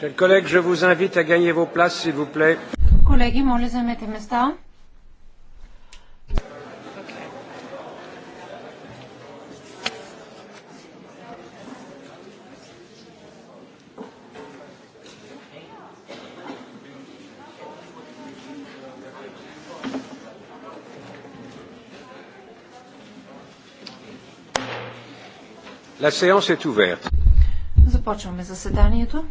Chers collègues, je vous invite à gagner vos places, s'il vous plaît. Колеги, моля, заемете места. La séance est ouverte. Започваме заседанието.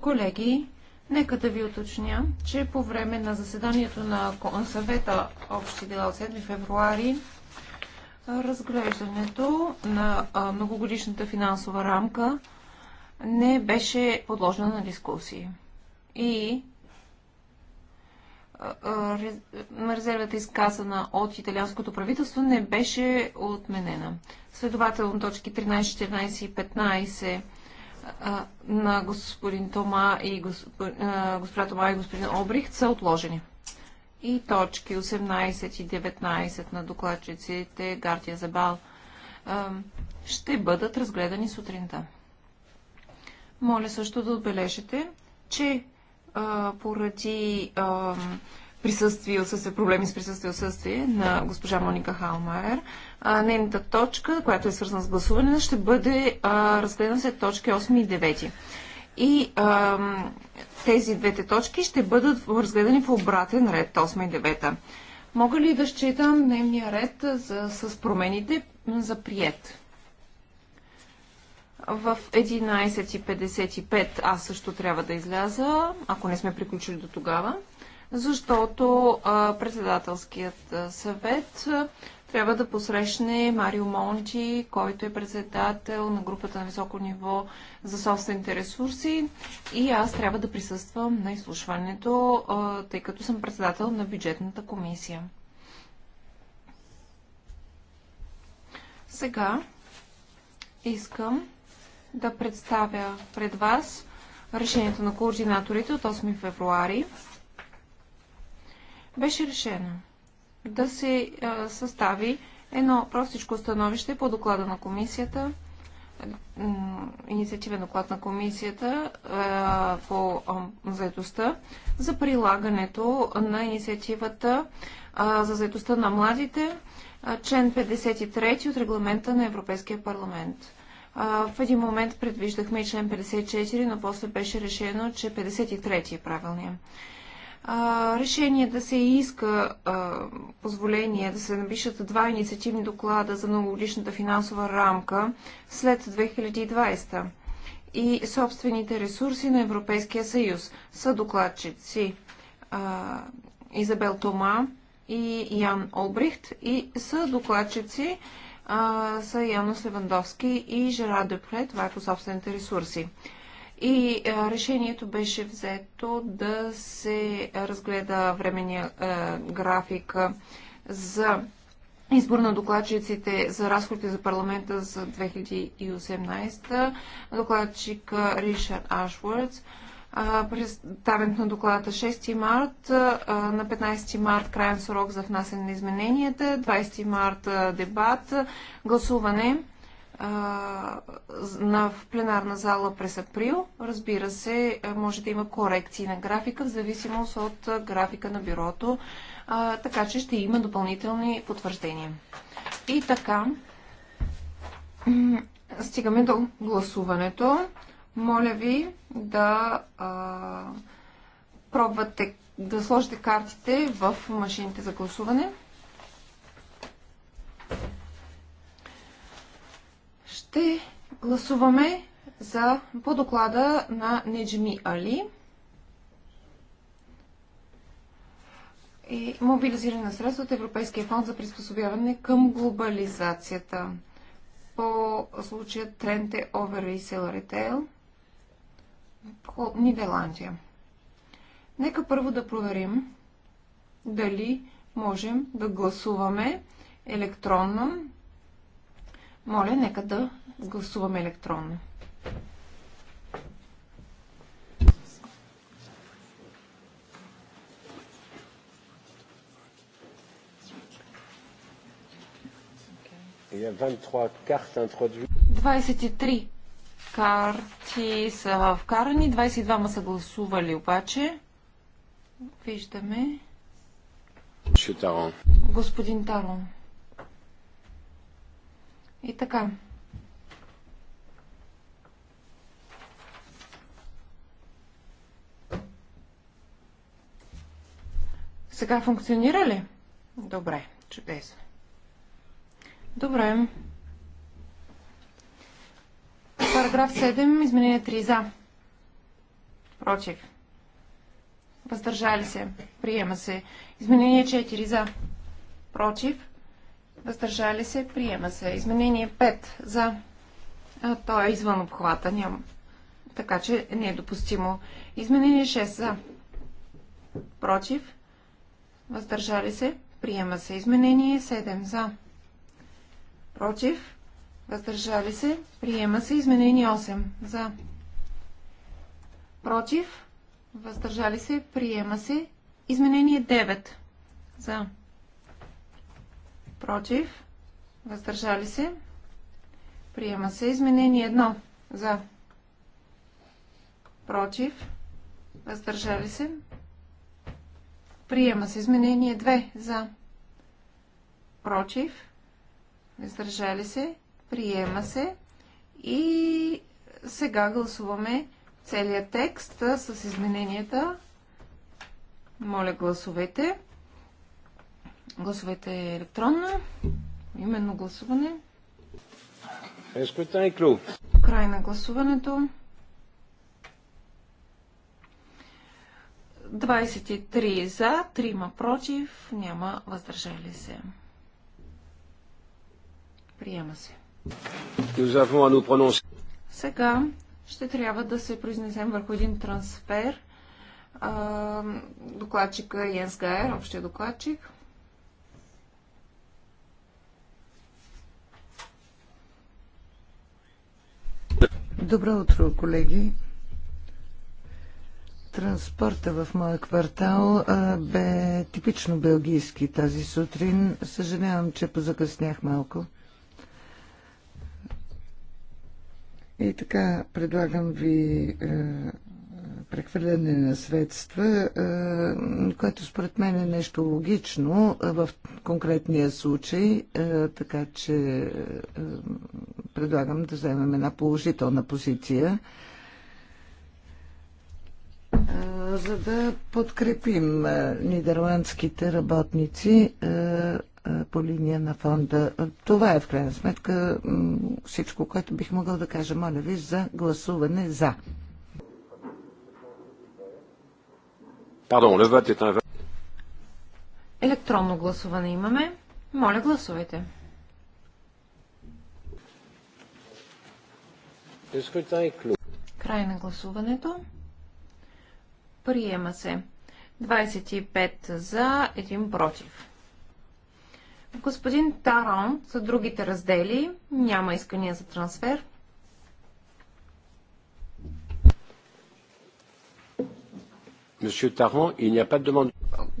Колеги, нека да ви уточня, че по време на заседанието на съвета Общи дела от 7 февруари разглеждането на многогодишната финансова рамка не беше подложено на дискусии. И резервата изказана от италианското правителство не беше отменена. Следователно точки 13, 14 и 15 на господин Тома и госпожа Тома и господин Обрихт са отложени. И точки 18 и 19 на докладчиците Гартия Забал ще бъдат разгледани сутринта. Моля също да отбележите, че поради присъствие, отсъствие, проблеми с присъствие, отсъствие на госпожа Моника Халмайер. Нейната точка, която е свързана с гласуване, ще бъде разгледана след точки 8 и 9. И а, тези двете точки ще бъдат разгледани в обратен ред 8 и 9. Мога ли да считам дневния ред за, с промените за прият? В 11.55 аз също трябва да изляза, ако не сме приключили до тогава защото председателският съвет трябва да посрещне Марио Монти, който е председател на групата на високо ниво за собствените ресурси и аз трябва да присъствам на изслушването, тъй като съм председател на бюджетната комисия. Сега искам да представя пред вас решението на координаторите от 8 февруари беше решено да се състави едно простичко становище по доклада на комисията, инициативен доклад на комисията по заедостта за прилагането на инициативата за заедостта на младите, член 53 от регламента на Европейския парламент. В един момент предвиждахме и член 54, но после беше решено, че 53 е правилният а, решение да се иска а, позволение да се напишат два инициативни доклада за многогодишната финансова рамка след 2020 и собствените ресурси на Европейския съюз са докладчици а, Изабел Тома и Ян Олбрихт и са докладчици а, са Янос Левандовски и Жерар Депре. Това е по собствените ресурси. И а, решението беше взето да се разгледа времения а, график за избор на докладчиците за разходите за парламента за 2018. Докладчик Ришард Ашвардс. представянето на доклада 6 март, на 15 март крайен срок за внасяне на измененията, 20 март дебат, гласуване на, в пленарна зала през април. Разбира се, може да има корекции на графика в зависимост от графика на бюрото, а, така че ще има допълнителни потвърждения. И така, стигаме до гласуването. Моля ви да а, пробвате да сложите картите в машините за гласуване. Ще гласуваме за, по доклада на Неджми Али. и мобилизиране на средства от Европейския фонд за приспособяване към глобализацията. По случая Тренте Over Resale Retail, Нидерландия. Нека първо да проверим дали можем да гласуваме електронно. Моля, нека да Гласуваме електронно. Il y a 23 cartes introduites. 23 карти са вкарани, 22 ма са гласували обаче. Виждаме. Господин Тарон. И така. Сега функционира ли? Добре, чудесно. Добре. Параграф 7, изменение 3 за. Против. Въздържали се. Приема се. Изменение 4 за. Против. Въздържали се. Приема се. Изменение 5 за. А, то е извън обхвата. Няма. Така че не е допустимо. Изменение 6 за. Против въздържали се, приема се. Изменение 7 за, против, въздържали се, приема се. Изменение 8 за, против, въздържали се, приема се. Изменение 9 за, против, въздържали се, приема се. Изменение 1 за, против, въздържали се, Приема се изменение 2 за. Против. Въздържали се. Приема се. И сега гласуваме целият текст с измененията. Моля, гласовете. Гласовете електронно. Именно гласуване. Е, е Край на гласуването. 23 за, 3 против, няма въздържали се. Приема се. Сега ще трябва да се произнесем върху един трансфер. Докладчика Йенс Гайер, общия докладчик. Добро утро, колеги. Транспорта в моя квартал а, бе типично белгийски тази сутрин. Съжалявам, че позакъснях малко. И така, предлагам ви е, прехвърляне на средства, е, което според мен е нещо логично е, в конкретния случай, е, така че е, предлагам да вземем една положителна позиция за да подкрепим нидерландските работници по линия на фонда. Това е в крайна сметка всичко, което бих могъл да кажа. Моля ви за гласуване за. Електронно гласуване имаме. Моля, гласувайте. Край на гласуването. Приема се. 25 за, 1 против. Господин Тарон, за другите раздели няма искания за трансфер.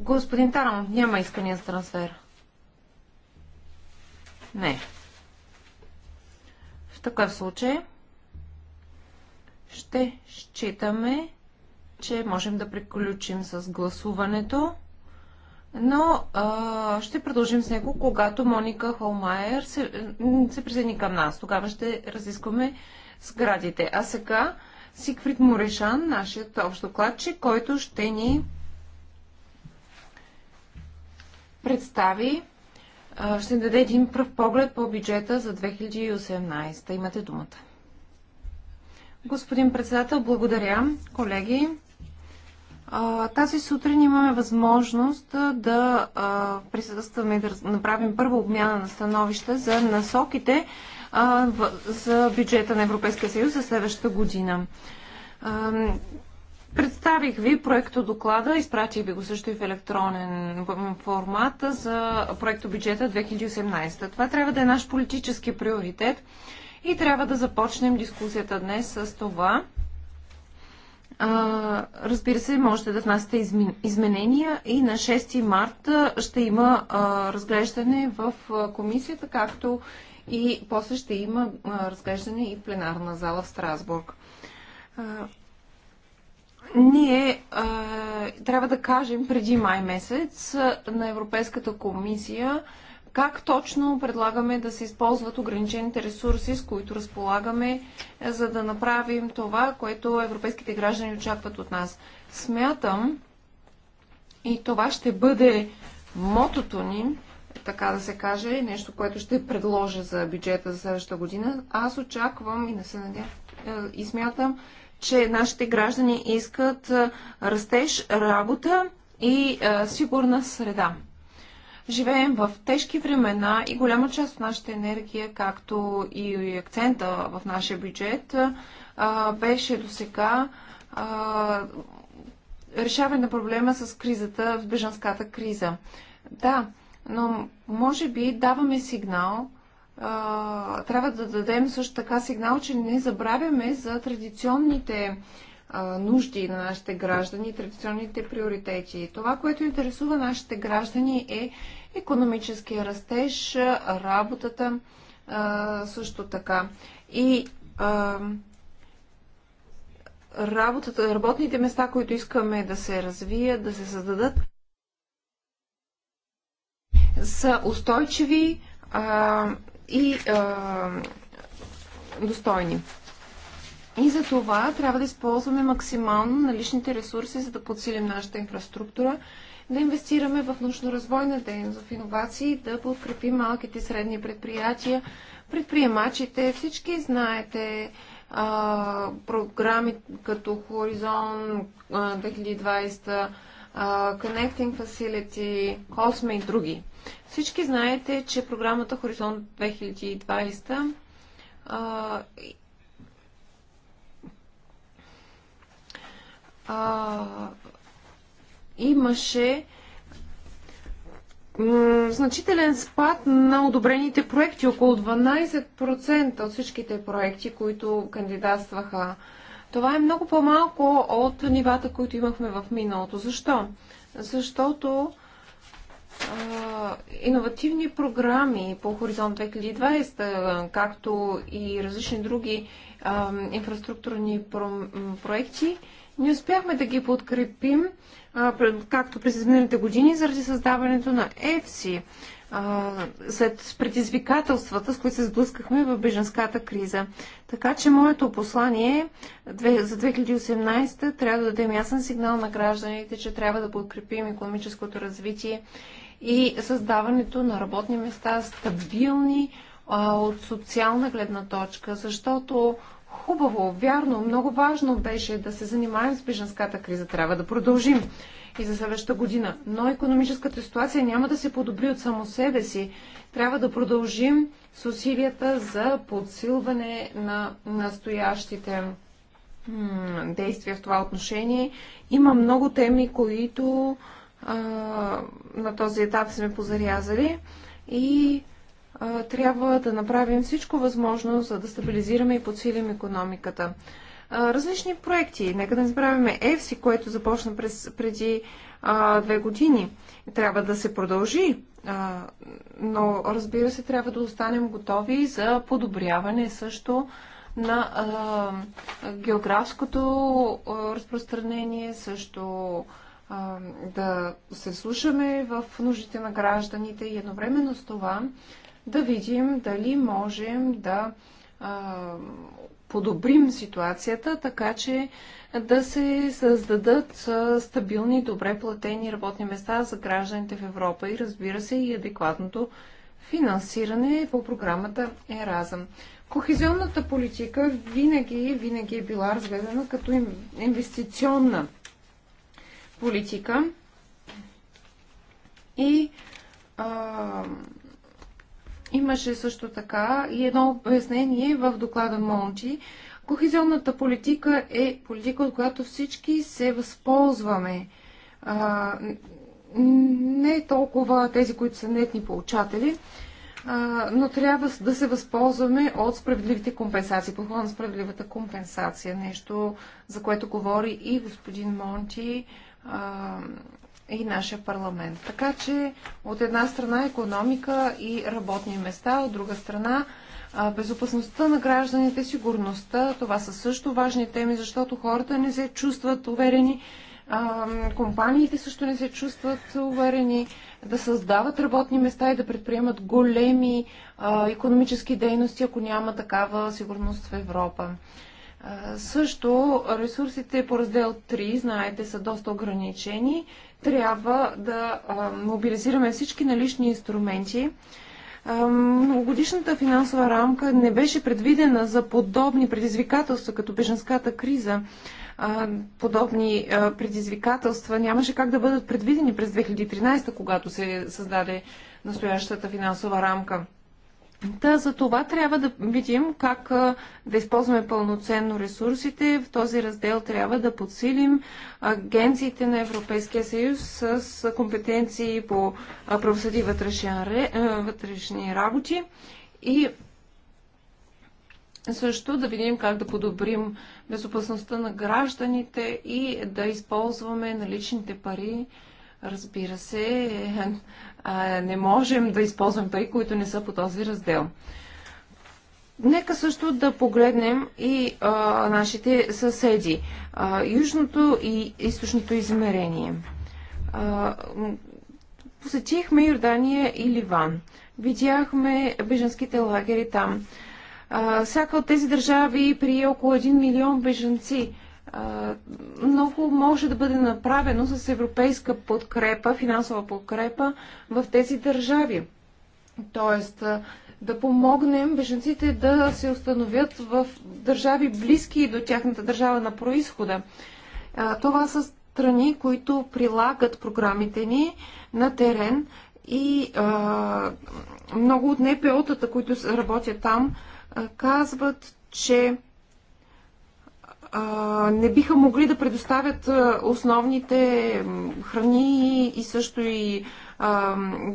Господин Тарон, няма искания за трансфер. Не. В такъв случай ще считаме че можем да приключим с гласуването, но а, ще продължим с него, когато Моника Холмайер се, се присъедини към нас. Тогава ще разискваме сградите. А сега Сигфрид Морешан, нашият общ докладчик, който ще ни представи, ще даде един пръв поглед по бюджета за 2018. Имате думата. Господин председател, благодаря. Колеги, тази сутрин имаме възможност да присъстваме и да направим първа обмяна на становище за насоките за бюджета на Европейския съюз за следващата година. Представих ви проекто доклада, изпратих ви го също и в електронен формат за проекто бюджета 2018. Това трябва да е наш политически приоритет и трябва да започнем дискусията днес с това а, разбира се, можете да внасяте изменения и на 6 марта ще има а, разглеждане в комисията, както и после ще има а, разглеждане и в пленарна зала в Страсбург. Ние трябва да кажем преди май месец на Европейската комисия, как точно предлагаме да се използват ограничените ресурси, с които разполагаме, е, за да направим това, което европейските граждани очакват от нас. Смятам, и това ще бъде мотото ни, така да се каже, нещо, което ще предложа за бюджета за следващата година. Аз очаквам и не се надя, е, и смятам, че нашите граждани искат е, растеж, работа и сигурна среда. Живеем в тежки времена и голяма част от нашата енергия, както и акцента в нашия бюджет, беше до сега решаване на проблема с кризата, с бежанската криза. Да, но може би даваме сигнал, трябва да дадем също така сигнал, че не забравяме за традиционните нужди на нашите граждани и традиционните приоритети. Това, което интересува нашите граждани е економическия растеж, работата също така. И работата, работните места, които искаме да се развият, да се създадат, са устойчиви и достойни. И за това трябва да използваме максимално наличните ресурси, за да подсилим нашата инфраструктура, да инвестираме в научно-развойна дейност, в иновации, да подкрепим малките и средни предприятия, предприемачите. Всички знаете а, програми като Хоризон 2020, а, Connecting Facility, Cosme и други. Всички знаете, че програмата Хоризонт 2020 а, а, имаше значителен спад на одобрените проекти, около 12% от всичките проекти, които кандидатстваха. Това е много по-малко от нивата, които имахме в миналото. Защо? Защото иновативни програми по Хоризонт 2020, както и различни други а, инфраструктурни про проекти, не успяхме да ги подкрепим, както през изминалите години, заради създаването на ЕФСИ, след предизвикателствата, с които се сблъскахме в беженската криза. Така че моето послание за 2018 трябва да дадем ясен сигнал на гражданите, че трябва да подкрепим економическото развитие и създаването на работни места стабилни, от социална гледна точка, защото Хубаво, вярно, много важно беше да се занимаем с беженската криза. Трябва да продължим и за следващата година. Но економическата ситуация няма да се подобри от само себе си. Трябва да продължим с усилията за подсилване на настоящите действия в това отношение. Има много теми, които а, на този етап сме позарязали и трябва да направим всичко възможно, за да стабилизираме и подсилим економиката. различни проекти. Нека да избравяме ЕФСИ, което започна през, преди а, две години. Трябва да се продължи, а, но разбира се, трябва да останем готови за подобряване също на а, географското а, разпространение, също а, да се слушаме в нуждите на гражданите и едновременно с това да видим дали можем да подобрим ситуацията, така че да се създадат стабилни, добре платени работни места за гражданите в Европа и разбира се и адекватното финансиране по програмата Еразъм. Кохезионната политика винаги, винаги е била разгледана като инвестиционна политика и а, Имаше също така и едно обяснение в доклада Монти. Кохезионната политика е политика, от която всички се възползваме. А, не толкова тези, които са нетни получатели, а, но трябва да се възползваме от справедливите компенсации, подхода на справедливата компенсация, нещо, за което говори и господин Монти а, и нашия парламент. Така че от една страна економика и работни места, от друга страна безопасността на гражданите, сигурността, това са също важни теми, защото хората не се чувстват уверени, компаниите също не се чувстват уверени да създават работни места и да предприемат големи економически дейности, ако няма такава сигурност в Европа. Също ресурсите по раздел 3, знаете, са доста ограничени трябва да мобилизираме всички налични инструменти. Многогодишната финансова рамка не беше предвидена за подобни предизвикателства, като беженската криза. Подобни предизвикателства нямаше как да бъдат предвидени през 2013, когато се създаде настоящата финансова рамка. Та за това трябва да видим как да използваме пълноценно ресурсите. В този раздел трябва да подсилим агенциите на Европейския съюз с компетенции по правосъди и вътрешни работи и също да видим как да подобрим безопасността на гражданите и да използваме наличните пари, разбира се, а, не можем да използваме пари, които не са по този раздел. Нека също да погледнем и а, нашите съседи. А, южното и източното измерение. А, посетихме Йордания и Ливан. Видяхме беженските лагери там. А, всяка от тези държави прие около 1 милион беженци много може да бъде направено с европейска подкрепа, финансова подкрепа в тези държави. Тоест, да помогнем беженците да се установят в държави близки до тяхната държава на происхода. Това са страни, които прилагат програмите ни на терен и много от НПО-тата, които работят там, казват, че не биха могли да предоставят основните храни и също и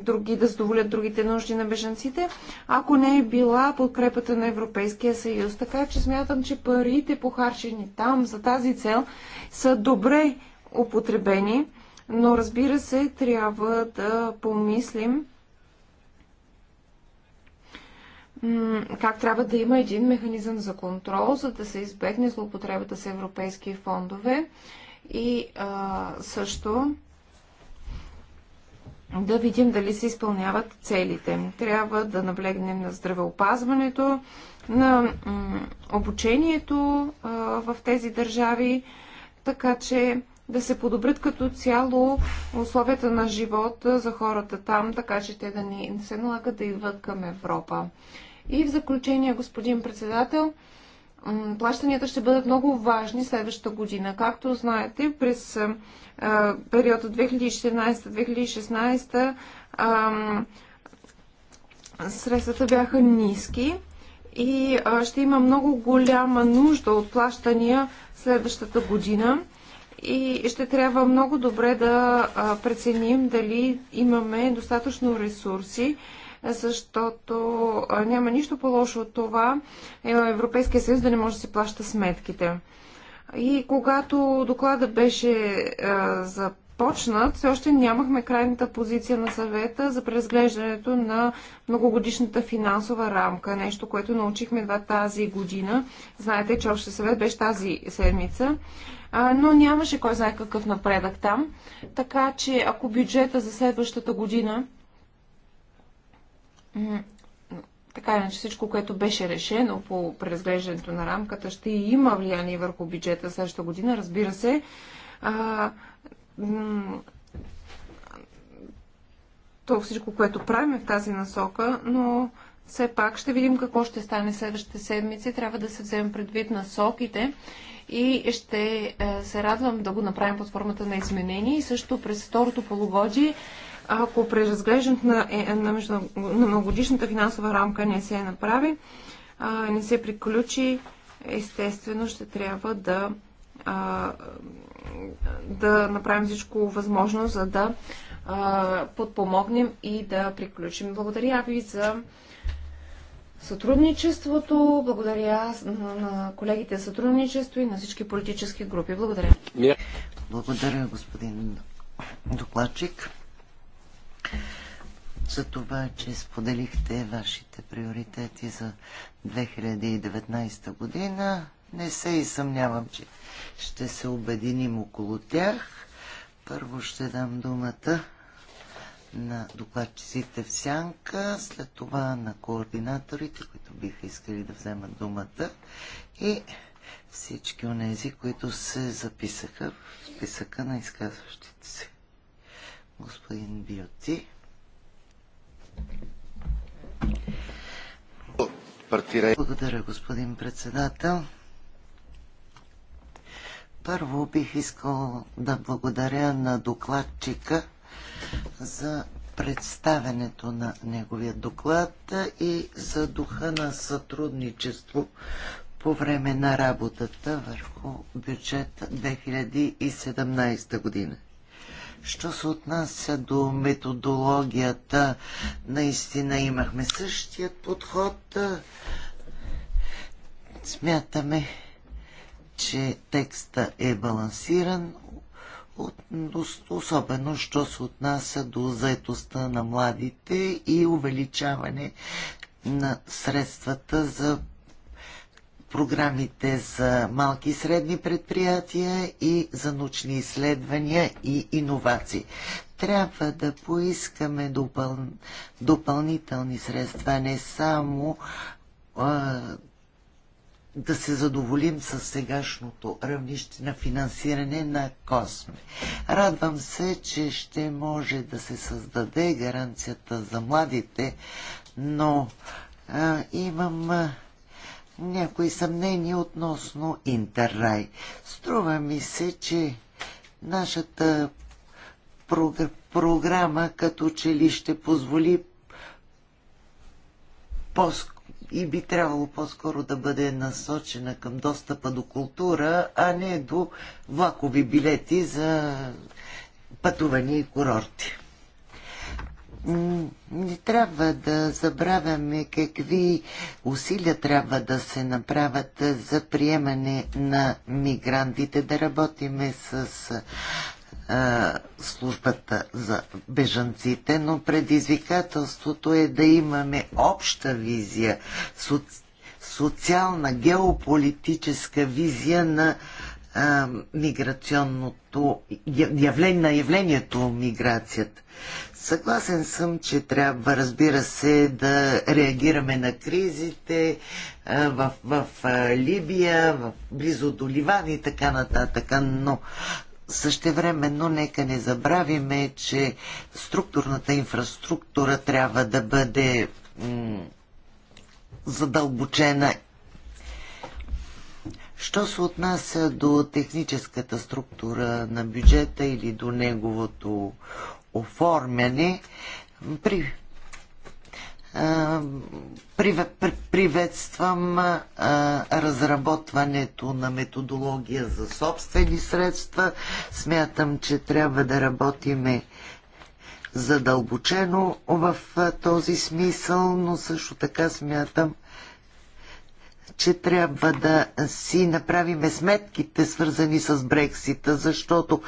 други, да задоволят другите нужди на бежанците, ако не е била подкрепата на Европейския съюз. Така че смятам, че парите похарчени там за тази цел са добре употребени, но разбира се, трябва да помислим как трябва да има един механизъм за контрол, за да се избегне злоупотребата с европейски фондове и а, също да видим дали се изпълняват целите. Трябва да наблегнем на здравеопазването, на обучението а, в тези държави, така че да се подобрят като цяло условията на живот за хората там, така че те да не се налагат да идват към Европа. И в заключение, господин председател, плащанията ще бъдат много важни следващата година. Както знаете, през периода 2014-2016 средствата бяха ниски и ще има много голяма нужда от плащания следващата година и ще трябва много добре да преценим дали имаме достатъчно ресурси защото няма нищо по-лошо от това е, Европейския съюз да не може да си плаща сметките. И когато докладът беше за започнат, все още нямахме крайната позиция на съвета за преразглеждането на многогодишната финансова рамка. Нещо, което научихме два тази година. Знаете, че общия съвет беше тази седмица. А, но нямаше кой знае какъв напредък там. Така че ако бюджета за следващата година така иначе всичко, което беше решено по преразглеждането на рамката, ще има влияние върху бюджета следващата година, разбира се. А, то всичко, което правим е в тази насока, но все пак ще видим какво ще стане следващите седмици. Трябва да се вземем предвид насоките и ще е, се радвам да го направим под формата на изменения и също през второто полугодие ако преразглеждането на, е, на, на многогодишната финансова рамка не се направи, а, не се приключи, естествено ще трябва да, а, да направим всичко възможно, за да а, подпомогнем и да приключим. Благодаря ви за сътрудничеството. Благодаря на колегите за сътрудничество и на всички политически групи. Благодаря. Благодаря, господин докладчик за това, че споделихте вашите приоритети за 2019 година. Не се и съмнявам, че ще се обединим около тях. Първо ще дам думата на докладчиците в сянка, след това на координаторите, които биха искали да вземат думата и всички онези, които се записаха в списъка на изказващите се господин Биоти. Благодаря, господин председател. Първо бих искал да благодаря на докладчика за представенето на неговия доклад и за духа на сътрудничество по време на работата върху бюджет 2017 година. Що се отнася до методологията, наистина имахме същият подход. Смятаме, че текста е балансиран, особено що се отнася до заетостта на младите и увеличаване на средствата за програмите за малки и средни предприятия и за научни изследвания и иновации. Трябва да поискаме допъл... допълнителни средства, не само а, да се задоволим с сегашното равнище на финансиране на Косме. Радвам се, че ще може да се създаде гаранцията за младите, но а, имам. А, някои съмнения относно Интеррай. Струва ми се, че нашата прогр... програма като че ли ще позволи по и би трябвало по-скоро да бъде насочена към достъпа до култура, а не до влакови билети за пътувания и курорти не трябва да забравяме какви усилия трябва да се направят за приемане на мигрантите, да работиме с службата за бежанците, но предизвикателството е да имаме обща визия, социална, геополитическа визия на миграционното явление, на явлението миграцията. Съгласен съм, че трябва, разбира се, да реагираме на кризите в, в Либия, в, близо до Ливан и така нататък, но Същевременно нека не забравиме, че структурната инфраструктура трябва да бъде задълбочена. Що се отнася до техническата структура на бюджета или до неговото оформяне при приветствам разработването на методология за собствени средства. Смятам, че трябва да работиме задълбочено в този смисъл, но също така смятам, че трябва да си направиме сметките, свързани с Брексита, защото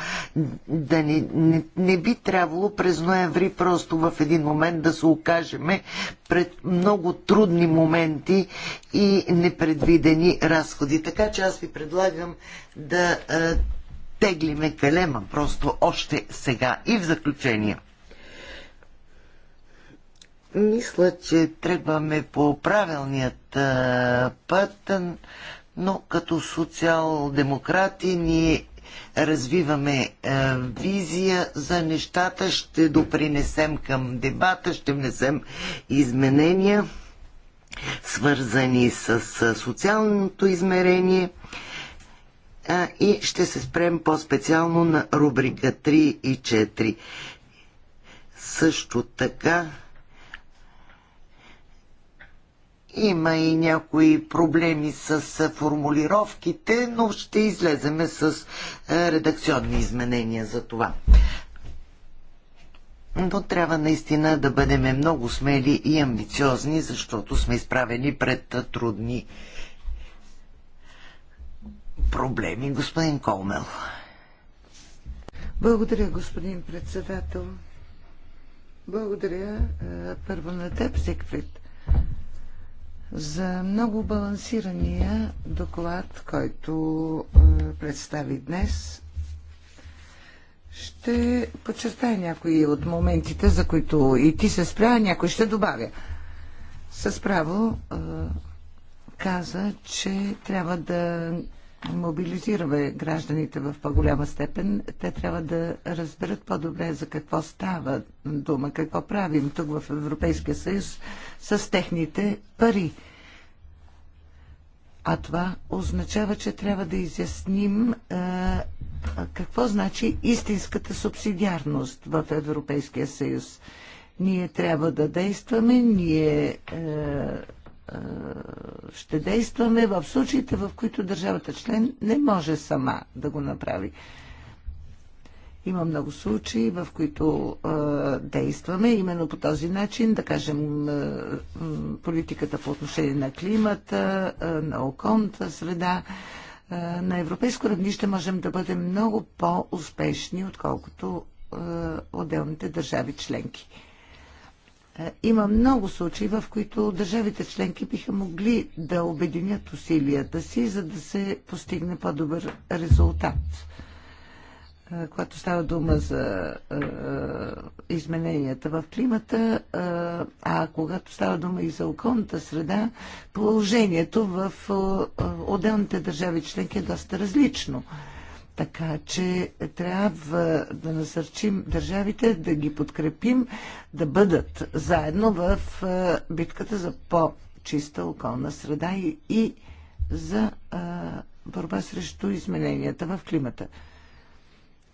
да не, не, не би трябвало през ноември просто в един момент да се окажеме пред много трудни моменти и непредвидени разходи. Така че аз ви предлагам да е, теглиме калема просто още сега и в заключение. Мисля, че тръгваме по правилният път, но като социал-демократи ние развиваме визия за нещата, ще допринесем към дебата, ще внесем изменения, свързани с социалното измерение и ще се спрем по-специално на рубрика 3 и 4. Също така има и някои проблеми с формулировките, но ще излеземе с е, редакционни изменения за това. Но трябва наистина да бъдем много смели и амбициозни, защото сме изправени пред е, трудни проблеми, господин Колмел. Благодаря, господин председател. Благодаря е, първо на теб, Зигфрид за много балансирания доклад, който е, представи днес. Ще подчертая някои от моментите, за които и ти се спря, някой ще добавя. С право е, каза, че трябва да мобилизираме гражданите в по-голяма степен, те трябва да разберат по-добре за какво става дума, какво правим тук в Европейския съюз с техните пари. А това означава, че трябва да изясним е, какво значи истинската субсидиарност в Европейския съюз. Ние трябва да действаме, ние. Е, е, ще действаме в случаите, в които държавата член не може сама да го направи. Има много случаи, в които е, действаме именно по този начин, да кажем, е, политиката по отношение на климата, е, на околната среда. Е, на европейско равнище можем да бъдем много по-успешни, отколкото е, отделните държави членки. Е, има много случаи, в които държавите членки биха могли да обединят усилията си, за да се постигне по-добър резултат. Е, когато става дума за е, измененията в климата, а когато става дума и за околната среда, положението в отделните държави членки е доста различно. Така че трябва да насърчим държавите, да ги подкрепим, да бъдат заедно в битката за по-чиста околна среда и, и за а, борба срещу измененията в климата.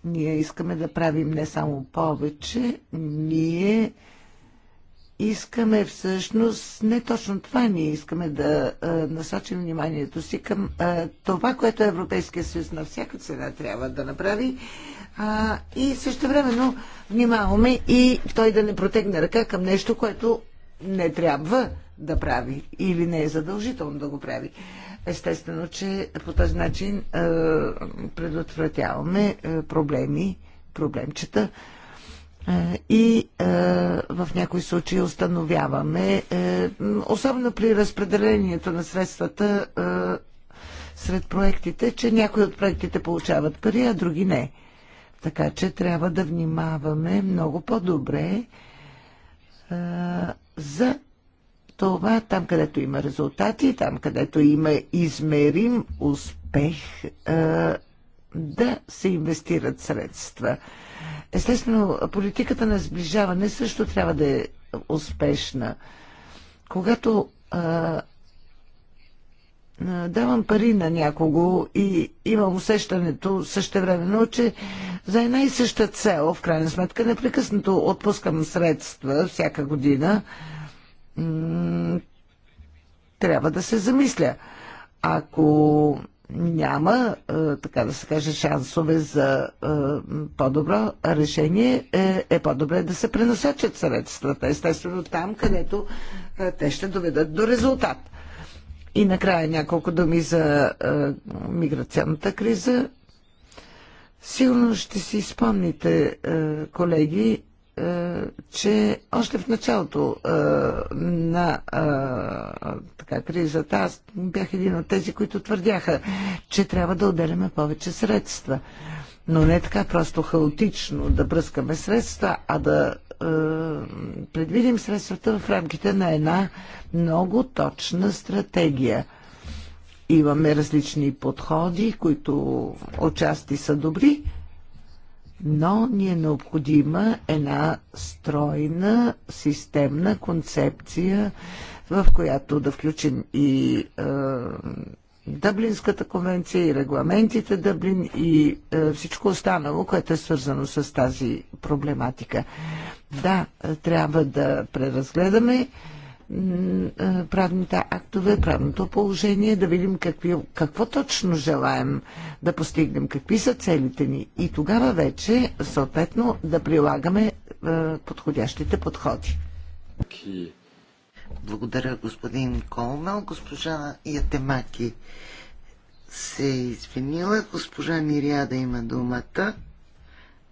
Ние искаме да правим не само повече, ние искаме всъщност, не точно това, ние искаме да а, насочим вниманието си към а, това, което Европейския съюз на всяка цена трябва да направи а, и също времено внимаваме и той да не протегне ръка към нещо, което не трябва да прави или не е задължително да го прави. Естествено, че по този начин а, предотвратяваме а, проблеми, проблемчета, и в някои случаи установяваме, е, особено при разпределението на средствата сред проектите, че някои от проектите получават пари, а други не. Така че трябва да внимаваме много по-добре е, за това, там където има резултати, там където има измерим успех, е, да се инвестират средства. Естествено, политиката на сближаване също трябва да е успешна. Когато а, давам пари на някого и имам усещането същевременно, че за една и съща цел, в крайна сметка, непрекъснато отпускам средства всяка година, трябва да се замисля. Ако няма, е, така да се каже, шансове за е, по-добро решение, е, е по-добре да се пренасочат средствата, естествено там, където те ще доведат до резултат. И накрая няколко думи за миграционната криза. Сигурно ще си спомните, колеги, е, че още в началото е, на е, така, кризата аз бях един от тези, които твърдяха, че трябва да отделяме повече средства. Но не така просто хаотично да бръскаме средства, а да предвидим средствата в рамките на една много точна стратегия. Имаме различни подходи, които отчасти са добри, но ни е необходима една стройна, системна концепция, в която да включим и е, Дъблинската конвенция, и регламентите Дъблин, и е, всичко останало, което е свързано с тази проблематика. Да, е, трябва да преразгледаме правните актове, правното положение, да видим какви, какво точно желаем да постигнем, какви са целите ни и тогава вече съответно да прилагаме е, подходящите подходи. Благодаря, господин Колмел. Госпожа Ятемаки се е извинила. Госпожа Мириада има думата,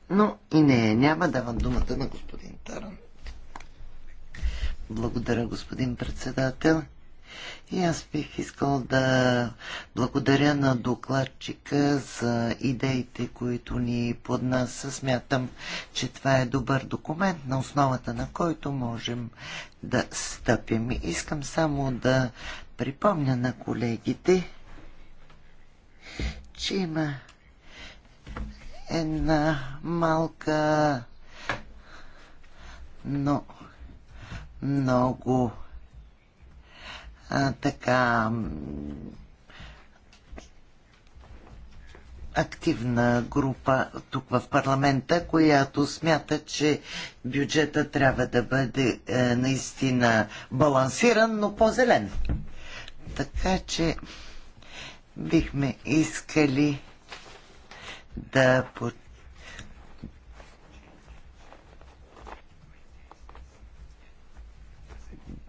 но и не, няма давам думата на господин Таран. Благодаря, господин председател. И аз бих искал да благодаря на докладчика за идеите, които ни под нас Смятам, че това е добър документ, на основата на който можем да стъпим. Искам само да припомня на колегите, че има една малка, но много а, така активна група тук в парламента, която смята, че бюджета трябва да бъде е, наистина балансиран, но по-зелен. Така че бихме искали да под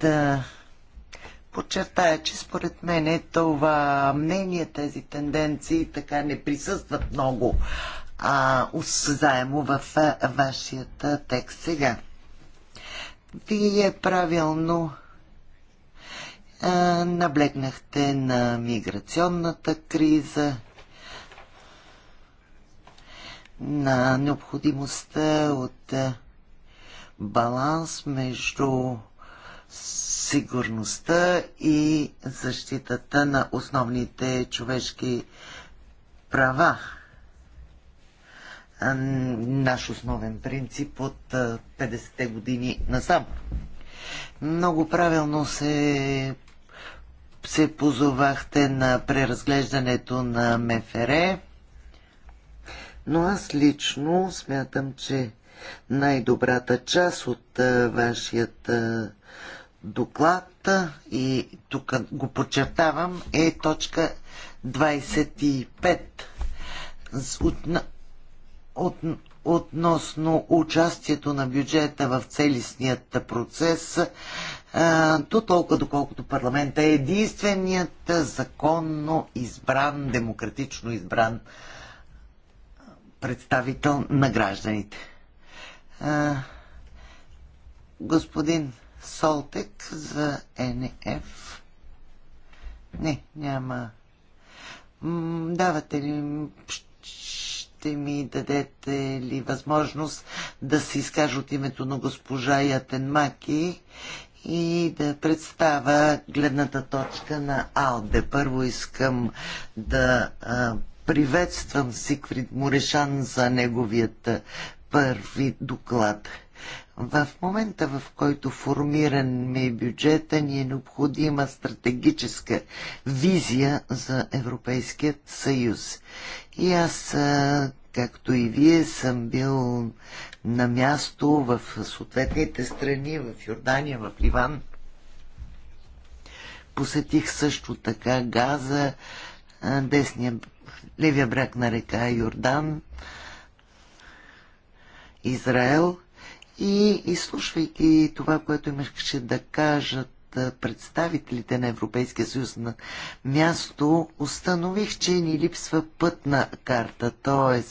да подчертая, че според мен е това мнение, тези тенденции така не присъстват много а, осъзаемо в вашият текст сега. Вие правилно а, наблегнахте на миграционната криза, на необходимостта от а, баланс между сигурността и защитата на основните човешки права. Наш основен принцип от 50-те години насам. Много правилно се, се позовахте на преразглеждането на МФР, но аз лично смятам, че най-добрата част от вашият доклад и тук го подчертавам е точка 25 от, от, относно участието на бюджета в целистният процес до толкова доколкото парламента е единственият законно избран, демократично избран представител на гражданите. Господин Солтек за НФ. Не, няма. М давате ли, ще ми дадете ли възможност да се изкажа от името на госпожа Ятенмаки и да представя гледната точка на АЛДЕ. Първо искам да а, приветствам Сикфрид Морешан за неговият първи доклад. В момента, в който формираме бюджета, ни е необходима стратегическа визия за Европейският съюз. И аз, както и вие, съм бил на място в съответните страни, в Йордания, в Ливан. Посетих също така Газа, десния, левия брак на река Йордан, Израел – и изслушвайки това, което имаше да кажат представителите на Европейския съюз на място, установих, че ни липсва пътна карта, т.е.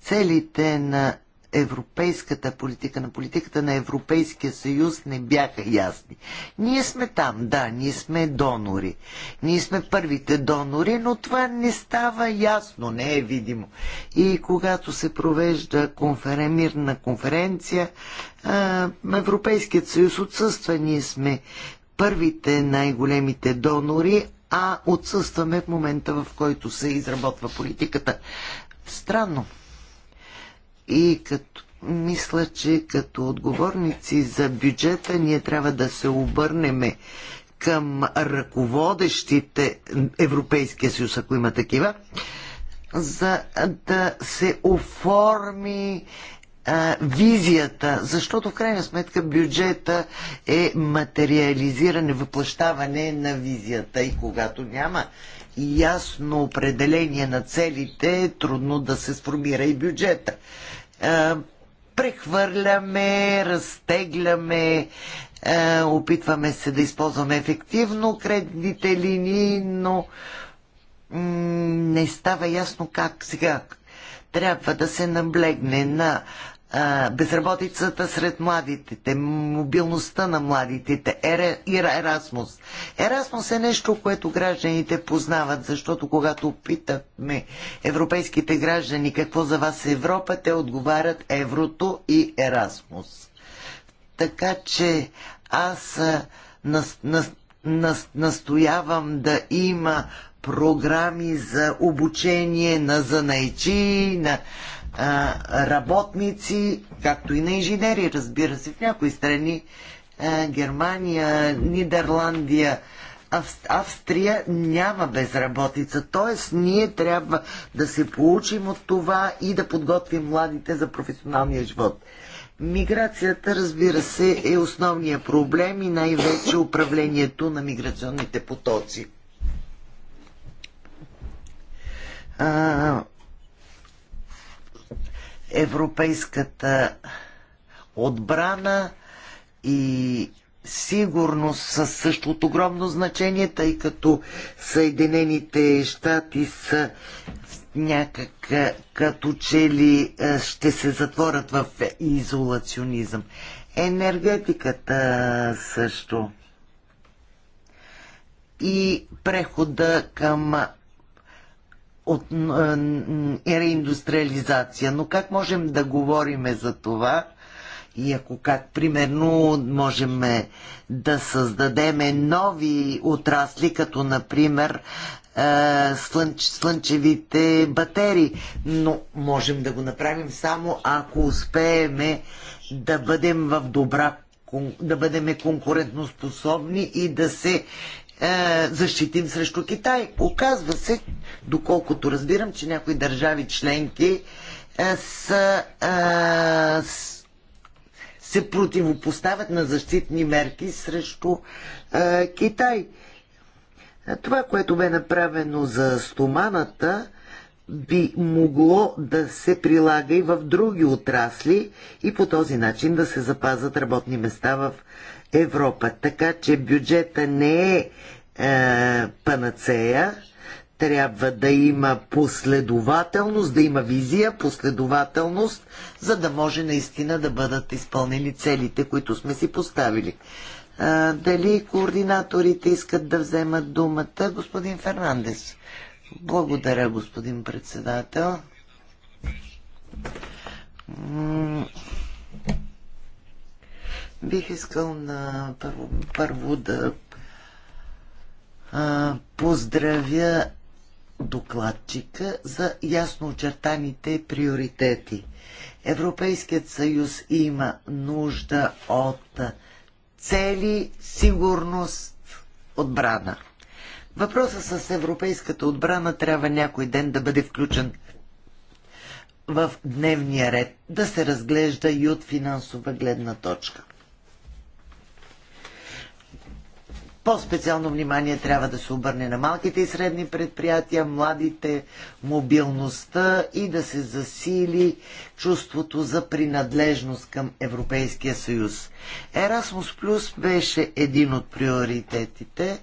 целите на европейската политика, на политиката на Европейския съюз не бяха ясни. Ние сме там, да, ние сме донори. Ние сме първите донори, но това не става ясно, не е видимо. И когато се провежда конферен, мирна конференция, Европейският съюз отсъства. Ние сме първите най-големите донори, а отсъстваме в момента, в който се изработва политиката. Странно. И като мисля, че като отговорници за бюджета ние трябва да се обърнеме към ръководещите Европейския съюз, ако има такива, за да се оформи визията, защото в крайна сметка бюджета е материализиране, въплащаване на визията и когато няма ясно определение на целите, е трудно да се сформира и бюджета. прехвърляме, разтегляме, опитваме се да използваме ефективно кредитните линии, но не става ясно как сега трябва да се наблегне на безработицата сред младите, мобилността на младите и Ерасмус. Ерасмус е нещо, което гражданите познават, защото когато питаме европейските граждани какво за вас е Европа, те отговарят Еврото и Ерасмус. Така че аз нас, нас, нас, настоявам да има програми за обучение на занайчи, на работници, както и на инженери, разбира се, в някои страни Германия, Нидерландия, Австрия няма безработица. Тоест, ние трябва да се получим от това и да подготвим младите за професионалния живот. Миграцията, разбира се, е основният проблем и най-вече управлението на миграционните потоци европейската отбрана и сигурност са също от огромно значение, тъй като Съединените щати са някак като че ли е, ще се затворят в изолационизъм. Енергетиката също. И прехода към от е, е, реиндустриализация. Но как можем да говорим за това? И ако как, примерно, можем да създадем нови отрасли, като, например, е, слънч, слънчевите батерии. Но можем да го направим само ако успеем да бъдем в добра да бъдем конкурентоспособни и да се е, защитим срещу Китай. Оказва се, доколкото разбирам, че някои държави членки е, са, а, е, се противопоставят на защитни мерки срещу а, Китай. Това, което бе направено за стоманата, би могло да се прилага и в други отрасли и по този начин да се запазат работни места в Европа. Така че бюджета не е, е панацея, трябва да има последователност, да има визия, последователност, за да може наистина да бъдат изпълнени целите, които сме си поставили. А, дали координаторите искат да вземат думата? Господин Фернандес. Благодаря, господин председател. Бих искал на първо, първо да а, поздравя докладчика за ясно очертаните приоритети. Европейският съюз има нужда от цели, сигурност, отбрана. Въпросът с европейската отбрана трябва някой ден да бъде включен в дневния ред, да се разглежда и от финансова гледна точка. По-специално внимание трябва да се обърне на малките и средни предприятия, младите, мобилността и да се засили чувството за принадлежност към Европейския съюз. Erasmus Plus беше един от приоритетите,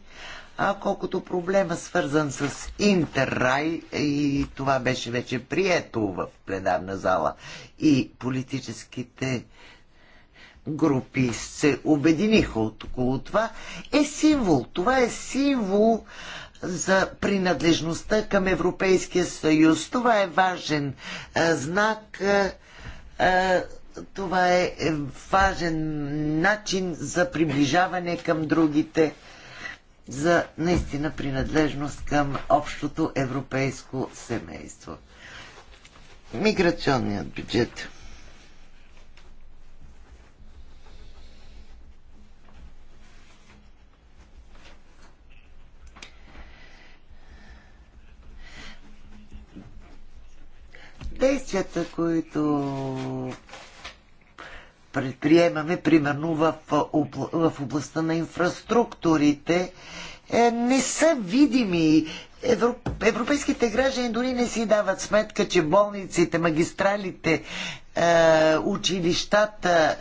а колкото проблема свързан с Интеррай, и това беше вече прието в пленарна зала, и политическите групи се обединиха от около това, е символ. Това е символ за принадлежността към Европейския съюз. Това е важен а, знак. А, а, това е, е важен начин за приближаване към другите, за наистина принадлежност към общото европейско семейство. Миграционният бюджет. действията, които предприемаме, примерно в, в областта на инфраструктурите, е, не са видими. Европейските граждани дори не си дават сметка, че болниците, магистралите, е, училищата,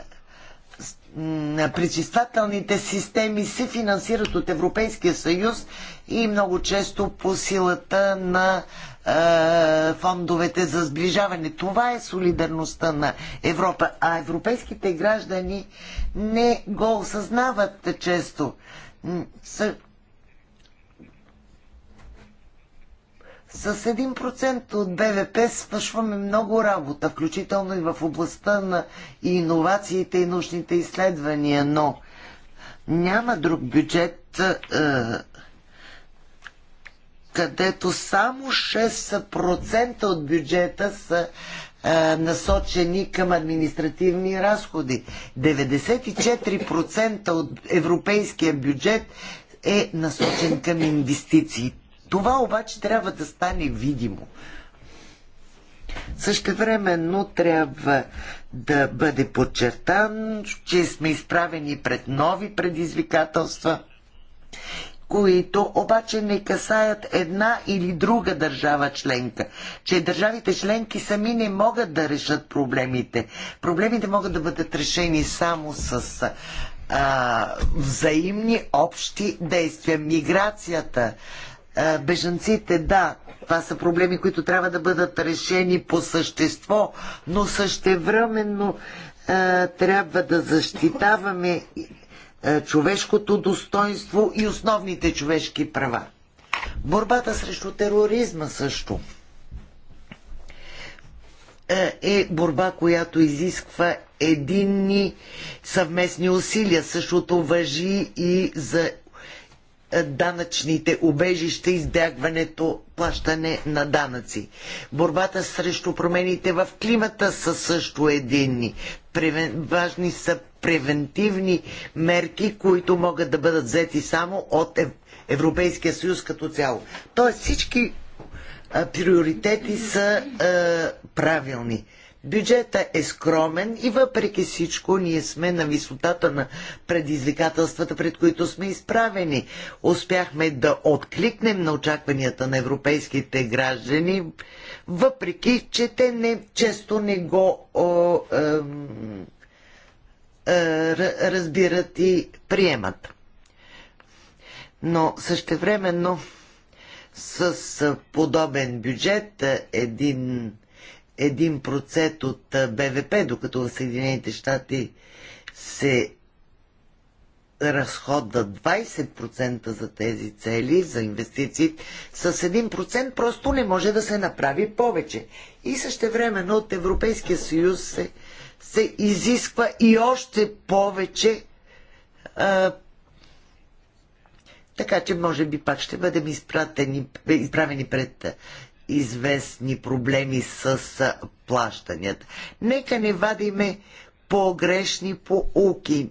пречиствателните системи се финансират от Европейския съюз и много често по силата на е, фондовете за сближаване. Това е солидарността на Европа. А европейските граждани не го осъзнават често. С, 1% от БВП свършваме много работа, включително и в областта на иновациите и научните изследвания, но няма друг бюджет е, където само 6% от бюджета са а, насочени към административни разходи. 94% от европейския бюджет е насочен към инвестиции. Това обаче трябва да стане видимо. Същевременно трябва да бъде подчертан, че сме изправени пред нови предизвикателства които обаче не касаят една или друга държава членка. Че държавите членки сами не могат да решат проблемите. Проблемите могат да бъдат решени само с а, взаимни общи действия. Миграцията, а, бежанците, да, това са проблеми, които трябва да бъдат решени по същество, но същевременно а, трябва да защитаваме е, човешкото достоинство и основните човешки права. Борбата срещу тероризма също е, е борба, която изисква единни съвместни усилия. Същото въжи и за данъчните убежища, избягването, плащане на данъци. Борбата срещу промените в климата са също единни. Превен... Важни са превентивни мерки, които могат да бъдат взети само от Европейския съюз като цяло. Тоест всички а, приоритети са а, правилни. Бюджета е скромен и въпреки всичко ние сме на висотата на предизвикателствата, пред които сме изправени. Успяхме да откликнем на очакванията на европейските граждани, въпреки че те не, често не го о, е, е, разбират и приемат. Но същевременно с подобен бюджет един 1% от БВП, докато в Съединените щати се разходва 20% за тези цели, за инвестиции, с 1% просто не може да се направи повече. И също времено от Европейския съюз се, се изисква и още повече а, така че може би пак ще бъдем изпратени, изправени пред известни проблеми с плащанията. Нека не вадиме погрешни поуки.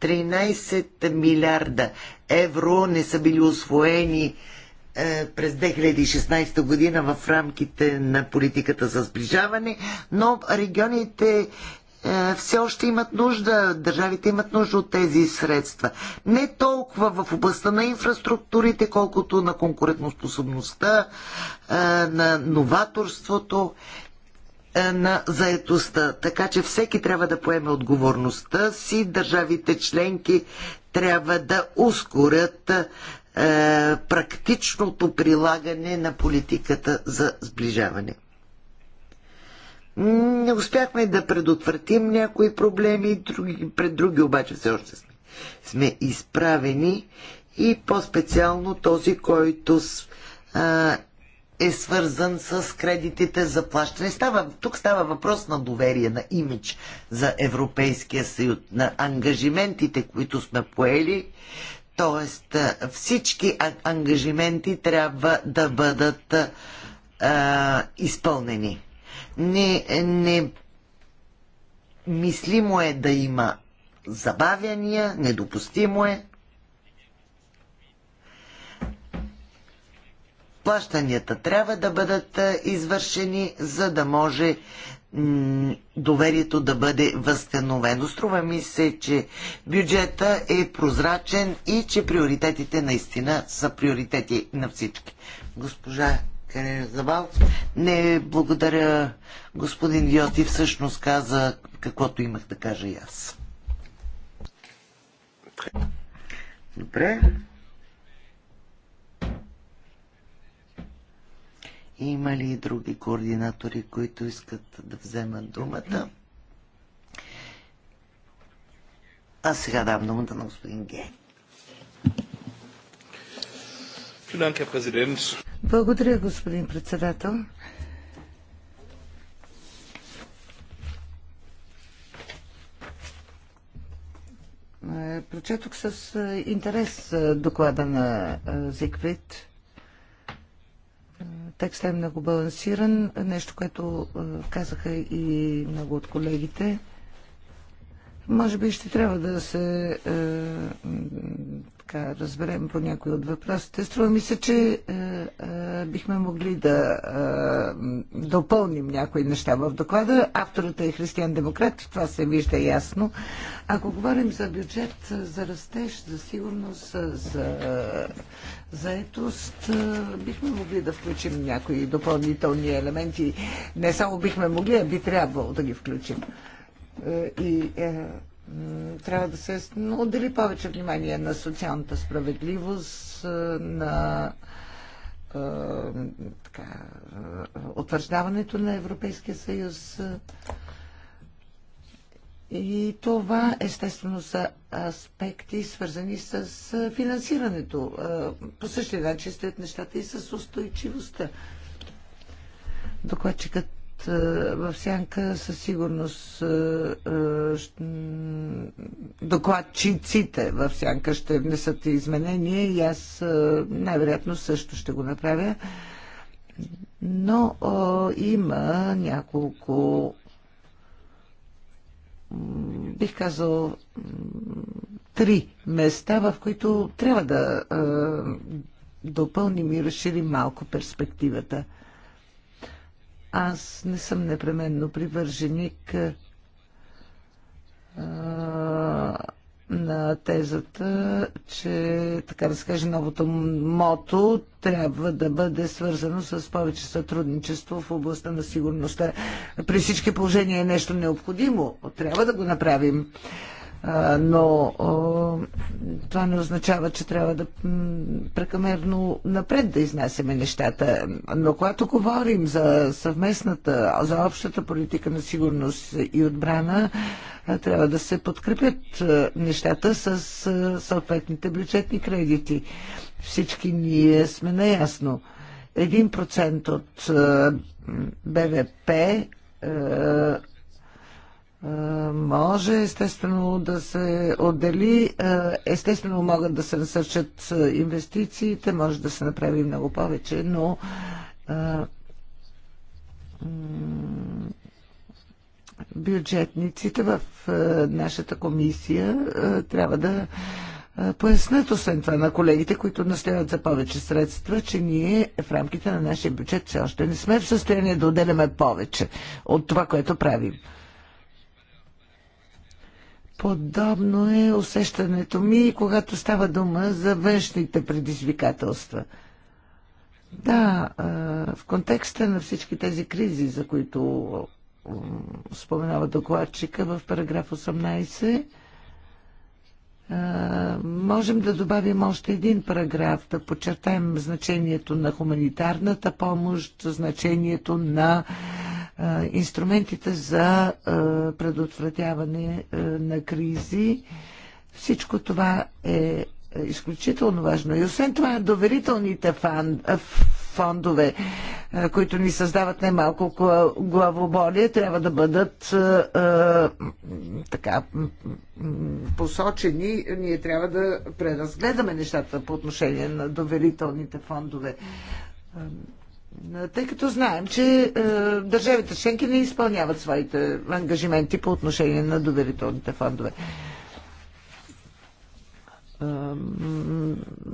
13 милиарда евро не са били освоени е, през 2016 година в рамките на политиката за сближаване, но регионите е, все още имат нужда, държавите имат нужда от тези средства. Не толкова в областта на инфраструктурите, колкото на конкурентоспособността, е, на новаторството, е, на заетостта. Така че всеки трябва да поеме отговорността си, държавите членки трябва да ускорят практичното прилагане на политиката за сближаване. Не успяхме да предотвратим някои проблеми, други, пред други обаче все още сме, сме изправени и по-специално този, който с, а, е свързан с кредитите за плащане. Става, тук става въпрос на доверие, на имидж за Европейския съюз, на ангажиментите, които сме поели. Тоест всички ангажименти трябва да бъдат а, изпълнени. Не, не мислимо е да има забавяния, недопустимо е. Плащанията трябва да бъдат извършени, за да може доверието да бъде възстановено. Струва ми се, че бюджета е прозрачен и че приоритетите наистина са приоритети на всички. Госпожа Карера Забал. Не, благодаря господин Йоти. Всъщност каза каквото имах да кажа и аз. Добре. Има ли други координатори, които искат да вземат думата? Аз сега дам думата на господин Ге. Благодаря, Herr благодаря, господин председател. Е, прочетох с е, интерес е, доклада на Зигфрид. Текстът е много балансиран, нещо, което казаха и много от колегите. Може би ще трябва да се така разберем по някои от въпросите. Струва ми се, че е, е, бихме могли да е, допълним някои неща в доклада. Авторът е християн-демократ, това се вижда ясно. Ако говорим за бюджет, за растеж, за сигурност, за е, заетост, е, бихме могли да включим някои допълнителни елементи. Не само бихме могли, а би трябвало да ги включим. Е, и трябва да се отдели повече внимание на социалната справедливост, на утвърждаването на Европейския съюз. И това, естествено, са аспекти, свързани с финансирането. По същия начин стоят нещата и с устойчивостта. Докладчикът е, в сянка със сигурност е, е, докладчиците в сянка ще внесат изменения и аз най-вероятно също ще го направя. Но има няколко бих казал три места, в които трябва да допълним и разширим малко перспективата – аз не съм непременно привърженик а, на тезата, че, така да се каже, новото мото трябва да бъде свързано с повече сътрудничество в областта на сигурността. При всички положения е нещо необходимо. Трябва да го направим но това не означава, че трябва да прекамерно напред да изнасяме нещата. Но когато говорим за съвместната, за общата политика на сигурност и отбрана, трябва да се подкрепят нещата с съответните бюджетни кредити. Всички ние сме наясно. 1% от БВП е, може естествено да се отдели, е, естествено могат да се насърчат е, инвестициите, може да се направи много повече, но бюджетниците в нашата комисия трябва да пояснат освен това на колегите, които настояват за повече средства, че ние в рамките на нашия бюджет все още не сме в състояние да отделяме повече от това, което правим. Подобно е усещането ми, когато става дума за външните предизвикателства. Да, в контекста на всички тези кризи, за които споменава докладчика в параграф 18, можем да добавим още един параграф, да подчертаем значението на хуманитарната помощ, значението на инструментите за предотвратяване на кризи. Всичко това е изключително важно. И освен това, доверителните фан, фондове, които ни създават най-малко главоболие, трябва да бъдат така посочени. Ние трябва да преразгледаме нещата по отношение на доверителните фондове. Тъй като знаем, че е, държавите членки не изпълняват своите ангажименти по отношение на доверителните фондове. Е,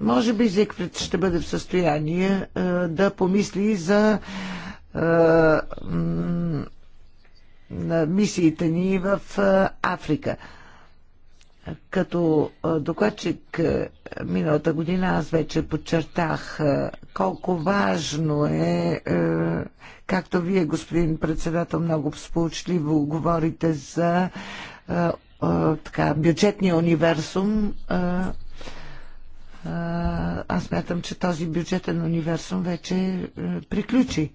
може би Зигфрид ще бъде в състояние е, да помисли за е, на мисиите ни в е, Африка. Е, като докладчик миналата година аз вече подчертах колко важно е, е, както вие, господин председател, много сполучливо говорите за така, бюджетния универсум. Аз мятам, че този бюджетен универсум вече е, приключи.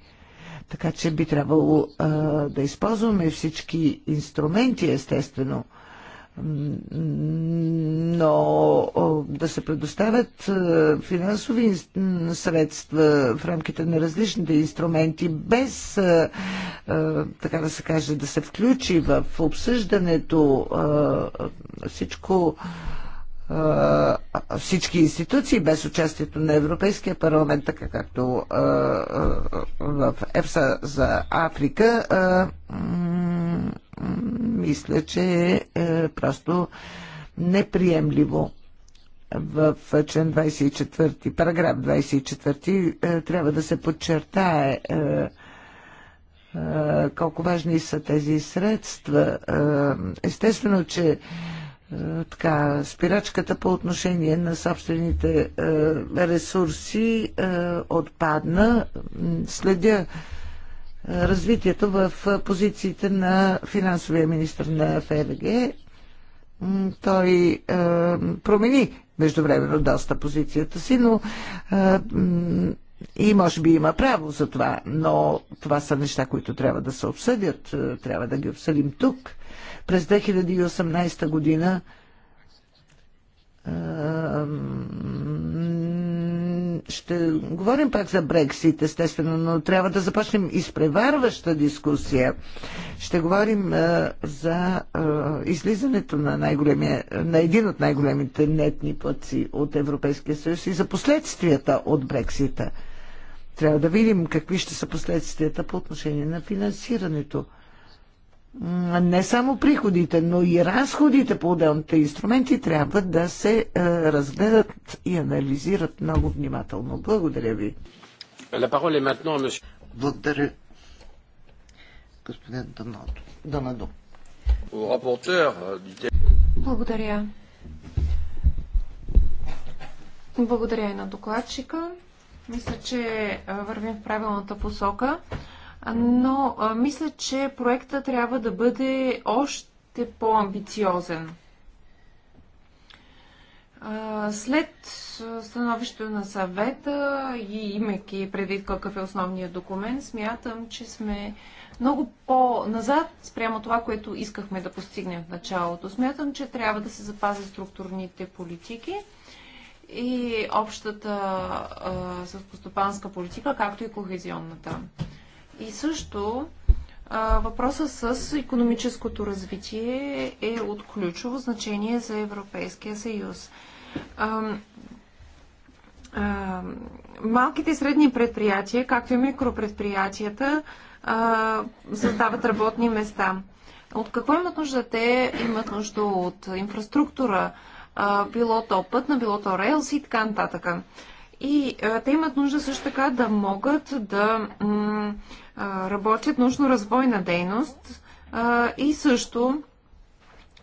Така че би трябвало да използваме всички инструменти, естествено – но да се предоставят е, финансови средства в рамките на различните инструменти, без, е, е, така да се каже, да се включи в обсъждането всичко всички институции без участието на Европейския парламент, така както в Ефса за Африка, мисля, че е просто неприемливо. В член 24, параграф 24 е, трябва да се подчертае е, е, колко важни са тези средства. Естествено, че така, спирачката по отношение на собствените ресурси отпадна. Следя развитието в позициите на финансовия министр на ФРГ. Той е, промени междувременно доста позицията си, но е, и може би има право за това, но това са неща, които трябва да се обсъдят, трябва да ги обсъдим тук. През 2018 година ще говорим пак за Брексит, естествено, но трябва да започнем изпреварваща дискусия. Ще говорим а, за а, излизането на, на един от най-големите нетни платци от Европейския съюз и за последствията от Брексита. Трябва да видим какви ще са последствията по отношение на финансирането не само приходите, но и разходите по отделните инструменти трябва да се е, разгледат и анализират много внимателно. Благодаря ви. Благодаря. Господин Данадо. Euh, Благодаря. Благодаря и на докладчика. Мисля, че вървим в правилната посока но а, мисля, че проекта трябва да бъде още по-амбициозен. След становището на съвета и имайки предвид какъв е основният документ, смятам, че сме много по-назад спрямо това, което искахме да постигнем в началото. Смятам, че трябва да се запази структурните политики и общата селскостопанска политика, както и кохезионната. И също въпросът с економическото развитие е от ключово значение за Европейския съюз. Малките и средни предприятия, както и микропредприятията, създават работни места. От какво имат нужда те? Имат нужда от инфраструктура, било то пътна, било то релси и така нататък. И а, те имат нужда също така да могат да а, работят научно-развойна дейност а, и също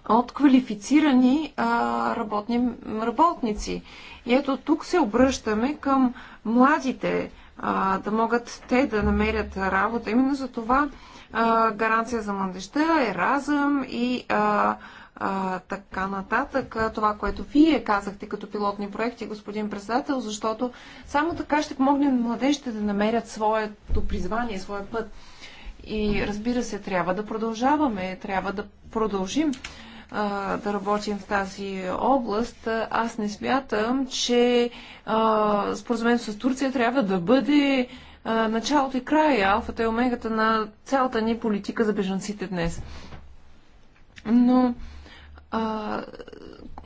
от квалифицирани а, работни, работници. И ето тук се обръщаме към младите, а, да могат те да намерят работа. Именно за това а, гаранция за младеща, разъм и а, а, така нататък, това, което вие казахте като пилотни проекти, господин председател, защото само така ще помогнем младежите да намерят своето призвание, своя път. И разбира се, трябва да продължаваме, трябва да продължим да работим в тази област. Аз не смятам, че споразумението с Турция трябва да бъде а, началото и края, алфата и омегата на цялата ни политика за бежанците днес. Но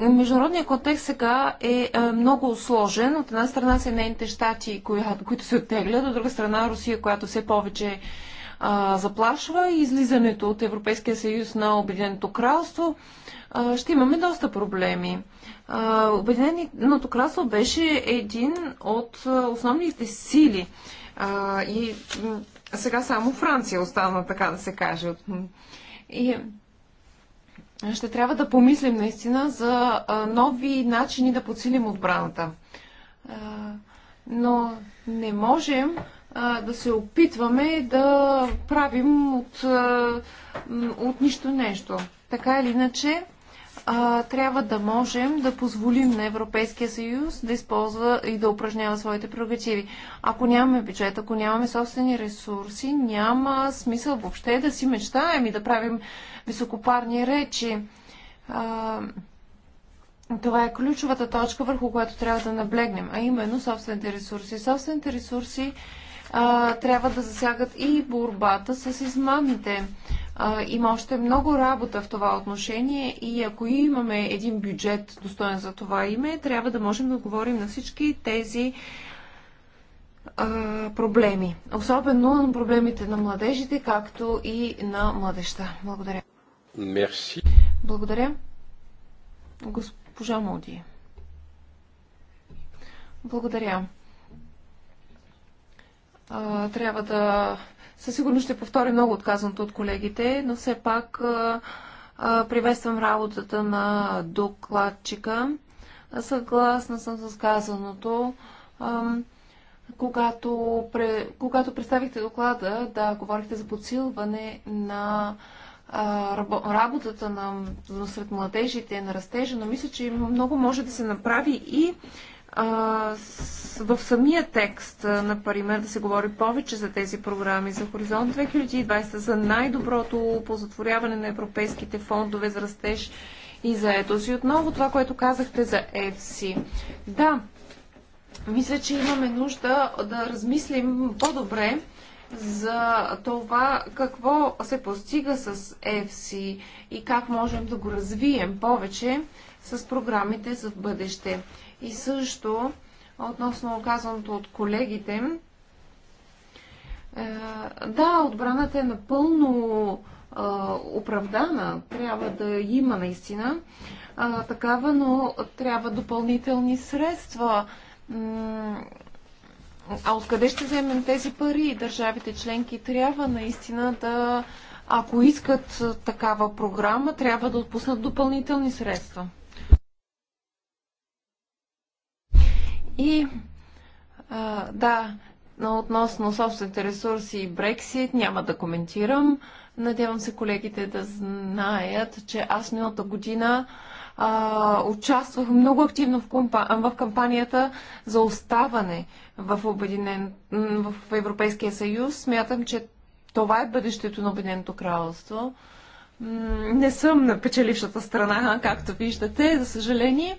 Международният контекст сега е много сложен. От една страна Съединените щати, които се оттеглят, от друга страна Русия, която все повече заплашва и излизането от Европейския съюз на Обединеното кралство, ще имаме доста проблеми. Обединеното кралство беше един от основните сили и сега само Франция остана, така да се каже. И, ще трябва да помислим наистина за нови начини да подсилим отбраната. Но не можем да се опитваме да правим от, от нищо нещо. Така или иначе, а, трябва да можем да позволим на Европейския съюз да използва и да упражнява своите прерогативи. Ако нямаме бюджет, ако нямаме собствени ресурси, няма смисъл въобще да си мечтаем и да правим високопарни речи. А, това е ключовата точка, върху която трябва да наблегнем, а именно собствените ресурси. Собствените ресурси а, трябва да засягат и борбата с измамите има още много работа в това отношение и ако имаме един бюджет достоен за това име, трябва да можем да отговорим на всички тези проблеми. Особено на проблемите на младежите, както и на младеща. Благодаря. Мерси. Благодаря. Госпожа Моди. Благодаря. А, трябва да със сигурност ще повторя много отказаното от колегите, но все пак приветствам работата на докладчика. Съгласна съм с казаното. Когато, когато представихте доклада, да, говорихте за подсилване на работата на, сред младежите, на растежа, но мисля, че много може да се направи и в самия текст, например, да се говори повече за тези програми за Хоризонт 2020, за най-доброто опозатворяване на европейските фондове за растеж и за ето си. отново това, което казахте за ЕФСИ. Да, мисля, че имаме нужда да размислим по-добре за това какво се постига с ЕФСИ и как можем да го развием повече с програмите за бъдеще. И също, относно казаното от колегите, е, да, отбраната е напълно оправдана, трябва да има наистина такава, но трябва допълнителни средства. А откъде ще вземем тези пари? Държавите членки трябва наистина да, ако искат такава програма, трябва да отпуснат допълнителни средства. И а, да, но относно собствените ресурси и Брексит няма да коментирам. Надявам се колегите да знаят, че аз миналата година а, участвах много активно в, компа... в кампанията за оставане в, обединен... в Европейския съюз. Смятам, че това е бъдещето на Обединеното кралство. Не съм на печелившата страна, както виждате, за съжаление,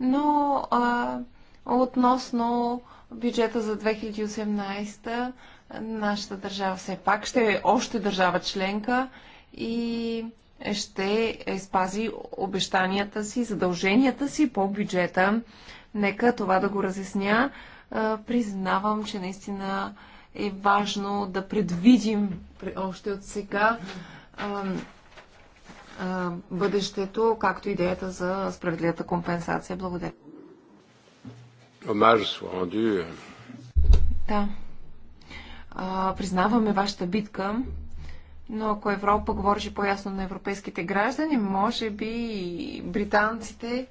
но а, Относно бюджета за 2018, нашата държава все пак ще е още държава членка и ще е спази обещанията си, задълженията си по бюджета. Нека това да го разясня. Признавам, че наистина е важно да предвидим още от сега бъдещето, както идеята за справедливата компенсация. Благодаря. Euh. Да. А, признаваме вашата битка, но ако Европа говореше по-ясно на европейските граждани, може би и британците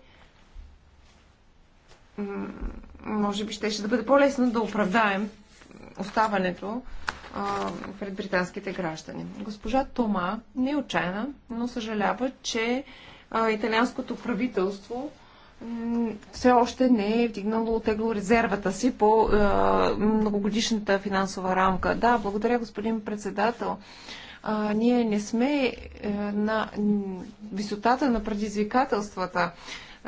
може би щеше да бъде по-лесно да оправдаем оставането а, пред британските граждани. Госпожа Тома не е отчаяна, но съжалява, че а, италианското правителство все още не е вдигнало тегло резервата си по е, многогодишната финансова рамка. Да, благодаря, господин председател. А, ние не сме е, на висотата на предизвикателствата.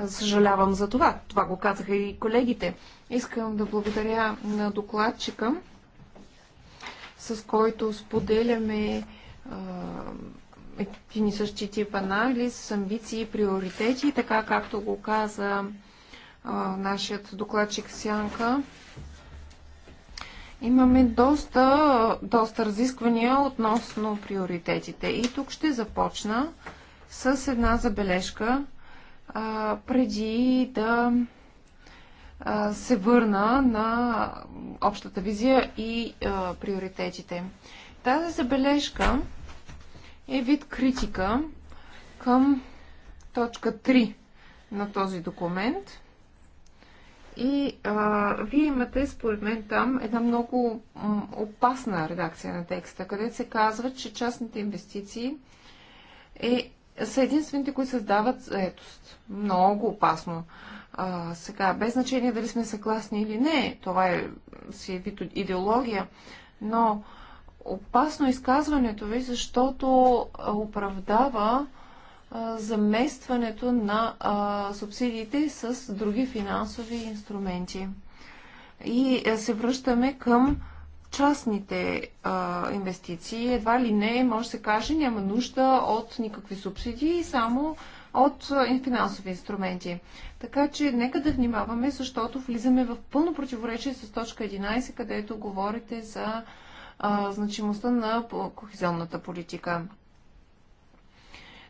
Съжалявам за това. Това го казаха и колегите. Искам да благодаря на докладчика, с който споделяме е, един и същи тип анализ, с амбиции и приоритети, така както го каза а, нашият докладчик Сянка. Имаме доста, доста разисквания относно приоритетите. И тук ще започна с една забележка, а, преди да а, се върна на общата визия и а, приоритетите. Тази забележка е вид критика към точка 3 на този документ. И а, вие имате, според мен, там една много опасна редакция на текста, където се казва, че частните инвестиции е, са единствените, които създават заетост. Много опасно. А, сега, без значение дали сме съгласни или не, това е си е вид идеология, но опасно изказването ви, защото оправдава заместването на субсидиите с други финансови инструменти. И се връщаме към частните а, инвестиции. Едва ли не, може да се каже, няма нужда от никакви субсидии, само от а, финансови инструменти. Така че нека да внимаваме, защото влизаме в пълно противоречие с точка 11, където говорите за а, значимостта на кохезионната политика.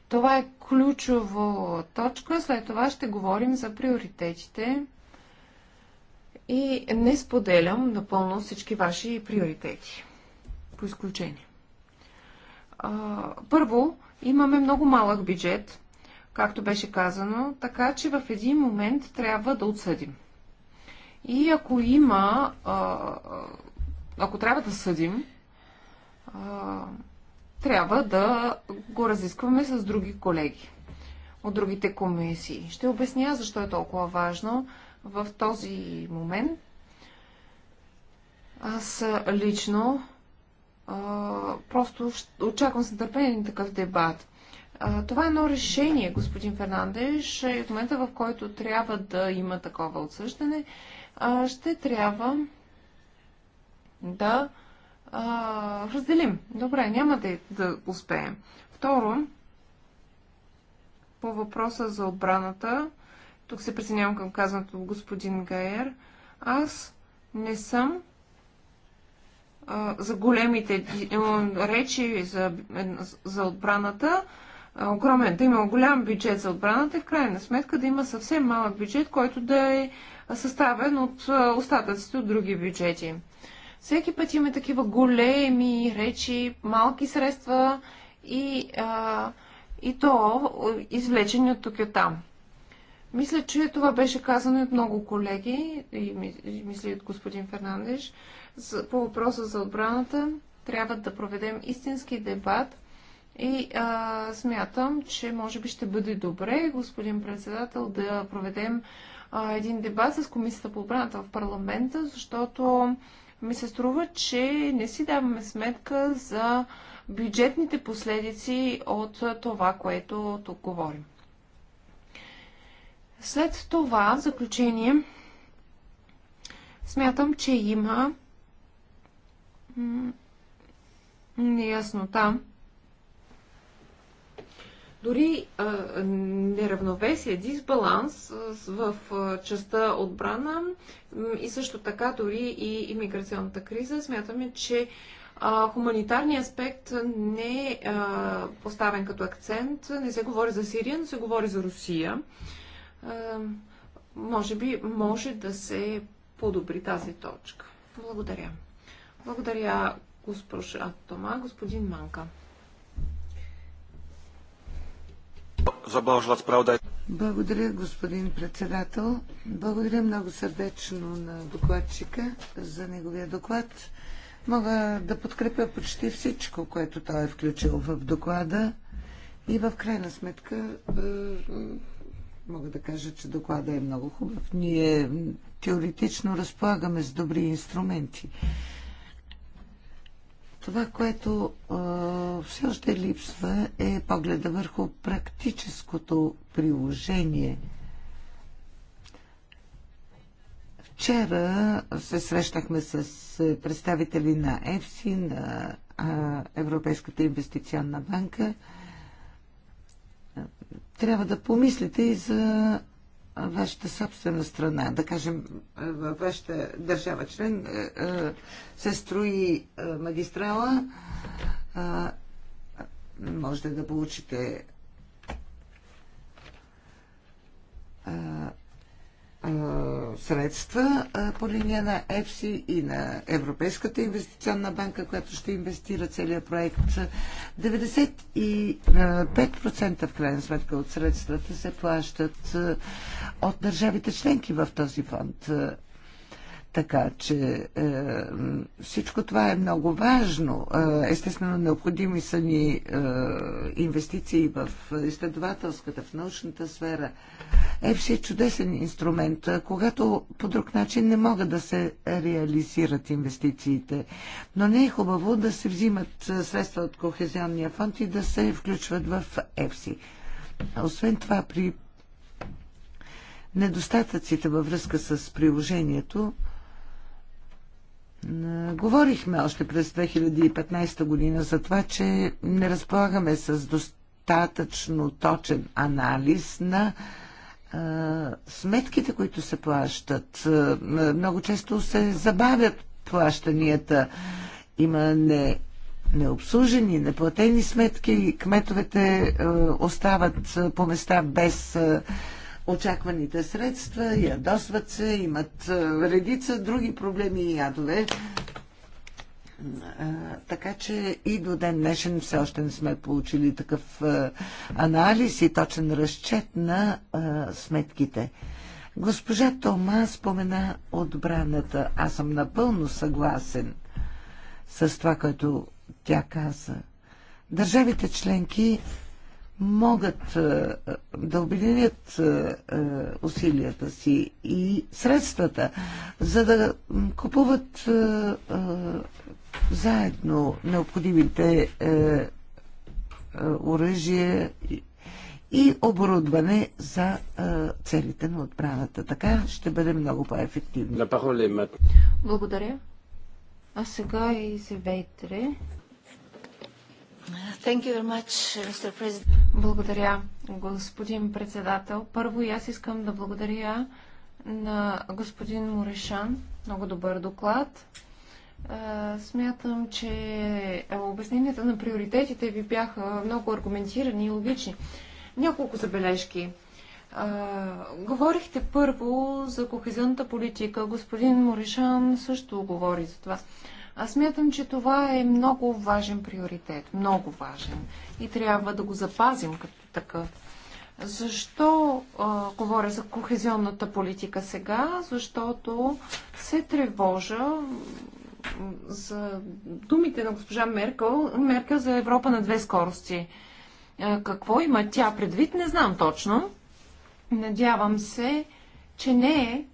Това е ключова точка. След това ще говорим за приоритетите. И не споделям напълно всички ваши приоритети. По изключение. А, първо, имаме много малък бюджет, както беше казано, така че в един момент трябва да отсъдим. И ако има ако трябва да съдим, трябва да го разискваме с други колеги от другите комисии. Ще обясня защо е толкова важно в този момент. Аз лично а, просто очаквам с нетърпение такъв дебат. А, това е едно решение, господин Фернандеш, и е, в момента, в който трябва да има такова отсъждане, а, ще трябва да а, разделим. Добре, няма да, да успеем. Второ, по въпроса за отбраната, тук се присъединявам към казаното от господин Гайер, аз не съм а, за големите е, речи за, е, за отбраната, огромен, да има голям бюджет за отбраната и в крайна сметка да има съвсем малък бюджет, който да е съставен от остатъците от други бюджети. Всеки път имаме такива големи речи, малки средства и, а, и то извлечени от тук и от там. Мисля, че това беше казано и от много колеги, и мисля и от господин Фернандеш, по въпроса за отбраната. Трябва да проведем истински дебат и а, смятам, че може би ще бъде добре, господин председател, да проведем а, един дебат с Комисията по отбраната в парламента, защото ми се струва, че не си даваме сметка за бюджетните последици от това, което тук говорим. След това, в заключение, смятам, че има неяснота. Дори а, неравновесие, дисбаланс в частта отбрана и също така дори и иммиграционната криза, смятаме, че а, хуманитарният аспект не е а, поставен като акцент. Не се говори за Сирия, но се говори за Русия. А, може би може да се подобри тази точка. Благодаря. Благодаря госпожа Тома, господин Манка. Благодаря, господин председател. Благодаря много сърдечно на докладчика за неговия доклад. Мога да подкрепя почти всичко, което той е включил в доклада. И в крайна сметка е, мога да кажа, че доклада е много хубав. Ние теоретично разполагаме с добри инструменти това, което а, все още липсва, е погледа върху практическото приложение. Вчера се срещнахме с представители на ЕФСИ, на Европейската инвестиционна банка. Трябва да помислите и за вашата собствена страна, да кажем, е, във вашата държава член, е, е, се строи магистрала, можете да получите средства по линия на ЕФСИ и на Европейската инвестиционна банка, която ще инвестира целият проект. 95% в крайна сметка от средствата се плащат от държавите членки в този фонд. Така че е, всичко това е много важно. Е, естествено, необходими са ни е, инвестиции в изследователската, в научната сфера. ЕФСИ е чудесен инструмент, е, когато по друг начин не могат да се реализират инвестициите. Но не е хубаво да се взимат е, средства от Кохезионния фонд и да се включват в ЕФСИ. Освен това, при недостатъците във връзка с приложението, Говорихме още през 2015 година за това, че не разполагаме с достатъчно точен анализ на сметките, които се плащат. Много често се забавят плащанията. Има не, необслужени, неплатени сметки Кметовете кметовете остават по места без очакваните средства, ядосват се, имат редица други проблеми и ядове. Така че и до ден днешен все още не сме получили такъв анализ и точен разчет на сметките. Госпожа Тома спомена отбраната. Аз съм напълно съгласен с това, което тя каза. Държавите членки могат е, да обединят е, е, усилията си и средствата, за да купуват заедно необходимите оръжие и оборудване за целите на отбраната. Така ще бъде много по-ефективно. Благодаря. А сега и Зевейтре благодаря, господин председател. Първо и аз искам да благодаря на господин Морешан. Много добър доклад. Смятам, че е, обясненията на приоритетите ви бяха много аргументирани и логични. Няколко забележки. говорихте първо за кохезионната политика. Господин Морешан също говори за това. Аз смятам, че това е много важен приоритет, много важен и трябва да го запазим като такъв. Защо а, говоря за кохезионната политика сега? Защото се тревожа за думите на госпожа Меркел, Меркел за Европа на две скорости. А, какво има тя предвид, не знам точно. Надявам се, че не е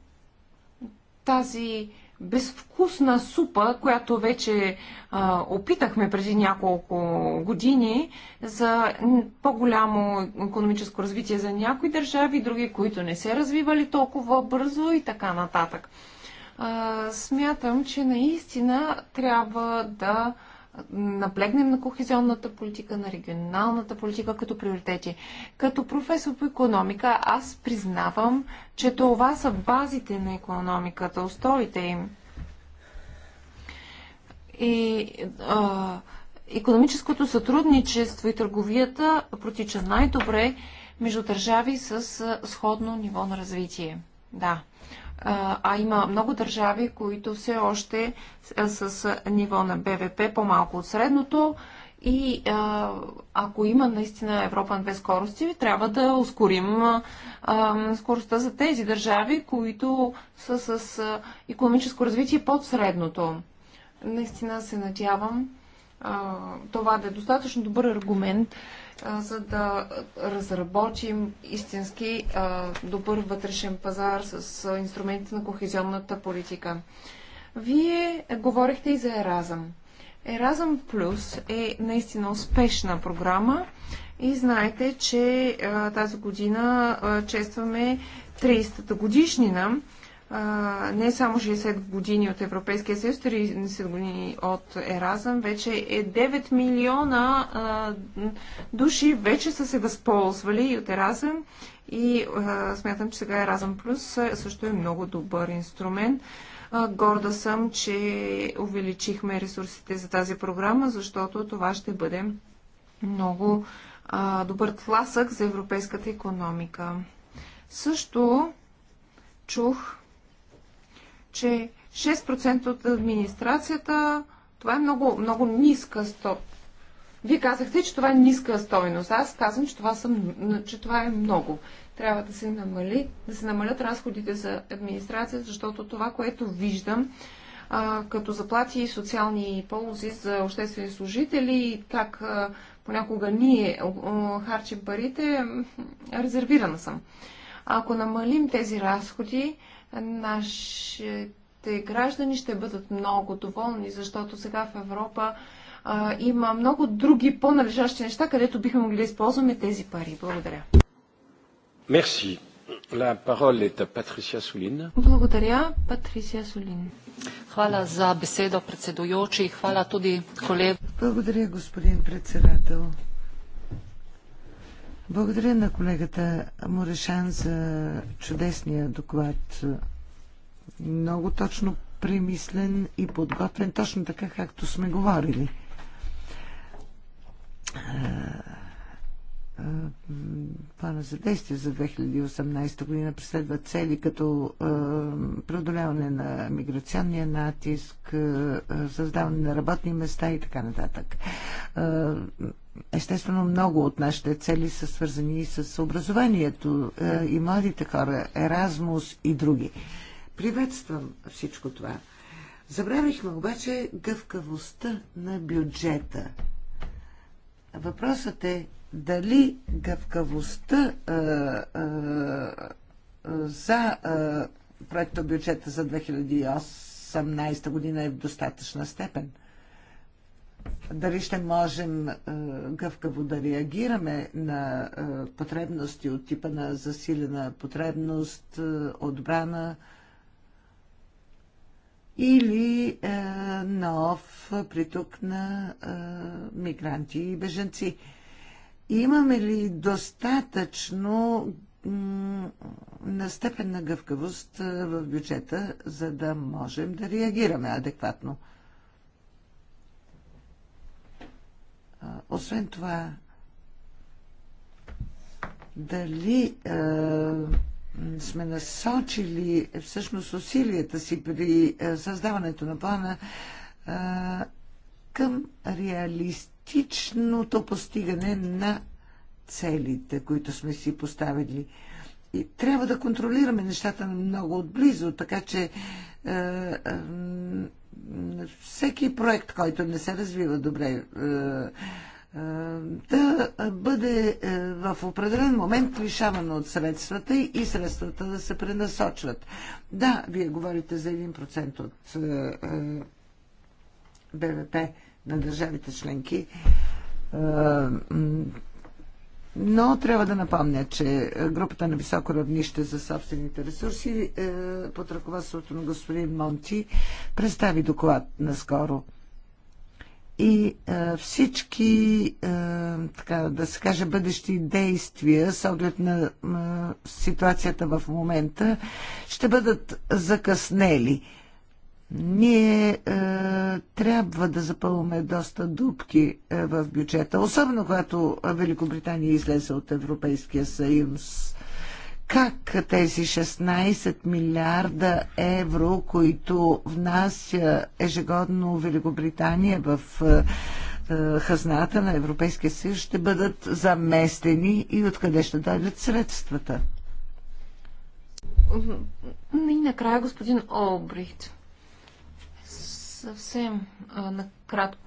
тази безвкусна супа, която вече а, опитахме преди няколко години за по-голямо економическо развитие за някои държави, други, които не се развивали толкова бързо и така нататък. А, смятам, че наистина трябва да наблегнем на кохезионната политика, на регионалната политика като приоритети. Като професор по економика, аз признавам, че това са базите на економиката, устоите им. И а, економическото сътрудничество и търговията протича най-добре между държави с сходно ниво на развитие. Да а има много държави, които все още с ниво на БВП по-малко от средното и а, ако има наистина Европа на две скорости, трябва да ускорим а, скоростта за тези държави, които са с а, економическо развитие под средното. Наистина се надявам а, това да е достатъчно добър аргумент за да разработим истински добър вътрешен пазар с инструментите на кохезионната политика. Вие говорихте и за Еразъм. Еразъм Плюс е наистина успешна програма и знаете, че тази година честваме 30-та годишнина не само 60 години от Европейския съюз, 30 години от Еразъм, вече е 9 милиона а, души вече са се възползвали и от Еразъм и а, смятам, че сега Еразъм Плюс също е много добър инструмент. А, горда съм, че увеличихме ресурсите за тази програма, защото това ще бъде много а, добър тласък за европейската економика. Също чух че 6% от администрацията, това е много, много ниска стоп. Вие казахте, че това е ниска стойност. Аз казвам, че това, съм, че това е много. Трябва да се, намали, да се намалят разходите за администрация, защото това, което виждам а, като заплати и социални ползи за обществени служители, как а, понякога ние а, харчим парите, резервирана съм. Ако намалим тези разходи, Нашите граждани ще бъдат много доволни, защото сега в Европа а, има много други по-належащи неща, където бихме могли да използваме тези пари. Благодаря. Мерси. La parole est à Patricia Soulin. Благодаря, Патрисия Солин. Хвала за беседа, председуючи, хвала туди колега. Благодаря, господин председател. Благодаря на колегата Морешан за чудесния доклад. Много точно премислен и подготвен, точно така, както сме говорили. Плана за действие за 2018 година преследва цели като преодоляване на миграционния натиск, създаване на работни места и така нататък Естествено, много от нашите цели са свързани и с образованието е, и младите хора, Еразмус и други. Приветствам всичко това. Забравихме обаче гъвкавостта на бюджета. Въпросът е дали гъвкавостта е, е, за проекта бюджета за 2018 година е в достатъчна степен дали ще можем е, гъвкаво да реагираме на е, потребности от типа на засилена потребност, е, отбрана или нов приток на мигранти и беженци. Имаме ли достатъчно на степен на гъвкавост в бюджета, за да можем да реагираме адекватно? Освен това, дали сме насочили е, всъщност усилията си при създаването на плана към реалистичното постигане на целите, които сме си поставили. И трябва да контролираме нещата много отблизо, така че всеки проект, който не се развива добре, е, е, да бъде е, в определен момент лишаван от средствата и средствата да се пренасочват. Да, вие говорите за 1% от БВП на държавите членки. Но трябва да напомня, че е, групата на високо равнище за собствените ресурси е, под ръководството на господин Монти представи доклад наскоро. И е, всички, е, така да се каже, бъдещи действия с оглед на е, ситуацията в момента ще бъдат закъснели ние е, трябва да запълваме доста дупки е, в бюджета, особено когато Великобритания излезе от Европейския съюз. Как тези 16 милиарда евро, които внася ежегодно Великобритания в е, е, хазната на Европейския съюз ще бъдат заместени и откъде ще дойдат средствата. И накрая господин Олбрихт. Съвсем а, накратко.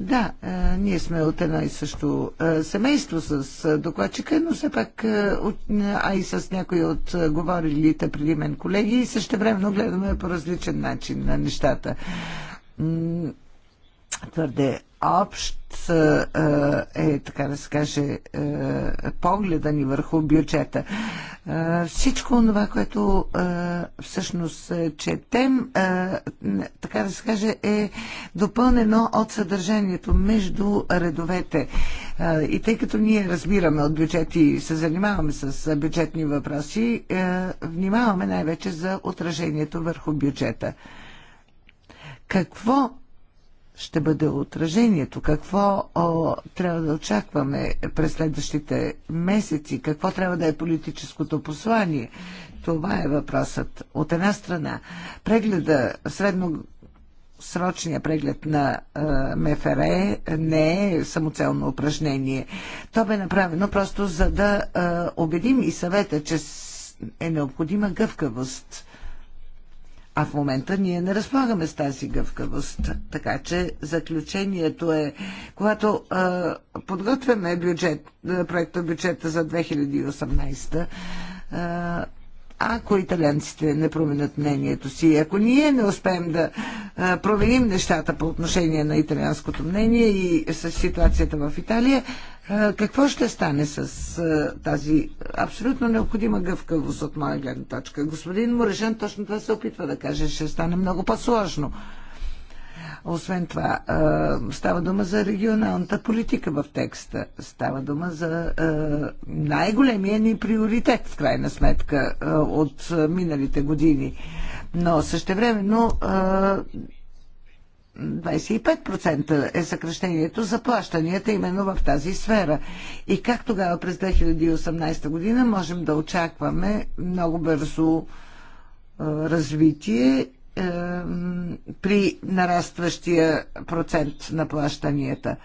Да, а, ние сме от едно и също а, семейство с а, докладчика, но все пак, а, от, а и с някои от а, говорилите преди мен колеги, и също времено гледаме по различен начин на нещата. М- твърде общ е, е, така да се каже, е, погледа ни върху бюджета. Е, всичко това, което всъщност четем, така да се каже, е допълнено от съдържанието между редовете. И тъй като ние разбираме от бюджет и се занимаваме с бюджетни въпроси, внимаваме най-вече за отражението върху бюджета. Какво ще бъде отражението? Какво о, трябва да очакваме през следващите месеци? Какво трябва да е политическото послание? Това е въпросът. От една страна, прегледа, средносрочния преглед на МФР не е самоцелно упражнение. То бе направено просто за да убедим и съвета, че е необходима гъвкавост а в момента ние не разполагаме с тази гъвкавост. Така че заключението е, когато а, подготвяме бюджет, проекта бюджета за 2018, а, ако италянците не променят мнението си, ако ние не успеем да а, променим нещата по отношение на италианското мнение и с ситуацията в Италия, какво ще стане с тази абсолютно необходима гъвкавост от моя гледна точка? Господин Морешен точно това се опитва да каже. Ще стане много по-сложно. Освен това, става дума за регионалната политика в текста. Става дума за най-големия ни приоритет, в крайна сметка, от миналите години. Но също същевременно 25% е съкръщението за плащанията именно в тази сфера. И как тогава през 2018 година можем да очакваме много бързо е, развитие е, при нарастващия процент на плащанията?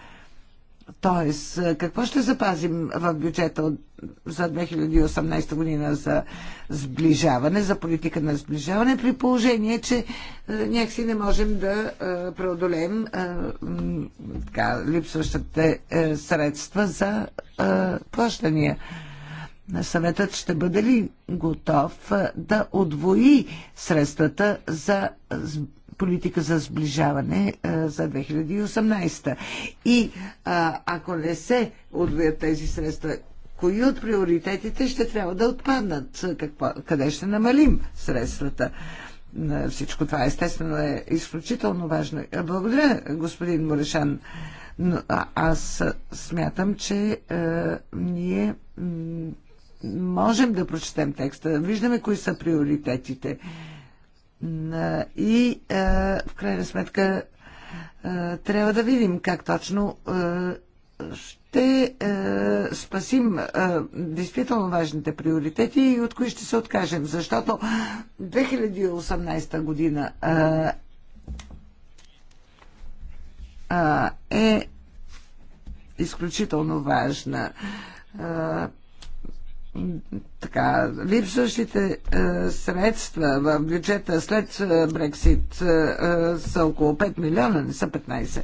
Тоест, какво ще запазим в бюджета за 2018 година за сближаване, за политика на сближаване, при положение, че някакси не можем да преодолеем така, липсващите е, средства за плащания? Съветът ще бъде ли готов да отвои средствата за сближаване? политика за сближаване за 2018. И ако не се отвият тези средства, кои от приоритетите ще трябва да отпаднат, какво, къде ще намалим средствата. Всичко това естествено е изключително важно. Благодаря, господин Морешан. Но аз смятам, че е, ние можем да прочетем текста, виждаме кои са приоритетите. И в крайна сметка трябва да видим как точно ще спасим действително важните приоритети и от кои ще се откажем, защото 2018 година е, изключително важна така, липсващите е, средства в бюджета след е, Брексит е, е, са около 5 милиона, не са 15.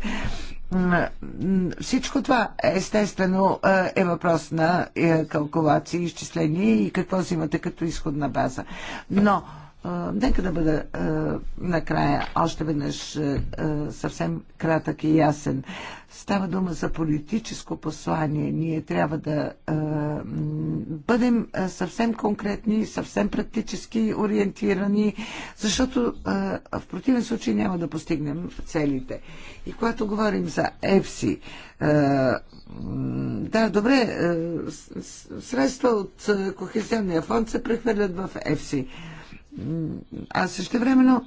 Всичко това, естествено, е, е въпрос на е, калкулации, изчисления и какво взимате като изходна база. Но Нека да бъда накрая още веднъж съвсем кратък и ясен. Става дума за политическо послание. Ние трябва да бъдем съвсем конкретни, съвсем практически ориентирани, защото в противен случай няма да постигнем целите. И когато говорим за ЕФСИ, да, добре, средства от Кохезионния фонд се прехвърлят в ЕФСИ. А също времено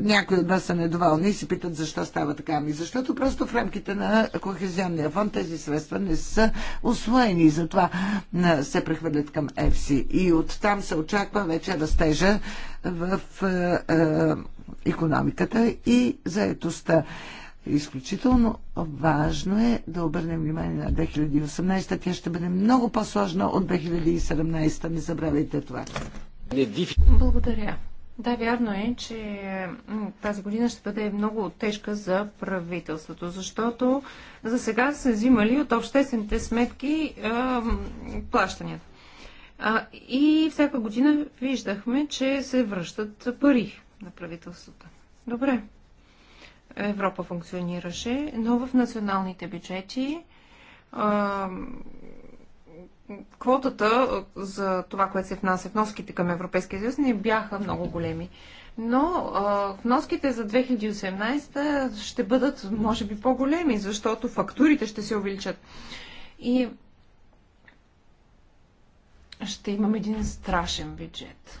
някои от нас са недоволни и се питат защо става така. Ами защото просто в рамките на Кохезионния фонд тези средства не са освоени и затова се прехвърлят към ЕФСИ. И оттам се очаква вече растежа в е, е, економиката и заетостта. Изключително важно е да обърнем внимание на 2018. Тя ще бъде много по-сложна от 2017. Не забравяйте това. Благодаря. Да, вярно е, че тази година ще бъде много тежка за правителството, защото за сега са взимали от обществените сметки а, плащанията. А, и всяка година виждахме, че се връщат пари на правителството. Добре. Европа функционираше, но в националните бюджети а, квотата за това, което се внася вноските към Европейския съюз не бяха много големи. Но а, вноските за 2018 ще бъдат, може би, по-големи, защото фактурите ще се увеличат. И ще имам един страшен бюджет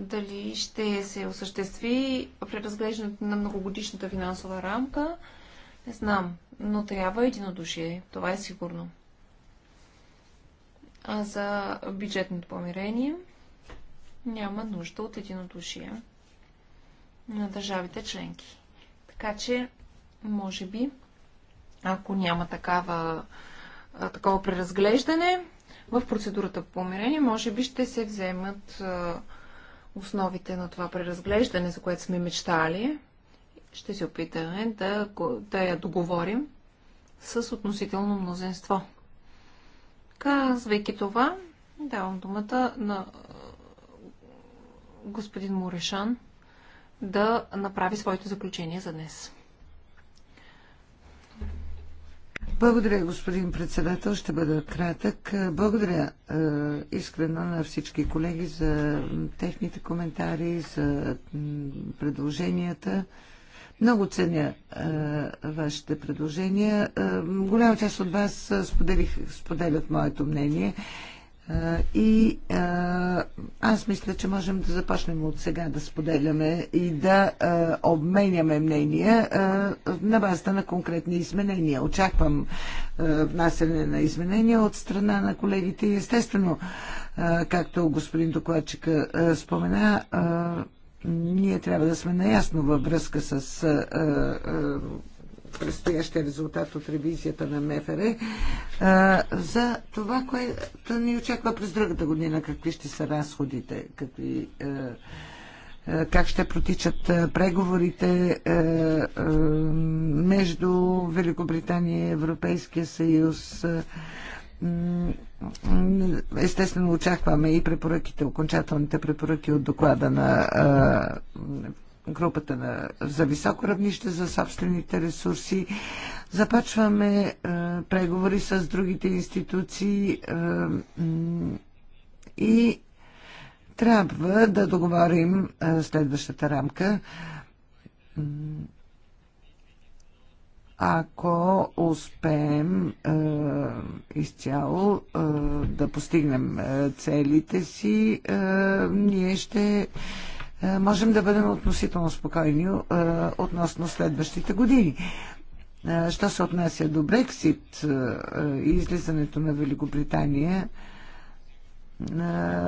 дали ще се осъществи преразглеждането на многогодишната финансова рамка, не знам, но трябва единодушие, това е сигурно. А за бюджетното помирение няма нужда от единодушие на държавите членки. Така че, може би, ако няма такава, такова преразглеждане, в процедурата по помирение, може би ще се вземат основите на това преразглеждане, за което сме мечтали. Ще се опитаме да, да я договорим с относително мнозинство. Казвайки това, давам думата на господин Морешан да направи своите заключения за днес. Благодаря, господин председател. Ще бъда кратък. Благодаря е, искрено на всички колеги за техните коментари, за предложенията. Много ценя е, вашите предложения. Е, голяма част от вас е, споделих, споделят моето мнение и аз мисля, че можем да започнем от сега да споделяме и да обменяме мнения на базата на конкретни изменения. Очаквам внасяне на изменения от страна на колегите и естествено, както господин докладчик спомена, ние трябва да сме наясно във връзка с предстоящия резултат от ревизията на МФР, е, за това, което ни очаква през другата година, какви ще са разходите, какви, е, е, как ще протичат преговорите между Великобритания и Европейския съюз. Естествено, очакваме и препоръките, окончателните препоръки от доклада на групата на, за високо равнище за собствените ресурси. Започваме е, преговори с другите институции е, и трябва да договорим е, следващата рамка. Ако успеем е, изцяло е, да постигнем е, целите си, е, ние ще е, е, можем да бъдем относително спокойни е, относно следващите години. Е, що се отнася до Брексит и излизането на Великобритания,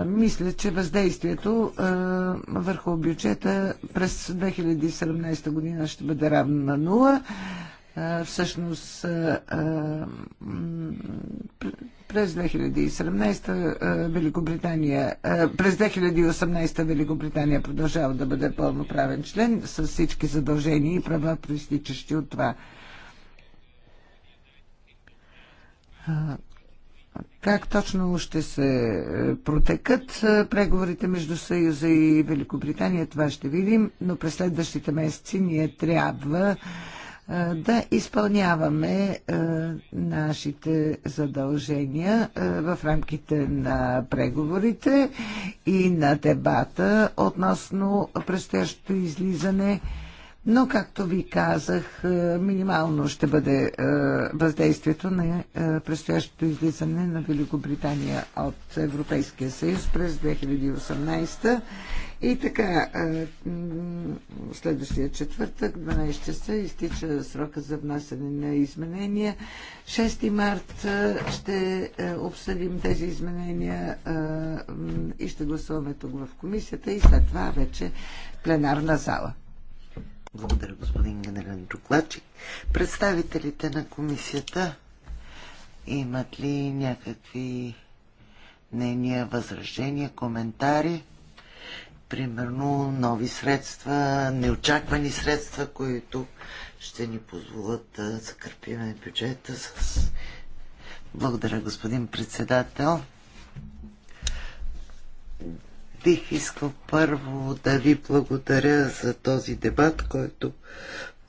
мисля, че въздействието върху бюджета през 2017 година ще бъде равно на нула. Всъщност през 2017 Великобритания, през 2018 Великобритания продължава да бъде пълноправен член с всички задължения и права, проистичащи от това. Как точно ще се протекат преговорите между Съюза и Великобритания, това ще видим, но през следващите месеци ние трябва да изпълняваме е, нашите задължения е, в рамките на преговорите и на дебата относно предстоящото излизане. Но, както ви казах, е, минимално ще бъде въздействието на предстоящото излизане на Великобритания от Европейския съюз през 2018 и така, следващия четвъртък, 12 часа, изтича срока за внасяне на изменения. 6 март ще обсъдим тези изменения и ще гласуваме тук в комисията и след това вече пленарна зала. Благодаря, господин генерален докладчик. Представителите на комисията имат ли някакви мнения, възражения, коментари? примерно нови средства, неочаквани средства, които ще ни позволят да закърпиме бюджета с... Благодаря, господин председател. Бих искал първо да ви благодаря за този дебат, който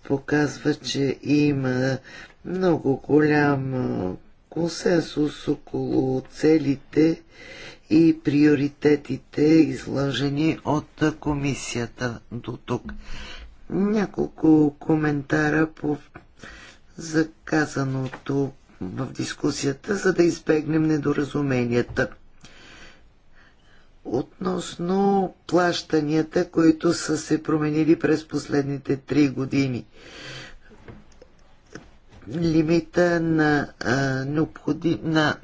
показва, че има много голям консенсус около целите и приоритетите, изложени от комисията до тук. Няколко коментара по заказаното в дискусията, за да избегнем недоразуменията. Относно плащанията, които са се променили през последните три години. Лимита на, а, необходи, на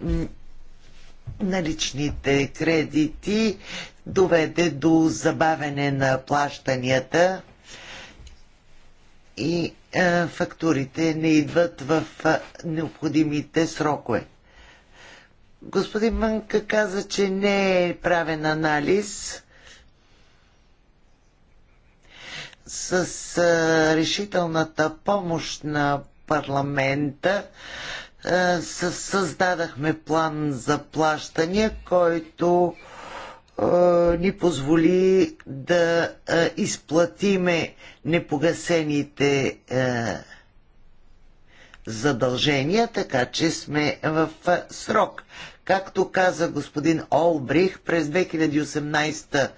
наличните кредити доведе до забавене на плащанията и е, фактурите не идват в е, необходимите срокове. Господин Мънка каза, че не е правен анализ с е, решителната помощ на парламента. Е, създадахме план за плащания, който е, ни позволи да е, изплатиме непогасените задължения, така че сме в срок. Както каза господин Олбрих, през 2018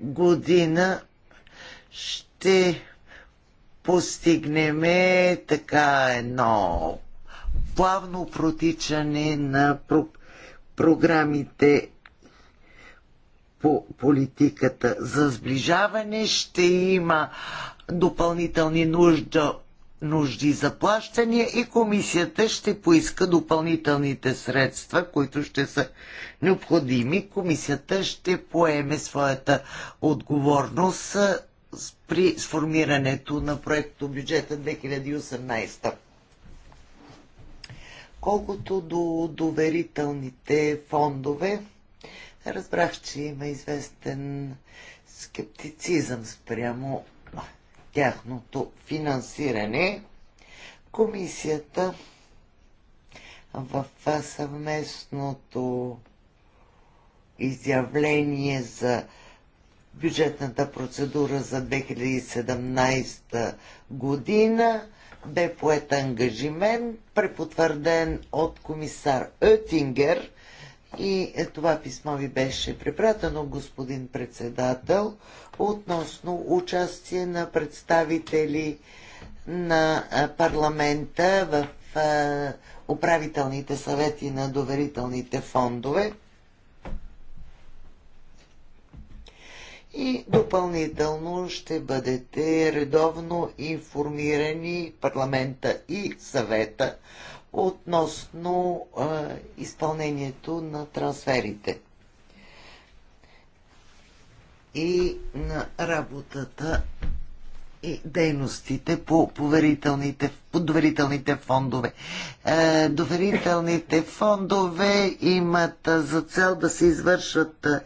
година ще постигнеме така едно плавно протичане на про- програмите по политиката за сближаване. Ще има допълнителни нужда, нужди за плащания и комисията ще поиска допълнителните средства, които ще са необходими. Комисията ще поеме своята отговорност при сформирането на проекто бюджета 2018. Колкото до доверителните фондове, разбрах, че има известен скептицизъм спрямо тяхното финансиране. Комисията в съвместното изявление за бюджетната процедура за 2017 година бе поет ангажимент, препотвърден от комисар Оттингер и е, това писмо ви беше препратено, господин председател, относно участие на представители на е, парламента в е, управителните съвети на доверителните фондове. и допълнително ще бъдете редовно информирани парламента и съвета относно а, изпълнението на трансферите и на работата и дейностите по поверителните, по доверителните фондове. Е, доверителните фондове имат за цел да се извършат е,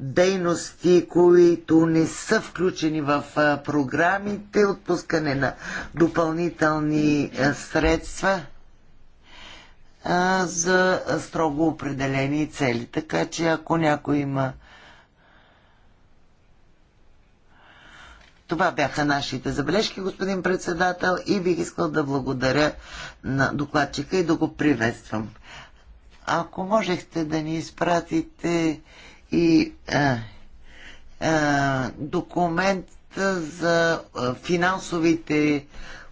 дейности, които не са включени в е, програмите, отпускане на допълнителни е, средства за строго определени цели. Така че ако някой има Това бяха нашите забележки, господин председател, и бих искал да благодаря на докладчика и да го приветствам. Ако можехте да ни изпратите и а, е, а, е, документ за е, финансовите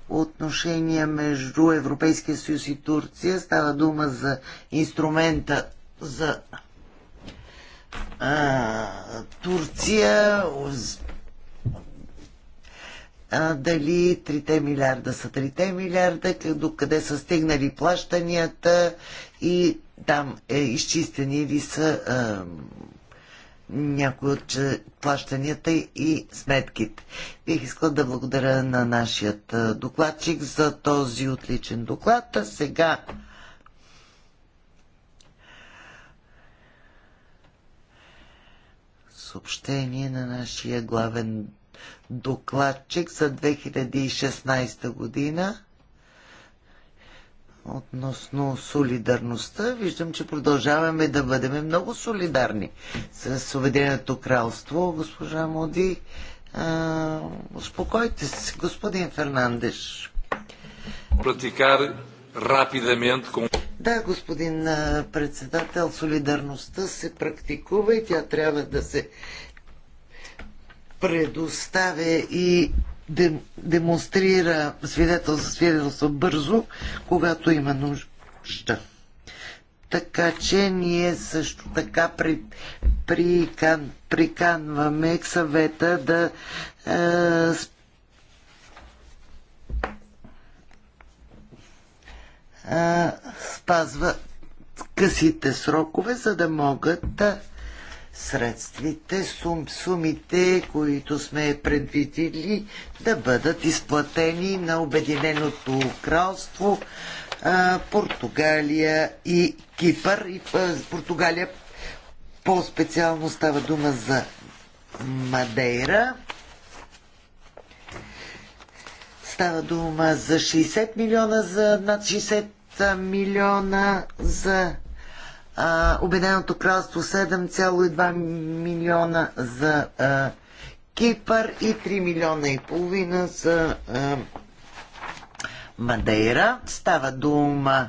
отношения между Европейския съюз и Турция. Става дума за инструмента за а, Турция, а, дали 3 милиарда са 3 милиарда, до къде са стигнали плащанията и там е изчистени ли са а, някои от плащанията и сметките. Бих искал да благодаря на нашият докладчик за този отличен доклад. А сега съобщение на нашия главен докладчик за 2016 година относно солидарността. Виждам, че продължаваме да бъдем много солидарни с Обединеното кралство. Госпожа Моди, а, успокойте се, господин Фернандеш. Практикар рапидамент. Да, господин председател, солидарността се практикува и тя трябва да се предоставя и демонстрира свидетелство, свидетелство бързо, когато има нужда. Така че ние също така при, кан, приканваме съвета да е, е, спазва късите срокове, за да могат да средствите, сум, сумите, които сме предвидили да бъдат изплатени на Обединеното кралство, Португалия и Кипър. И Португалия по-специално става дума за Мадейра. Става дума за 60 милиона, за над 60 милиона за Обединеното кралство 7,2 милиона за а, Кипър и 3 милиона и половина за а, Мадейра. Става дума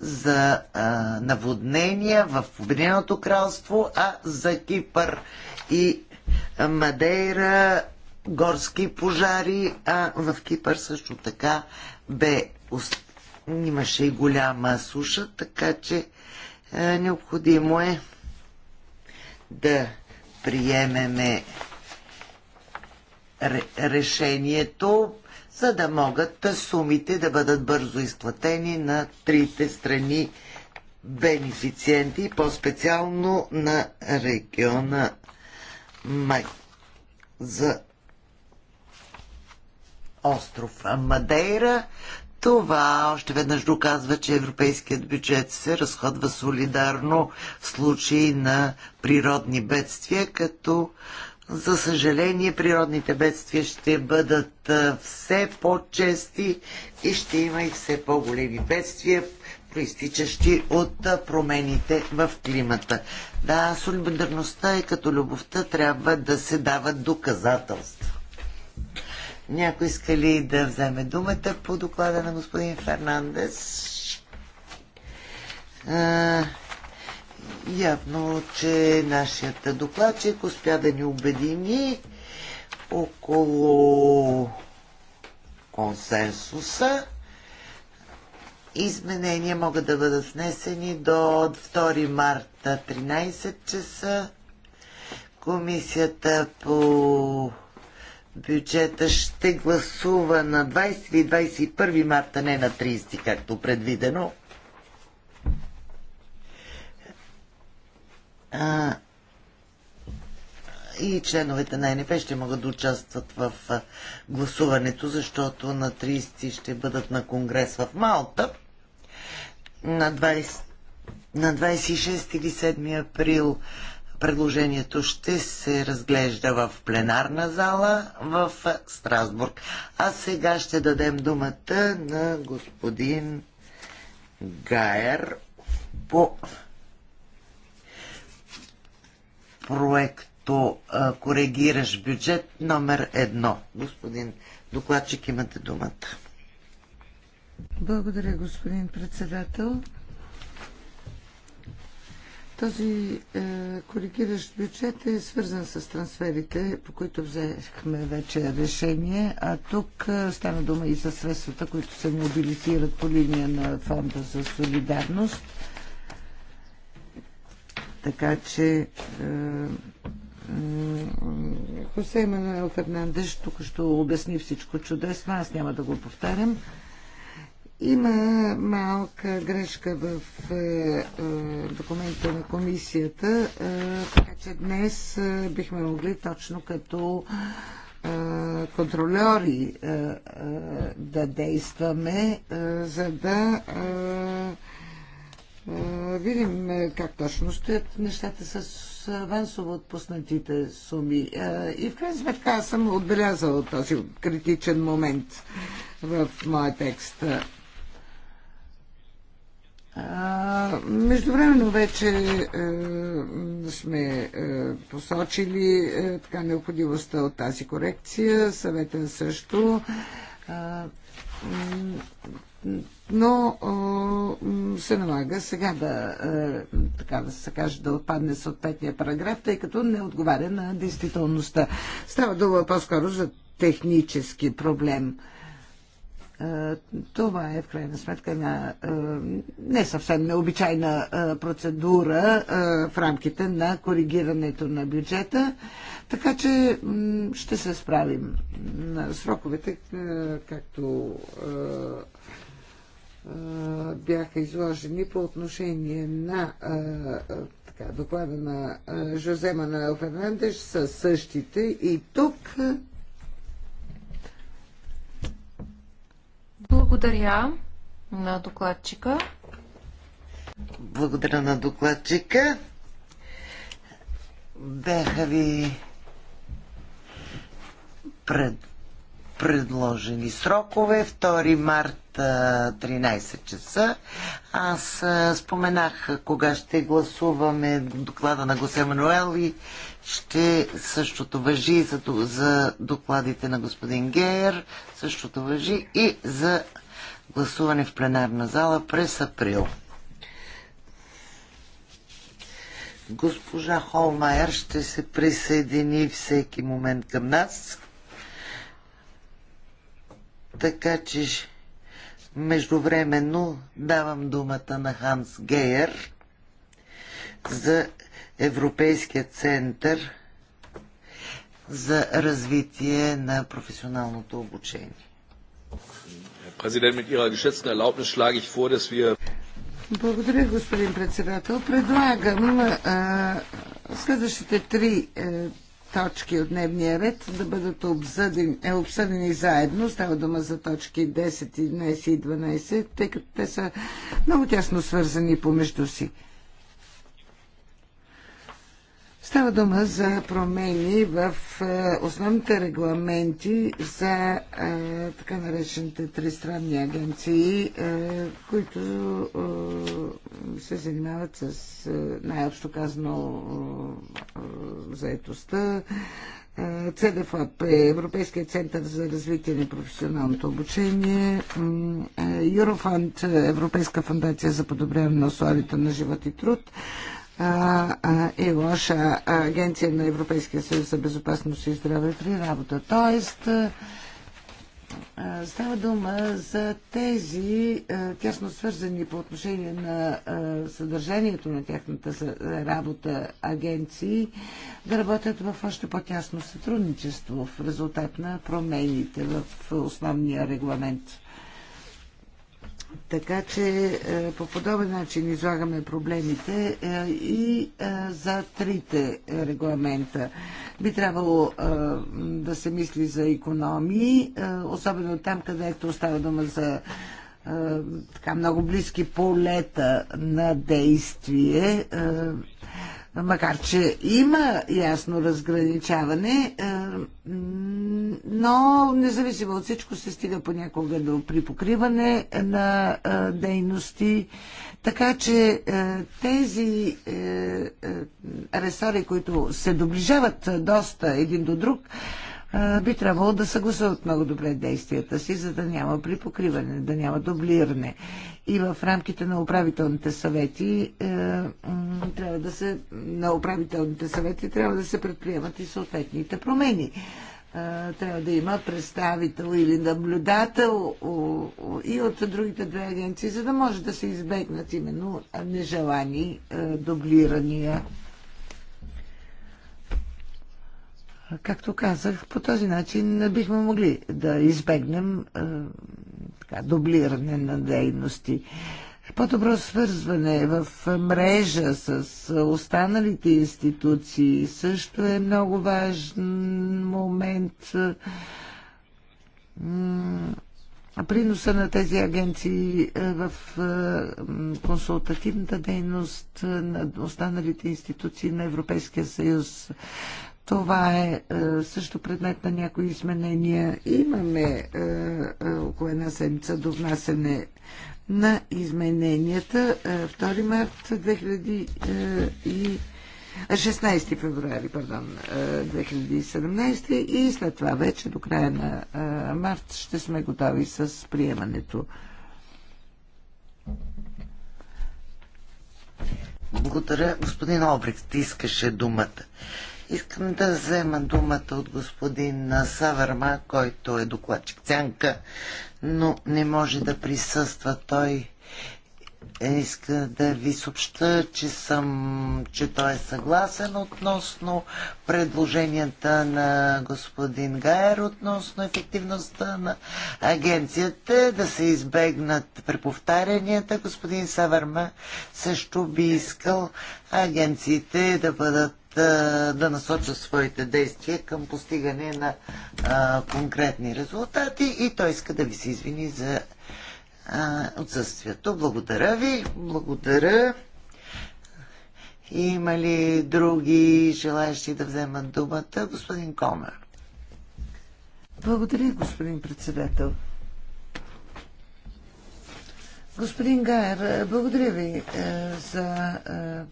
за а, наводнения в Обединеното кралство, а за Кипър и а, Мадейра горски пожари, а в Кипър също така бе имаше и голяма суша, така че е, необходимо е да приемеме решението, за да могат сумите да бъдат бързо изплатени на трите страни бенефициенти по-специално на региона Май за остров Мадейра. Това още веднъж доказва, че европейският бюджет се разходва солидарно в случаи на природни бедствия, като за съжаление природните бедствия ще бъдат все по-чести и ще има и все по-големи бедствия, проистичащи от промените в климата. Да, солидарността е като любовта, трябва да се дават доказателства. Някой иска ли да вземе думата по доклада на господин Фернандес? А, явно, че нашият докладчик успя да ни обедини около консенсуса. Изменения могат да бъдат внесени до 2 марта 13 часа. Комисията по бюджета ще гласува на 20 и 21 марта, не на 30, както предвидено. А, и членовете на НП ще могат да участват в гласуването, защото на 30 ще бъдат на конгрес в Малта. На, 20, на 26 или 7 април предложението ще се разглежда в пленарна зала в Страсбург. А сега ще дадем думата на господин Гайер по проекто Коригираш бюджет номер едно. Господин докладчик, имате думата. Благодаря, господин председател. Този е, коригиращ бюджет е свързан с трансферите, по които взехме вече решение, а тук е, стана дума и за средствата, които се мобилизират по линия на Фонда за солидарност. Така че е, Хосе Мануел Фернандеш тук ще обясни всичко чудесно, аз няма да го повтарям. Има малка грешка в е, е, документа на комисията, е, така че днес бихме могли точно като контролери да действаме, за да видим как точно стоят нещата с авансово отпуснатите суми. И в крайна сметка аз съм отбелязала този критичен момент в моя текст. Междувременно вече е, сме е, посочили е, така необходимостта от тази корекция, съвета също. Е, но е, се налага сега да, е, така да се каже, да отпадне съответния параграф, тъй като не отговаря на действителността. Става дума по-скоро за технически проблем. Е, е, това е в крайна сметка една е, не съвсем необичайна е, процедура в рамките на коригирането на бюджета, така че ще се справим. Сроковете, както бяха изложени по отношение на така, доклада на Жозема на Фернандеш са същите и тук Благодаря на докладчика. Благодаря на докладчика. Бяха ви пред, предложени срокове. 2 март 13 часа. Аз споменах кога ще гласуваме доклада на Госе Мануел и ще същото въжи за, за докладите на господин Гейер, същото въжи и за гласуване в пленарна зала през април. Госпожа Холмайер ще се присъедини всеки момент към нас. Така че междувременно давам думата на Ханс Гейер за Европейския център за развитие на професионалното обучение. Президент, mit Ihrer geschätzten Erlaubnis ich vor, dass wir благодаря, господин председател. Предлагам а, следващите три е, точки от дневния ред да бъдат обсъдени, е, обсъдени заедно. Става дума за точки 10, 11 и 12, тъй като те са много тясно свързани помежду си. Става дума за промени в е, основните регламенти за е, така наречените тристранни агенции, е, които се занимават с най-общо казано заетостта, ЦДФАП е Европейския център за развитие на професионалното обучение, Юрофанд, Европейска фундация за подобряване на условията на живот и труд, и лоша агенция на Европейския съюз за безопасност и здраве при работа. Тоест, Става дума за тези тясно свързани по отношение на съдържанието на тяхната работа агенции да работят в още по-тясно сътрудничество в резултат на промените в основния регламент. Така че е, по подобен начин излагаме проблемите е, и е, за трите регламента. Би трябвало да се мисли за економии, особено там, където става дума за така много близки полета на действие Макар, че има ясно разграничаване, е, но независимо от всичко се стига понякога до припокриване на е, дейности. Така че е, тези ресори, които се доближават доста един до друг, би трябвало да съгласуват много добре действията си, за да няма припокриване, да няма дублиране. И в рамките на управителните съвети е, трябва да се, на управителните съвети трябва да се предприемат и съответните промени е, трябва да има представител или наблюдател и от другите две агенции, за да може да се избегнат именно нежелани е, дублирания. Както казах, по този начин бихме могли да избегнем е, така, дублиране на дейности. По-добро свързване в мрежа с останалите институции също е много важен момент. Приноса на тези агенции е, в е, консултативната дейност на останалите институции на Европейския съюз. Това е, е също предмет на някои изменения. Имаме е, е, около една седмица до внасене на измененията. 2 март 2000 и 16 февруари, пардон, 2017 и след това вече до края на март ще сме готови с приемането. Благодаря, господин обрик, ти искаше думата. Искам да взема думата от господин Саварма, който е докладчик Цянка, но не може да присъства. Той е, иска да ви съобща, че, съм, че той е съгласен относно предложенията на господин Гайер относно ефективността на агенцията, да се избегнат преповтарянията. Господин Саварма също би искал агенциите да бъдат да насочат своите действия към постигане на а, конкретни резултати и той иска да ви се извини за а, отсъствието. Благодаря ви, благодаря. Има ли други желаящи да вземат думата? Господин Комер. Благодаря, господин председател. Господин Гайер, благодаря ви е, за е,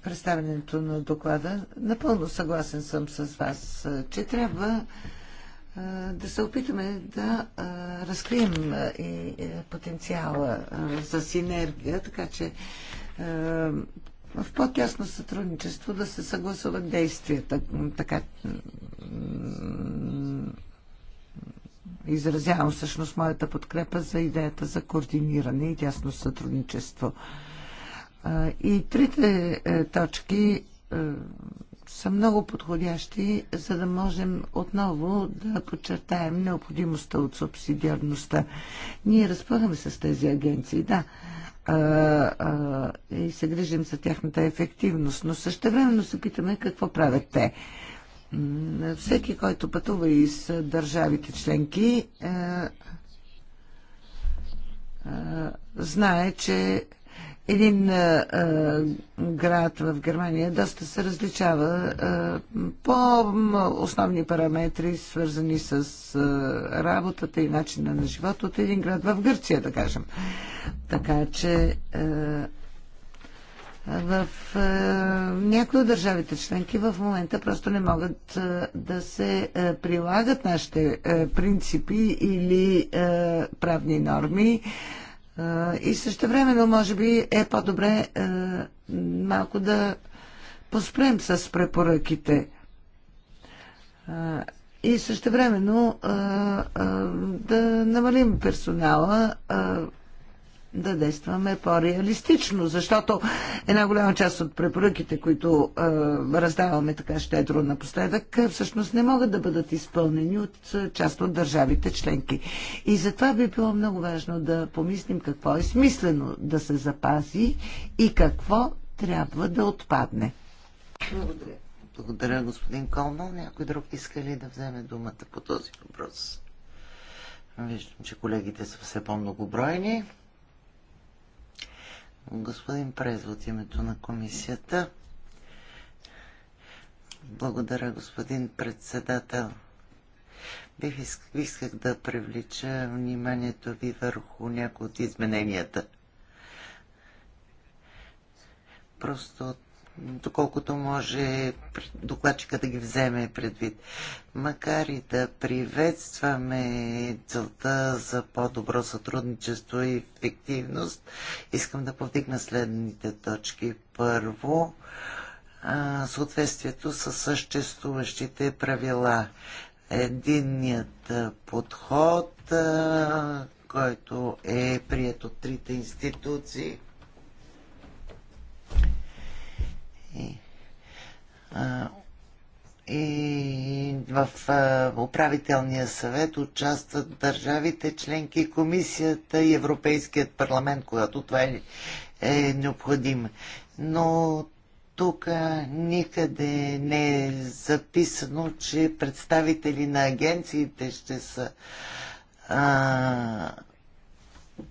представенето на доклада. Напълно съгласен съм с вас, е, че трябва да се опитаме да разкрием и потенциала за синергия, така че в по-тясно сътрудничество да се съгласуват действията, така изразявам всъщност моята подкрепа за идеята за координиране и тясно сътрудничество. И трите е, точки е, са много подходящи, за да можем отново да подчертаем необходимостта от субсидиарността. Ние разполагаме с тези агенции, да, и се грижим за тяхната ефективност, но същевременно се питаме какво правят те. Всеки, който пътува из е, държавите членки, е, е, знае, че един град в Германия доста се различава по основни параметри, свързани с работата и начина на живота от един град в Гърция, да кажем. Така че в е, някои от държавите членки в момента просто не могат е, да се е, прилагат нашите е, принципи или е, правни норми. Е, и също но може би, е по-добре е, малко да поспрем с препоръките. Е, и също времено е, е, да намалим персонала да действаме по-реалистично, защото една голяма част от препоръките, които е, раздаваме така щедро напоследък, всъщност не могат да бъдат изпълнени от част от държавите членки. И затова би било много важно да помислим какво е смислено да се запази и какво трябва да отпадне. Благодаря. Благодаря, господин Колмал. Някой друг иска ли да вземе думата по този въпрос? Виждам, че колегите са все по-многобройни господин През от името на комисията. Благодаря, господин председател. Бих исках, да привлича вниманието ви върху някои от измененията. Просто от доколкото може докладчика да ги вземе предвид. Макар и да приветстваме целта за по-добро сътрудничество и ефективност, искам да повдигна следните точки. Първо, съответствието с съществуващите правила. Единният подход, който е прият от трите институции, И, в управителния съвет участват държавите, членки, комисията и Европейският парламент, когато това е, е необходимо. Но тук никъде не е записано, че представители на агенциите ще са а,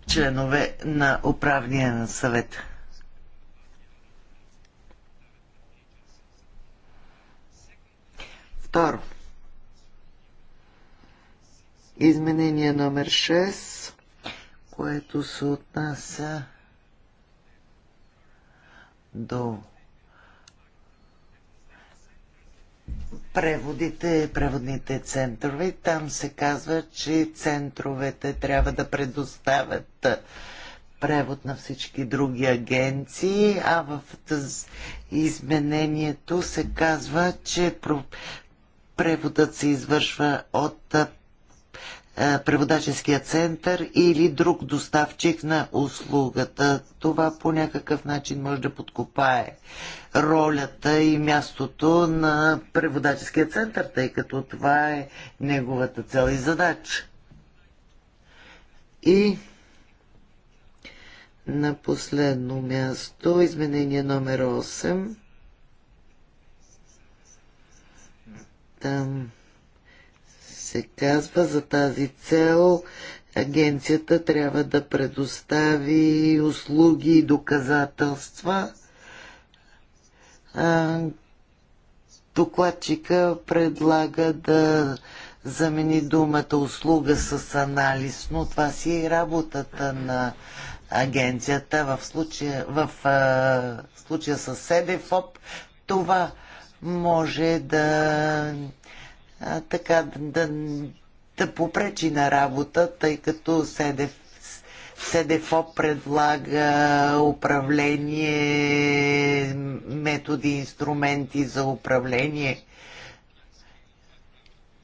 членове на управния съвет. Второ. Изменение номер 6, което се отнася до преводите, преводните центрове. Там се казва, че центровете трябва да предоставят превод на всички други агенции, а в изменението се казва, че преводът се извършва от преводаческия център или друг доставчик на услугата. Това по някакъв начин може да подкопае ролята и мястото на преводаческия център, тъй като това е неговата цел и задача. И на последно място изменение номер 8 Там се казва за тази цел агенцията трябва да предостави услуги и доказателства. Докладчика предлага да замени думата услуга с анализ, но това си е работата на агенцията. В случая, в, а, случая с СДФОП това може да така да, да попречи на работа, тъй като СДФ, СДФО предлага управление, методи, инструменти за управление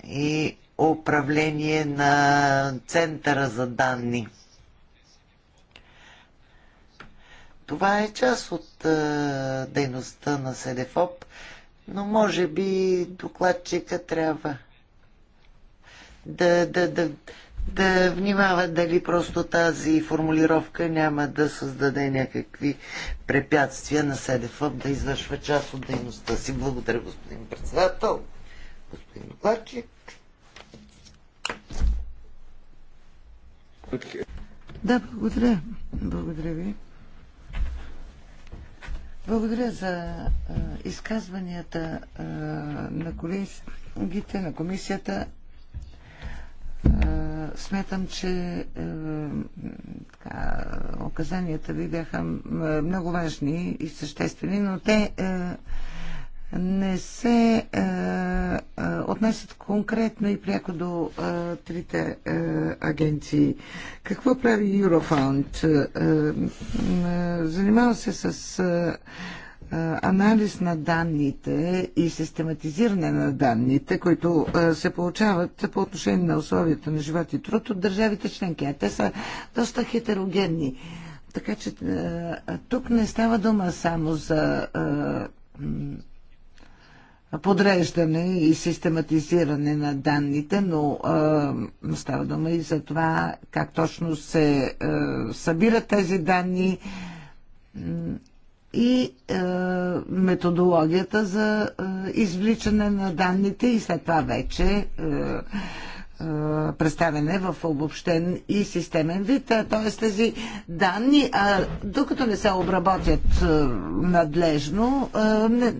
и управление на центъра за данни. Това е част от дейността на СДФОП но може би докладчика трябва да, да, да, да внимава дали просто тази формулировка няма да създаде някакви препятствия на СДФ да извършва част от дейността си. Благодаря, господин председател. Господин докладчик. Да, благодаря. Благодаря ви. Благодаря за изказванията на колегите, на комисията. Смятам, че така, указанията ви бяха много важни и съществени, но те не се е, е, отнасят конкретно и пряко до е, трите е, агенции. Какво прави Eurofound? Е, е, занимава се с е, е анализ на данните и систематизиране на данните, които е, се получават по отношение на условията на живот и труд от държавите членки. А те са доста хетерогенни. Така че е, тук не става дума само за подреждане и систематизиране на данните, но а, става дума и за това как точно се а, събират тези данни и а, методологията за а, извличане на данните и след това вече а, е, представяне в обобщен и системен вид. Т.е. тези данни, а, докато не се обработят а, надлежно, а, не,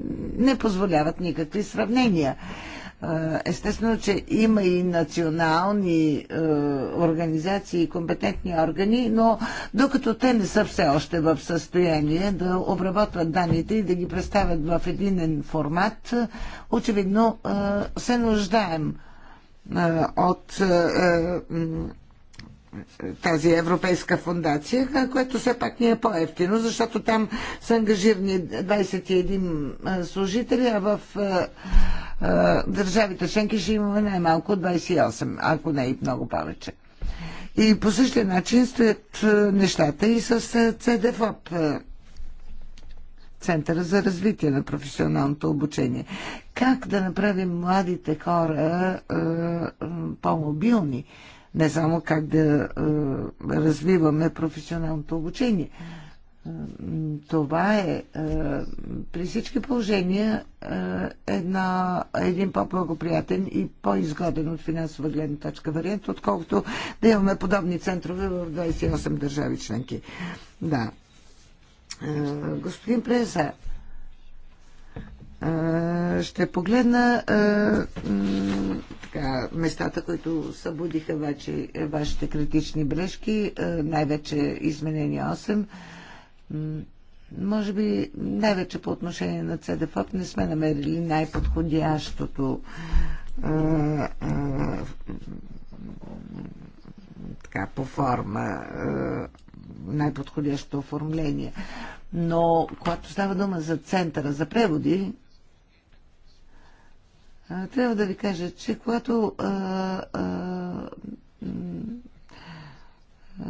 не позволяват никакви сравнения. Естествено, че има и национални е, организации и компетентни органи, но докато те не са все още в състояние да обработват данните и да ги представят в един формат, очевидно е, се нуждаем е, от тази Европейска фундация, което все пак ни е по-ефтино, защото там са ангажирани 21 служители, а в държавите членки ще имаме най-малко 28, ако не и много повече. И по същия начин стоят нещата и с ЦДФОП, Центъра за развитие на професионалното обучение. Как да направим младите хора по-мобилни? не само как да развиваме професионалното обучение. Това е при всички положения една, един по-благоприятен и по-изгоден от финансова гледна точка вариант, отколкото да имаме подобни центрове в 28 държави членки. Да. Господин Преза, ще погледна така, местата, които събудиха вече вашите критични бележки, най-вече изменение 8. Може би най-вече по отношение на ЦДФОП не сме намерили най-подходящото така по форма най-подходящото оформление. Но когато става дума за центъра за преводи, трябва да ви кажа, че когато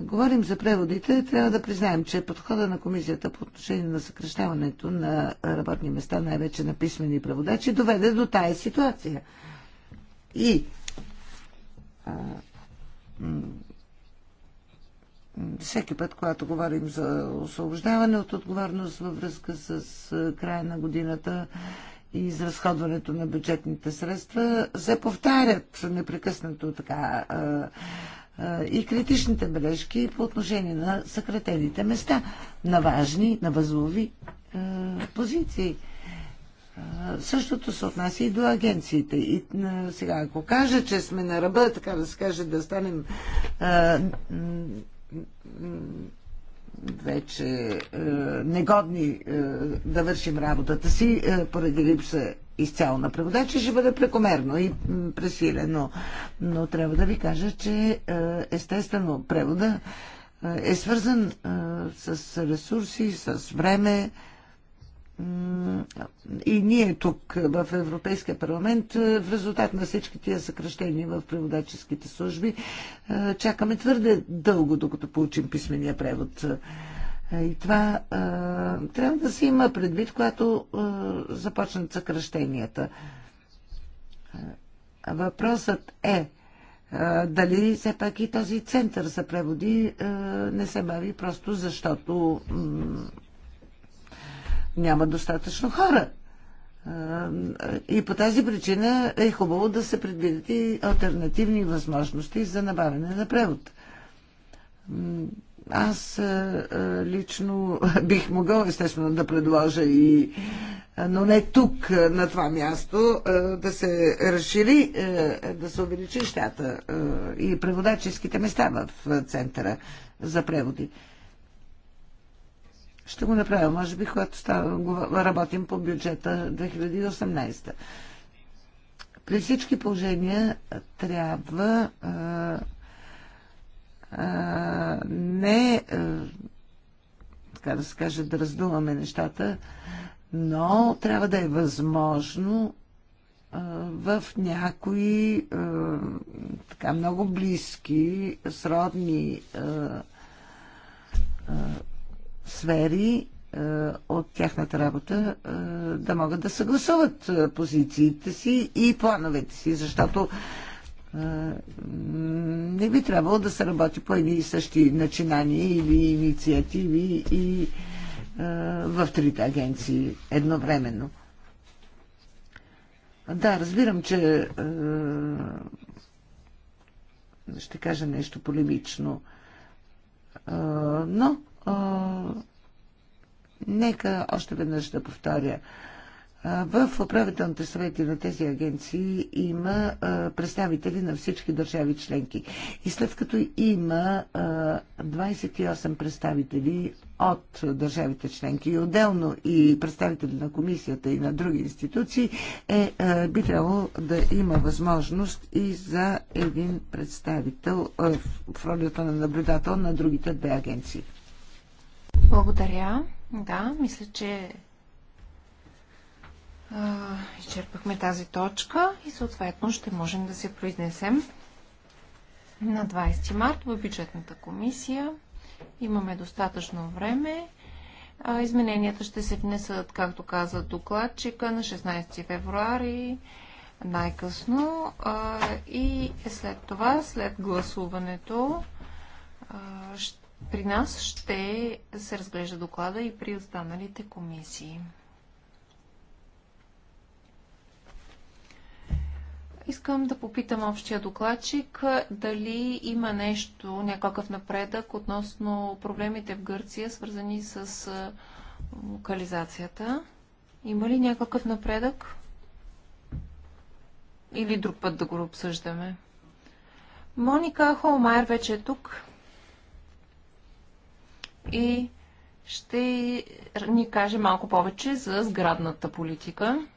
говорим за преводите, трябва да признаем, че подхода на комисията по отношение на съкрещаването на работни места, най-вече на писмени преводачи, доведе до тая ситуация. И всеки път, когато говорим за освобождаване от отговорност във връзка с края на годината, и изразходването на бюджетните средства се повтарят непрекъснато така и критичните бележки по отношение на съкратените места, на важни, на възлови позиции. Същото се отнася и до агенциите. И сега, ако кажа, че сме на ръба, така да се каже, да станем вече е, негодни е, да вършим работата си е, поради липса изцяло на преводачи, ще бъде прекомерно и пресилено. Но трябва да ви кажа, че е, естествено превода е, е свързан е, с ресурси, с време, е, и ние тук в Европейския парламент е, в резултат на всички тия съкръщения в преводаческите служби е, чакаме твърде дълго, докато получим писмения превод. Е, и това трябва да се има предвид, когато започнат съкръщенията. Въпросът е дали все пак и този център за преводи не се бави просто защото няма достатъчно хора. Е, и по тази причина е хубаво да се предвидят и альтернативни възможности за набавяне на превод. Аз е, е, лично бих могъл, естествено, да предложа и, но не тук, на това място, да се разшири, да се увеличи щата и преводаческите места в центъра за преводи. Ще го направя, може би, когато става, работим по бюджета 2018. При всички положения трябва а, а, не, а, така да се каже, да раздуваме нещата, но трябва да е възможно в някои така много близки, сродни сфери е, от тяхната работа е, да могат да съгласуват е, позициите си и плановете си, защото не би трябвало да се работи по едни и същи начинания или инициативи и в трите агенции едновременно. Да, разбирам, че ще кажа нещо полемично, но нека още веднъж да повторя. В управителните съвети на тези агенции има представители на всички държави членки. И след като има 28 представители от държавите членки и отделно и представители на комисията и на други институции, е, би трябвало да има възможност и за един представител в ролята на наблюдател на другите две агенции. Благодаря. Да, мисля, че а, изчерпахме тази точка и съответно ще можем да се произнесем на 20 март в бюджетната комисия. Имаме достатъчно време. А, измененията ще се внесат, както каза докладчика, на 16 февруари най-късно и след това, след гласуването, ще при нас ще се разглежда доклада и при останалите комисии. Искам да попитам общия докладчик дали има нещо, някакъв напредък относно проблемите в Гърция, свързани с локализацията. Има ли някакъв напредък? Или друг път да го обсъждаме? Моника Холмайер вече е тук и ще ни каже малко повече за сградната политика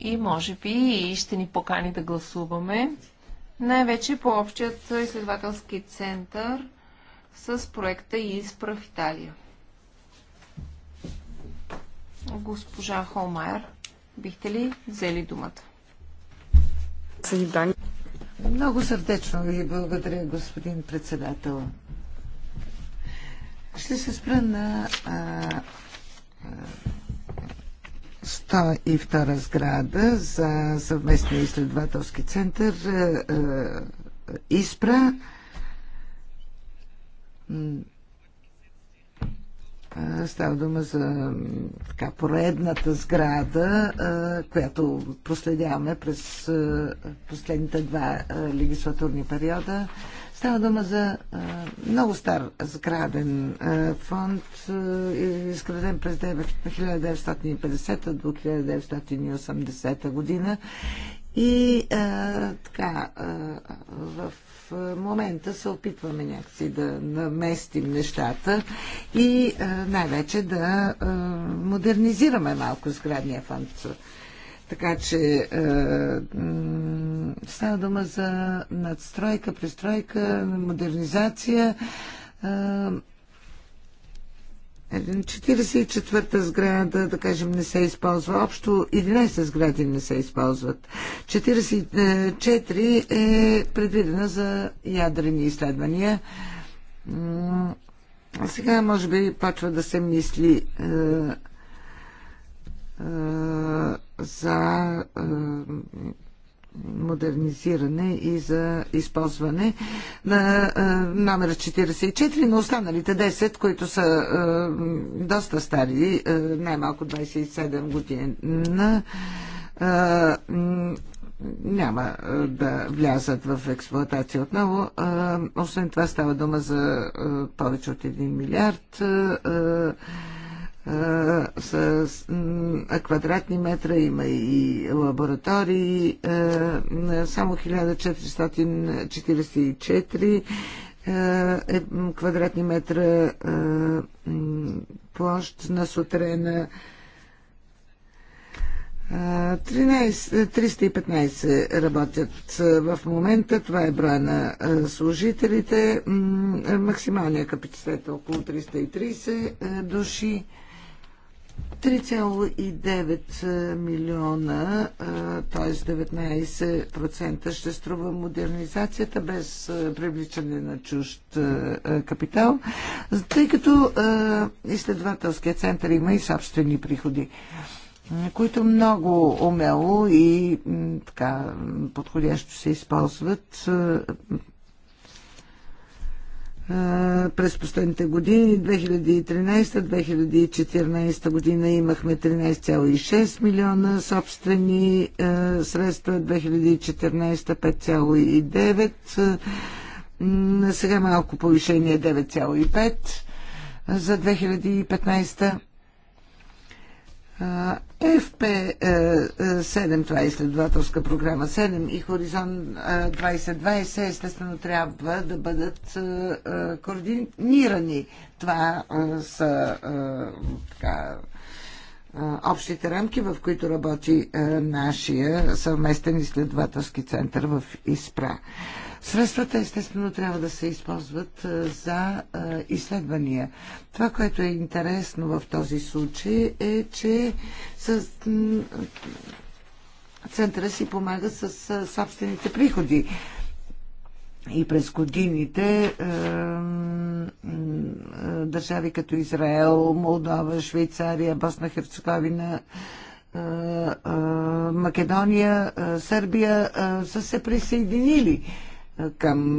и може би ще ни покани да гласуваме. Най-вече по общият изследователски център с проекта в Италия. Госпожа Холмайер, бихте ли взели думата? Много сърдечно ви благодаря, господин председател. Ще се спра на а, 102 сграда за съвместния изследователски център а, ИСПРА. Става дума за така, поредната сграда, която проследяваме през последните два легислатурни периода. Става дума за а, много стар сграден а, фонд, а, изграден през 1950-1980 до година. И а, така, а, в момента се опитваме някакси да наместим нещата и най-вече да а, модернизираме малко сградния фонд. Така че е, става дума за надстройка, пристройка, модернизация. Е, 44-та сграда, да кажем, не се използва. Общо 11 сгради не се използват. 44 е, е предвидена за ядрени изследвания. А сега, може би, почва да се мисли е, е, за е, модернизиране и за използване на номер 44, на останалите 10, които са е, доста стари, най-малко 27 години на няма да влязат в експлоатация отново. Освен това става дума за повече от 1 милиард с квадратни метра, има и лаборатории, само 1444 е квадратни метра площ на сутрена. 13, 315 е, работят в момента. Това е броя на служителите. Максималният капацитет е около 330 души. 3,9 е, милиона, е, т.е. 19% ще струва модернизацията без е, привличане на чужд капитал, тъй като изследователският център има и собствени приходи които много умело и така подходящо се използват през последните години. 2013-2014 година имахме 13,6 милиона собствени средства, 2014 5,9, сега малко повишение 9,5 е за 2015 FP7, е, е, това е изследователска програма 7 и Хоризонт 2020, е, естествено трябва да бъдат координирани. Това са така, общите рамки, в които работи нашия съвместен изследователски център в ИСПРА. Средствата естествено трябва да се използват за изследвания. Това, което е интересно в този случай е, че с центъра си помага с собствените приходи. И през годините държави като Израел, Молдова, Швейцария, Босна, Херцеговина, Македония, Сърбия са се присъединили към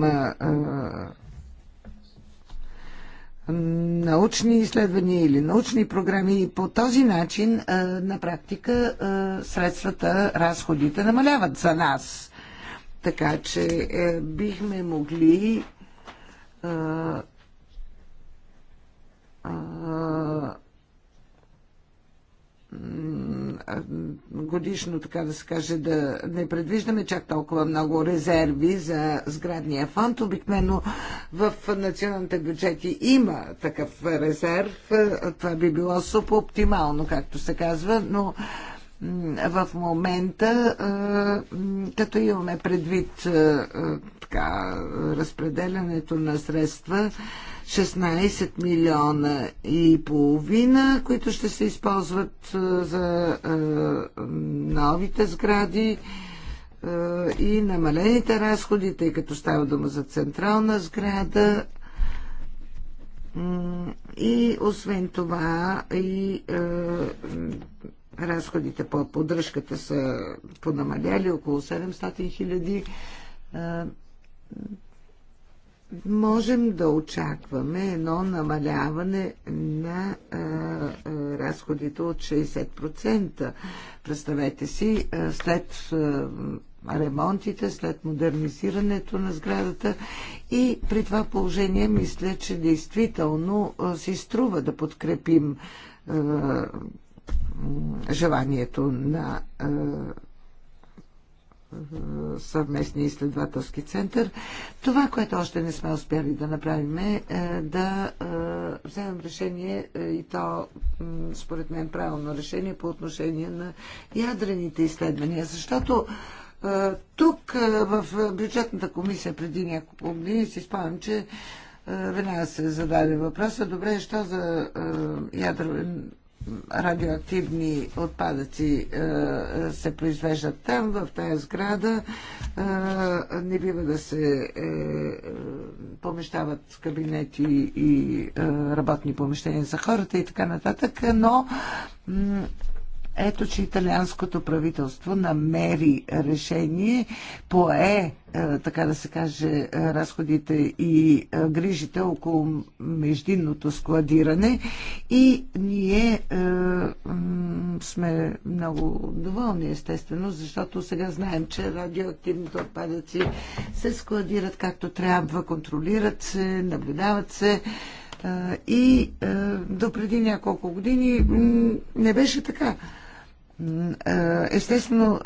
научни изследвания или научни програми и по този начин на практика средствата, разходите намаляват за нас. Така че е, бихме могли годишно, така да се каже, да не предвиждаме чак толкова много резерви за сградния фонд. Обикновено в националните бюджети има такъв резерв. Това би било супоптимално, както се казва, но в момента, като имаме предвид така, разпределянето на средства, 16 милиона и половина, които ще се използват е, за е, новите сгради е, и намалените разходи, тъй като става дума за централна сграда. И освен това и разходите по поддръжката са понамаляли около 700 хиляди можем да очакваме едно намаляване на а, а, разходите от 60%. Представете си, а, след а, ремонтите, след модернизирането на сградата и при това положение мисля, че действително а, си струва да подкрепим а, желанието на а, съвместния изследователски център. Това, което още не сме успяли да направим е, е да е, вземем решение е, и то, според мен, правилно решение по отношение на ядрените изследвания, защото тук в бюджетната комисия преди няколко години си спомням, че веднага се зададе въпроса, добре, що за ядрен радиоактивни отпадъци е, е, се произвеждат там, в тая сграда. Е, не бива да се помещават кабинети и работни помещения за хората и така нататък, но ето, че италианското правителство намери решение, пое, е, така да се каже, разходите и е, грижите около междинното складиране и ние е, сме много доволни, естествено, защото сега знаем, че радиоактивните отпадъци се складират както трябва, контролират се, наблюдават се. И до преди няколко години не беше така. Естествено,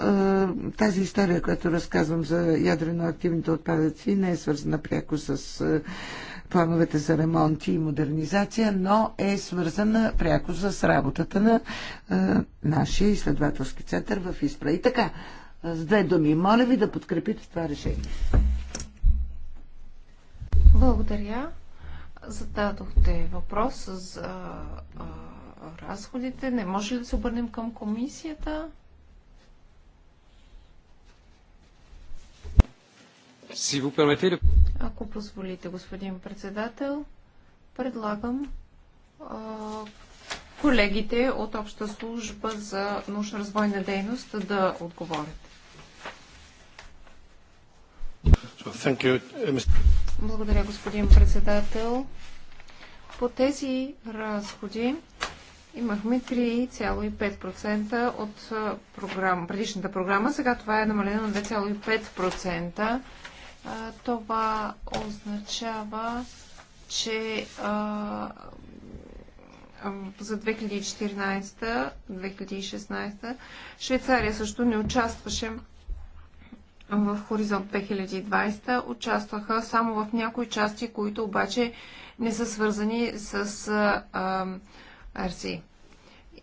тази история, която разказвам за ядрено активните отпадъци, не е свързана пряко с плановете за ремонти и модернизация, но е свързана пряко с работата на нашия изследователски център в Испра. И така, с две думи, моля ви да подкрепите това решение. Благодаря. Зададохте въпрос за разходите. Не може ли да се обърнем към комисията? Си го Ако позволите, господин председател, предлагам а, колегите от Обща служба за научно-развойна дейност да отговорят. Благодаря, господин председател. По тези разходи имахме 3,5% от програм, предишната програма. Сега това е намалено на 2,5%. Това означава, че а, за 2014-2016 Швейцария също не участваше в Хоризонт 2020. Участваха само в някои части, които обаче не са свързани с а, Арси.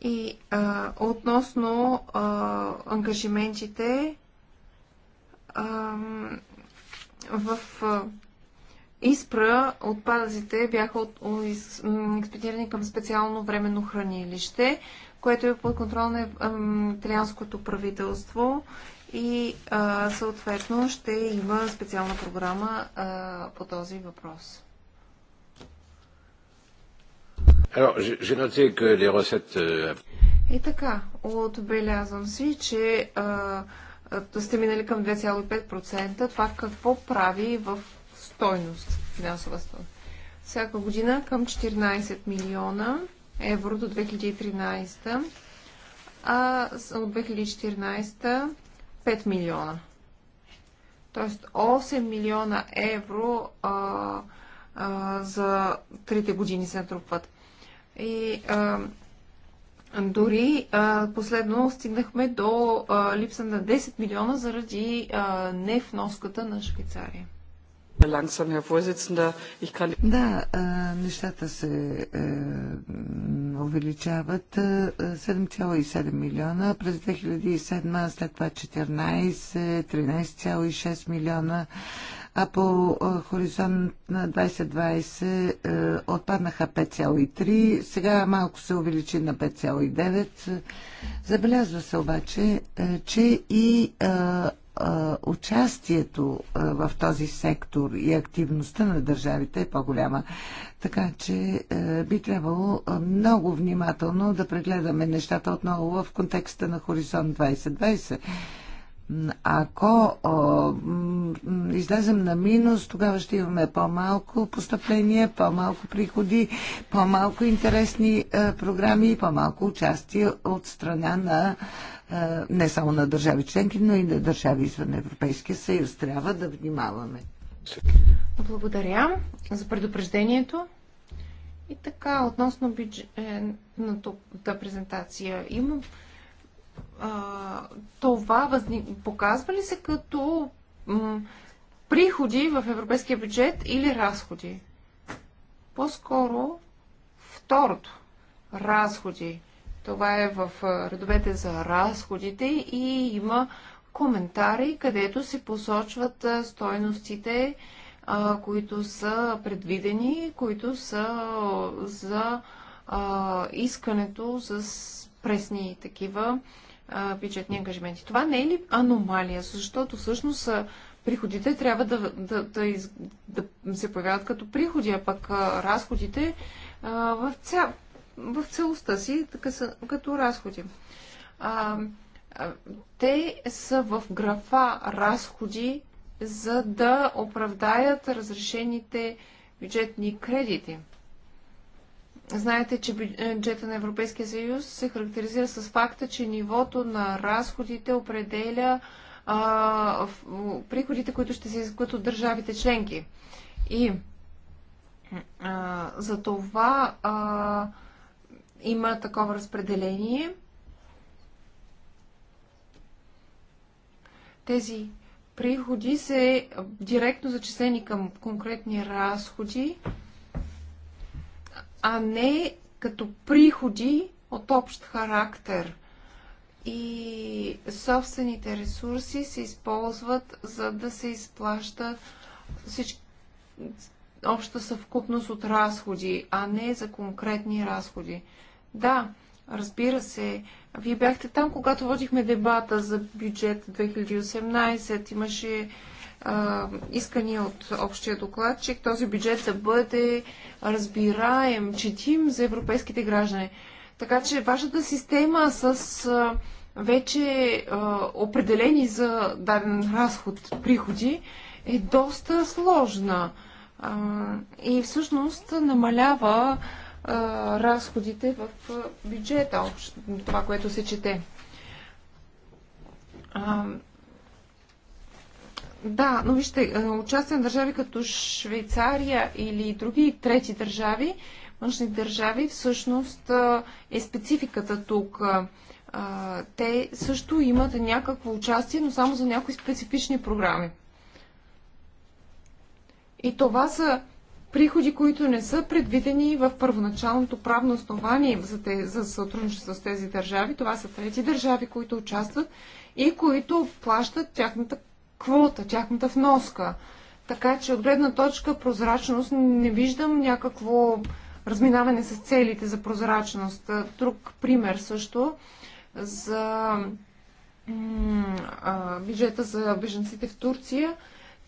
И а, относно а, ангажиментите а, в а, Изпра отпадъците бяха от, из, експедирани към специално временно хранилище, което е под контрол на италианското правителство и а, съответно ще има специална програма а, по този въпрос. Euh, и така, отбелязвам си, че а, сте минали към 2,5%. Това какво прави в стойност, финансова стойност? Всяка година към 14 милиона евро до 2013, а от 2014 5 милиона. Тоест 8 милиона евро а, а, за трите години се натрупват. И а, дори а, последно стигнахме до а, липса на 10 милиона заради а, невноската на Швейцария. Да, нещата се е, увеличават. 7,7 е, милиона през 2007, след това 14, 13,6 милиона а по хоризонт на 2020 е, отпаднаха 5,3, сега малко се увеличи на 5,9. Забелязва се обаче, е, че и е, участието в този сектор и активността на държавите е по-голяма. Така че би трябвало много внимателно да прегледаме нещата отново в контекста на Хоризонт 2020 ако о, излезем на минус, тогава ще имаме по-малко постъпления, по-малко приходи, по-малко интересни е, програми и по-малко участие от страна на е, не само на държави членки, но и на държави извън Европейския съюз. Трябва да внимаваме. Благодаря за предупреждението. И така, относно бюджетната презентация, имам а, това възник... показва ли се като приходи в европейския бюджет или разходи? По-скоро второто. Разходи. Това е в редовете за разходите и има коментари, където се посочват стойностите, които са предвидени, които са за искането с пресни такива бюджетни ангажименти. Това не е ли аномалия, защото всъщност приходите трябва да, да, да, из, да се появяват като приходи, а пък разходите а, в, ця, в целостта си така са, като разходи. а, те са в графа разходи, за да оправдаят разрешените бюджетни кредити. Знаете, че е, бюджета на Европейския съюз се характеризира с факта, че нивото на разходите определя а, в, приходите, които ще се изискват от държавите членки. И а, за това а, има такова разпределение. Тези приходи са директно зачислени към конкретни разходи а не като приходи от общ характер. И собствените ресурси се използват, за да се изплаща всич... обща съвкупност от разходи, а не за конкретни разходи. Да, разбира се, вие бяхте там, когато водихме дебата за бюджет 2018. Имаше а, искания от общия докладчик този бюджет да бъде разбираем, четим за европейските граждани. Така че вашата система с а, вече а, определени за даден разход приходи е доста сложна а, и всъщност намалява а, разходите в бюджета, това, което се чете. А, да, но вижте, е, участие на държави като Швейцария или други трети държави, външни държави, всъщност е, е спецификата тук. Е, те също имат някакво участие, но само за някои специфични програми. И това са приходи, които не са предвидени в първоначалното правно основание за, те, за сътрудничество с тези държави. Това са трети държави, които участват и които плащат тяхната квота, тяхната вноска. Така че от гледна точка прозрачност не виждам някакво разминаване с целите за прозрачност. Друг пример също за бюджета за беженците в Турция.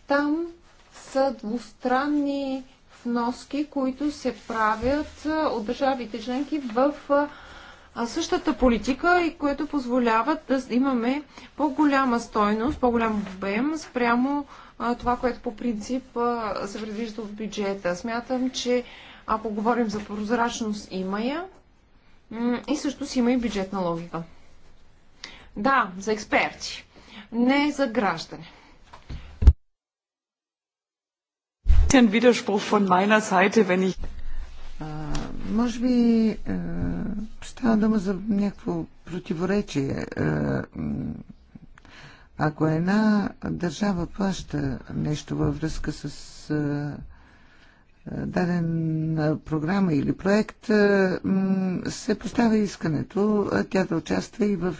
Там са двустранни вноски, които се правят от държавите членки в същата политика, и което позволява да имаме по-голяма стойност, по-голям обем спрямо това, което по принцип се предвижда в бюджета. Смятам, че ако говорим за прозрачност, има я и също си има и бюджетна логика. Да, за експерти, не за граждане. Може би Става дума за някакво противоречие. Е, ако една държава плаща нещо във връзка с е, е, даден програма или проект, се поставя искането тя да участва и в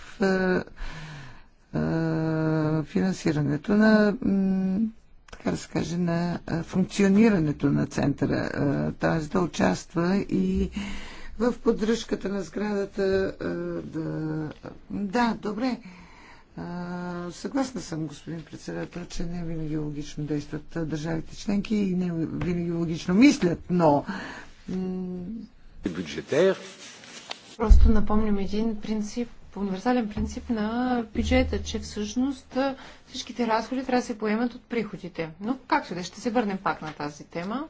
финансирането на така да се каже, на функционирането на центъра, т.е. да участва и в поддръжката на сградата. Да, да добре. Съгласна съм, господин председател, че не винаги е логично действат държавите членки и не винаги е логично мислят, но... Бюджетер. Просто напомням един принцип, универсален принцип на бюджета, че всъщност всичките разходи трябва да се поемат от приходите. Но както да е, ще се върнем пак на тази тема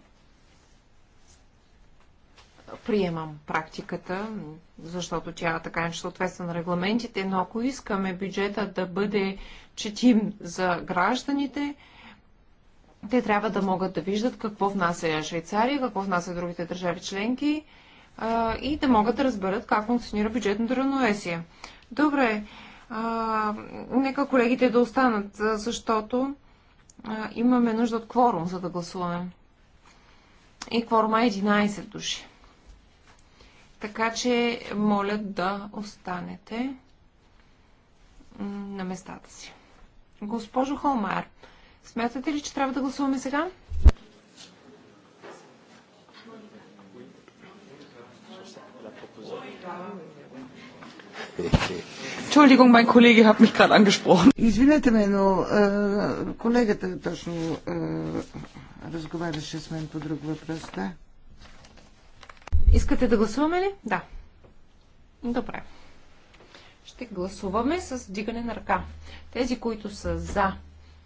приемам практиката, защото тя така е не съответства на регламентите, но ако искаме бюджета да бъде четим за гражданите, те трябва да могат да виждат какво внася Швейцария, какво внася другите държави членки и да могат да разберат как функционира бюджетното равновесие. Добре, нека колегите да останат, защото имаме нужда от кворум, за да гласуваме. И кворума е 11 души. Така че моля да останете на местата си. Госпожо Холмар, смятате ли, че трябва да гласуваме сега? Entschuldigung, mein Kollege hat mich gerade angesprochen. Извинете ме, но колегата точно разговаряше с мен по друг въпрос, да. Искате да гласуваме ли? Да. Добре. Ще гласуваме с вдигане на ръка. Тези, които са за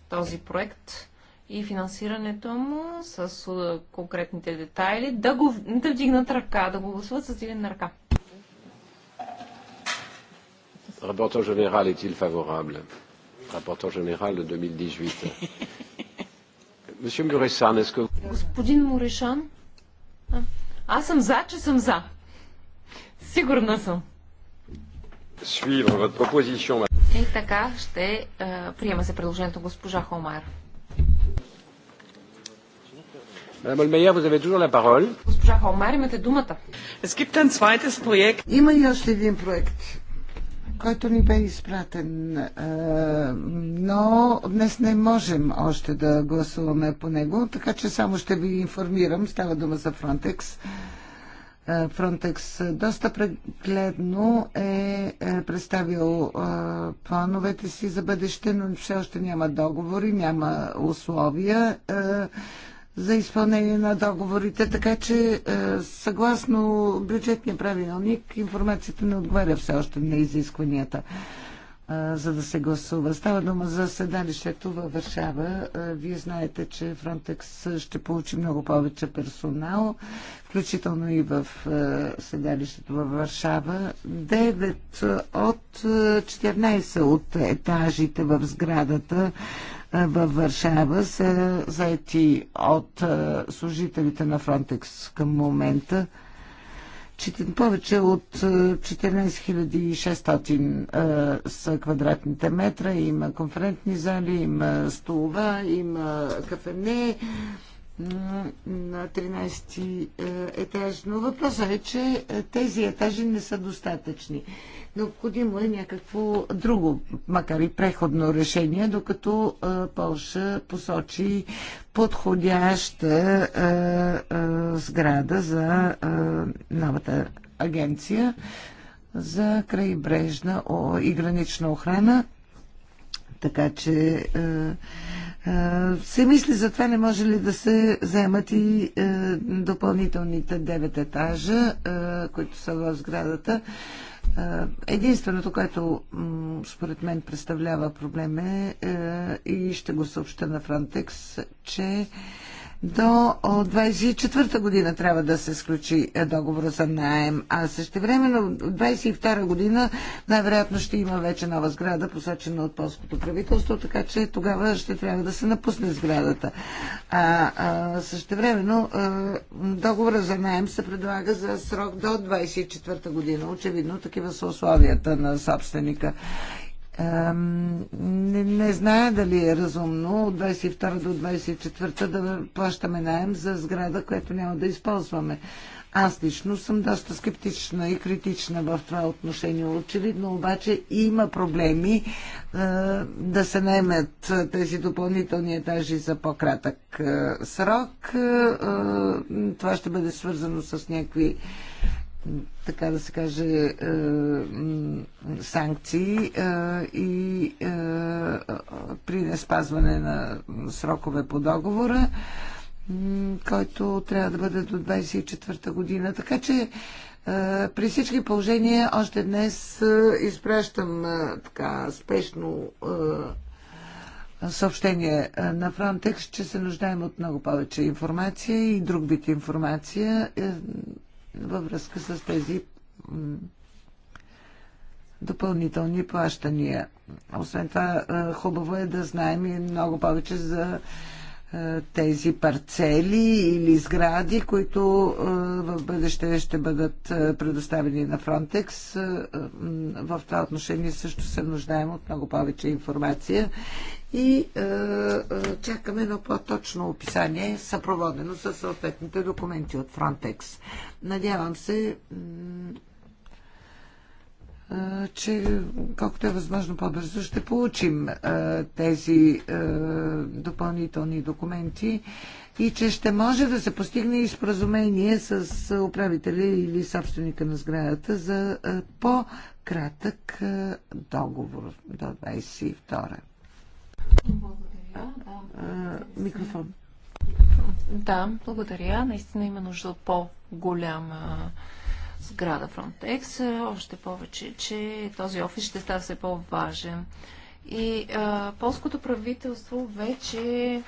този проект и финансирането му с конкретните детайли, да, го, да вдигнат ръка, да го гласуват с вдигане на ръка. Rapporteur генерал е тил фаворабле? Rapporteur генерал de 2018. Господин Морешан, est-ce Господин Муришан, аз съм за, че съм за. Сигурна съм. И така ще а, приема се предложението госпожа Хомар. Госпожа Холмар, имате думата. Има и още един проект който ни бе изпратен, но днес не можем още да гласуваме по него, така че само ще ви информирам. Става дума за Фронтекс. Фронтекс доста прегледно е, е представил плановете си за бъдеще, но все още няма договори, няма условия за изпълнение на договорите, така че е, съгласно бюджетния правилник информацията не отговаря все още на изискванията е, за да се гласува. Става дума за седалището във Варшава. Е, вие знаете, че Фронтекс ще получи много повече персонал, включително и в седалището във Варшава. 9 от 14 от етажите в сградата във Варшава са заети от служителите на Фронтекс към момента повече от 14600 са квадратните метра, има конферентни зали, има столова, има кафене, на 13 е, етаж. Но въпросът е, че е, тези етажи не са достатъчни. Необходимо е някакво друго, макар и преходно решение, докато е, Полша посочи подходяща сграда за новата агенция за крайбрежна и гранична охрана. Така че се мисли за това, не може ли да се вземат и е, допълнителните 9 етажа, е, които са в сградата. Е, единственото, което според мен представлява проблем е и ще го съобща на Фронтекс, че до 24-та година трябва да се сключи е, договор за найем, а също в 22-та година най-вероятно ще има вече нова сграда, посочена от полското правителство, така че тогава ще трябва да се напусне сградата. А, а също а, е, договора за найем се предлага за срок до 24-та година. Очевидно такива са условията на собственика не, не зная дали е разумно от 22 до 24 да плащаме найем за сграда, която няма да използваме. Аз лично съм доста скептична и критична в това отношение. Очевидно обаче има проблеми е, да се наемат тези допълнителни етажи за по-кратък е, срок. Е, това ще бъде свързано с някакви така да се каже, е, санкции е, и е, при неспазване на срокове по договора, който трябва да бъде до 24-та година. Така че при всички положения още днес изпращам така спешно съобщение на Frontex, че се нуждаем от много повече информация и друг бит информация във връзка с тези допълнителни плащания. Освен това, хубаво е да знаем и много повече за тези парцели или сгради, които в бъдеще ще бъдат предоставени на Фронтекс. В това отношение също се нуждаем от много повече информация и е, е, чакаме едно по-точно описание, съпроводено с съответните документи от Frontex. Надявам се, е, че колкото е възможно по-бързо ще получим е, тези е, допълнителни документи и че ще може да се постигне изпразумение с управителя или собственика на сградата за е, по-кратък е, договор до 22. Благодаря. Микрофон. Да, благодаря. Наистина има нужда от по-голяма сграда Frontex. Още повече, че този офис ще става все по-важен. И а, полското правителство вече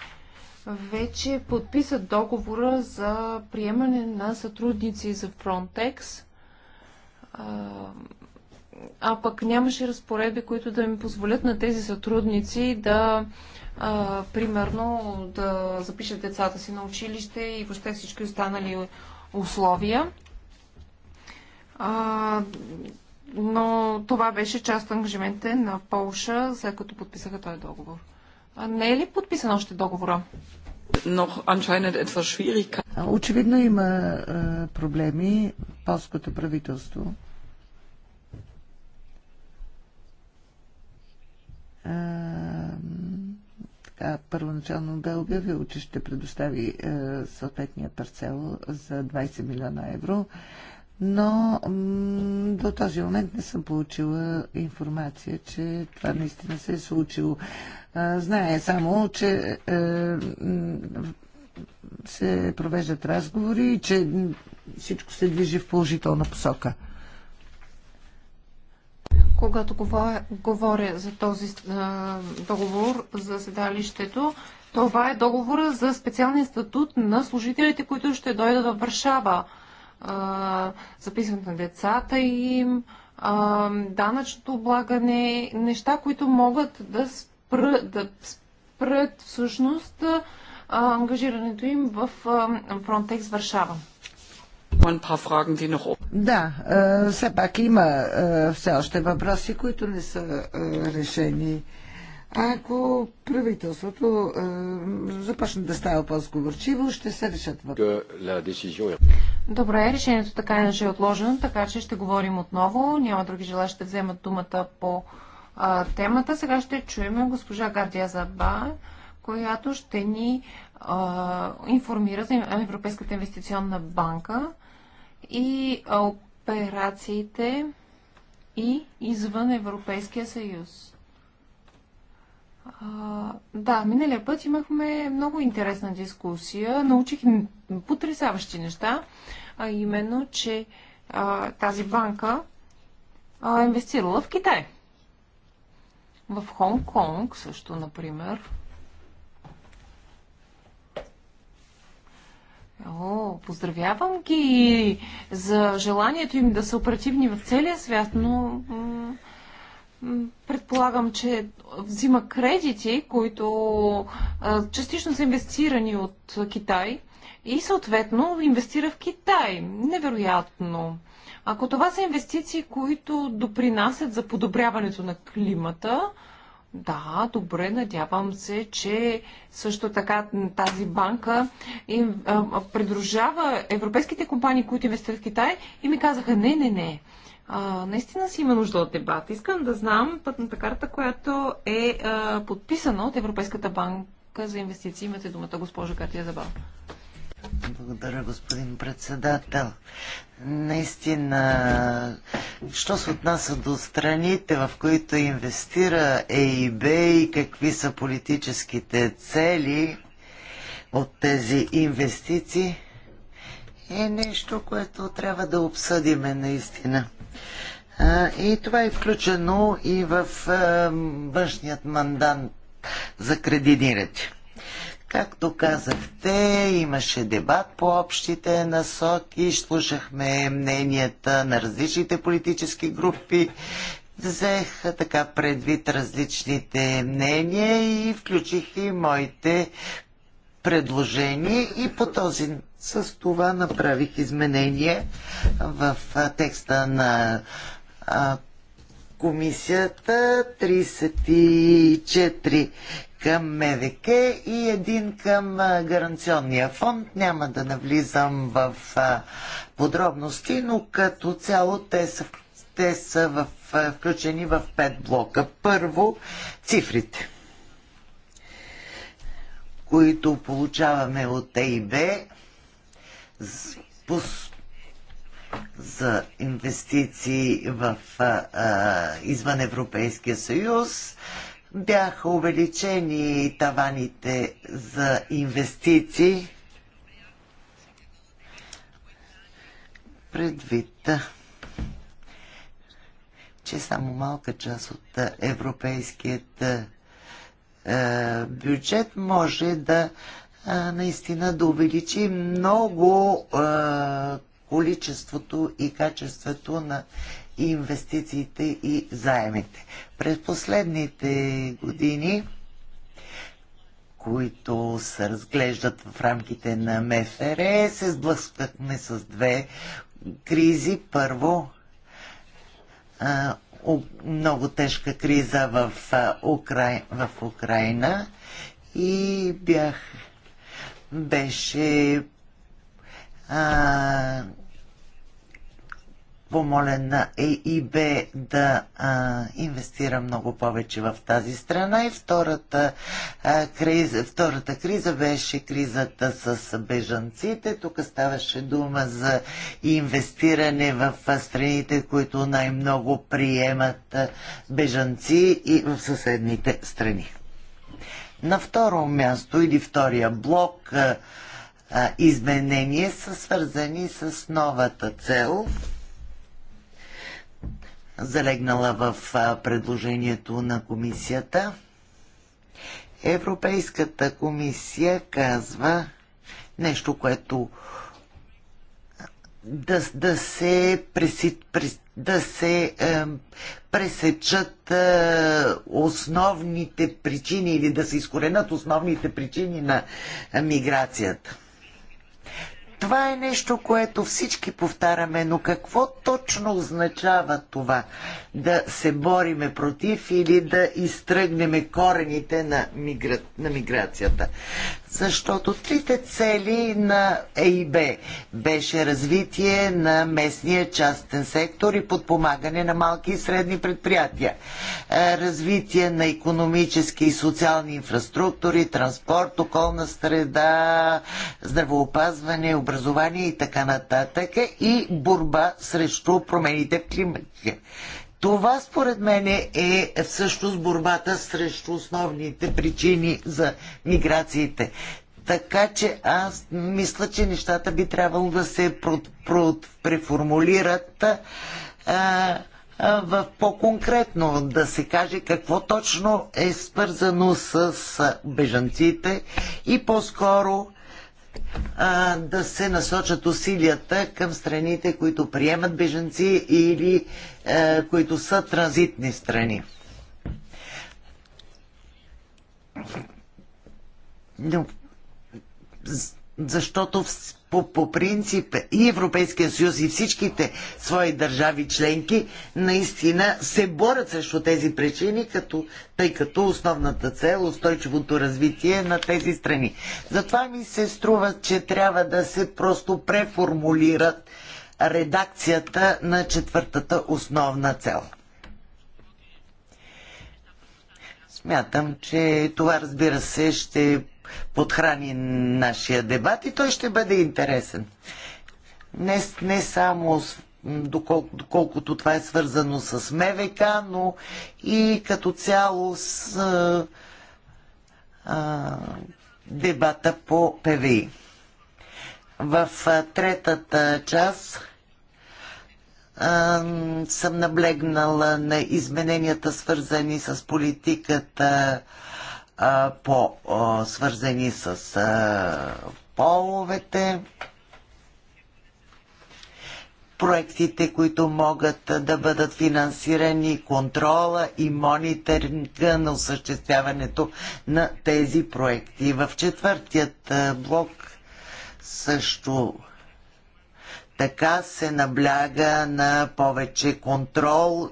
вече подписа договора за приемане на сътрудници за Frontex. А, а пък нямаше разпоредби, които да ми позволят на тези сътрудници да, а, примерно, да запишат децата си на училище и въобще всички останали условия. А, но това беше част от ангажимента на Полша, след като подписаха този договор. А не е ли подписан още договора? Очевидно има проблеми полското правителство така, първоначално бе обявил, че ще предостави а, съответния парцел за 20 милиона евро, но до този момент не съм получила информация, че това наистина се е случило. А, знае само, че е, се провеждат разговори и че всичко се движи в положителна посока когато говоря за този договор за седалището, това е договора за специалния статут на служителите, които ще дойдат в Варшава. Записването на децата им, данъчното облагане, неща, които могат да спрат, да спрат всъщност ангажирането им в Frontex Варшава. Да, е, все пак има е, все още въпроси, които не са е, решени. Ако правителството започне да става по-сговорчиво, ще се решат въпроси. Добре, решението така иначе е отложено, така че ще говорим отново. Няма други желащи да вземат думата по а, темата. Сега ще чуем госпожа Гардия Заба, която ще ни информира за Европейската инвестиционна банка и операциите и извън Европейския съюз. А, да, миналия път имахме много интересна дискусия. Научих потрясаващи неща, а именно, че а, тази банка а, инвестирала в Китай. В Хонг-Конг също, например. О, поздравявам ги за желанието им да са оперативни в целия свят, но предполагам, че взима кредити, които частично са инвестирани от Китай и съответно инвестира в Китай. Невероятно. Ако това са инвестиции, които допринасят за подобряването на климата, да, добре, надявам се, че също така тази банка им, а, придружава европейските компании, които инвестират в Китай и ми казаха не, не, не. А, наистина си има нужда от дебат. Искам да знам пътната карта, която е а, подписана от Европейската банка за инвестиции. Имате думата, госпожа Катия Забава. Благодаря, господин председател. Наистина, що се отнася до страните, в които инвестира ЕИБ и какви са политическите цели от тези инвестиции, е нещо, което трябва да обсъдиме наистина. И това е включено и в външният мандат за кредитиране. Както казахте, имаше дебат по общите насоки, слушахме мненията на различните политически групи, взех така предвид различните мнения и включих и моите предложения и по този с това направих изменение в текста на комисията 34 към МВК и един към гаранционния фонд. Няма да навлизам в подробности, но като цяло те са, те са в, включени в пет блока. Първо, цифрите, които получаваме от ЕИБ за инвестиции в а, извън Европейския съюз бяха увеличени таваните за инвестиции предвид, че само малка част от европейският е, бюджет може да е, наистина да увеличи много е, количеството и качеството на инвестициите и заемите. През последните години, които се разглеждат в рамките на МФР, се сблъскахме с две кризи. Първо, много тежка криза в, Украй... в Украина и бях беше а, помолен на ЕИБ да а, инвестира много повече в тази страна. И втората, а, криза, втората криза беше кризата с бежанците. Тук ставаше дума за инвестиране в страните, които най-много приемат бежанци и в съседните страни. На второ място или втория блок а, изменения са свързани с новата цел – залегнала в предложението на комисията. Европейската комисия казва нещо, което да, да се, пресит, прес, да се е, пресечат е, основните причини или да се изкоренят основните причини на миграцията. Това е нещо, което всички повтаряме, но какво точно означава това? Да се бориме против или да изтръгнеме корените на, мигра... на миграцията? защото трите цели на ЕИБ беше развитие на местния частен сектор и подпомагане на малки и средни предприятия, е, развитие на економически и социални инфраструктури, транспорт, околна среда, здравеопазване, образование и така нататък и борба срещу промените в климата. Това според мен е всъщност борбата срещу основните причини за миграциите. Така че аз мисля, че нещата би трябвало да се преформулират а, а, в по-конкретно, да се каже какво точно е свързано с бежанците и по-скоро а, да се насочат усилията към страните, които приемат беженци или които са транзитни страни. Но, защото по, по принцип и Европейския съюз и всичките свои държави членки наистина се борят срещу тези причини, като, тъй като основната цел устойчивото развитие е на тези страни. Затова ми се струва, че трябва да се просто преформулират редакцията на четвъртата основна цел. Смятам, че това разбира се ще подхрани нашия дебат и той ще бъде интересен. Не, не само доколко, доколкото това е свързано с МВК, но и като цяло с а, а, дебата по ПВИ. В а, третата част а, съм наблегнала на измененията, свързани с политиката а, по, свързани с половете, проектите, които могат да бъдат финансирани, контрола и мониторинга на осъществяването на тези проекти. В четвъртият блок също така се набляга на повече контрол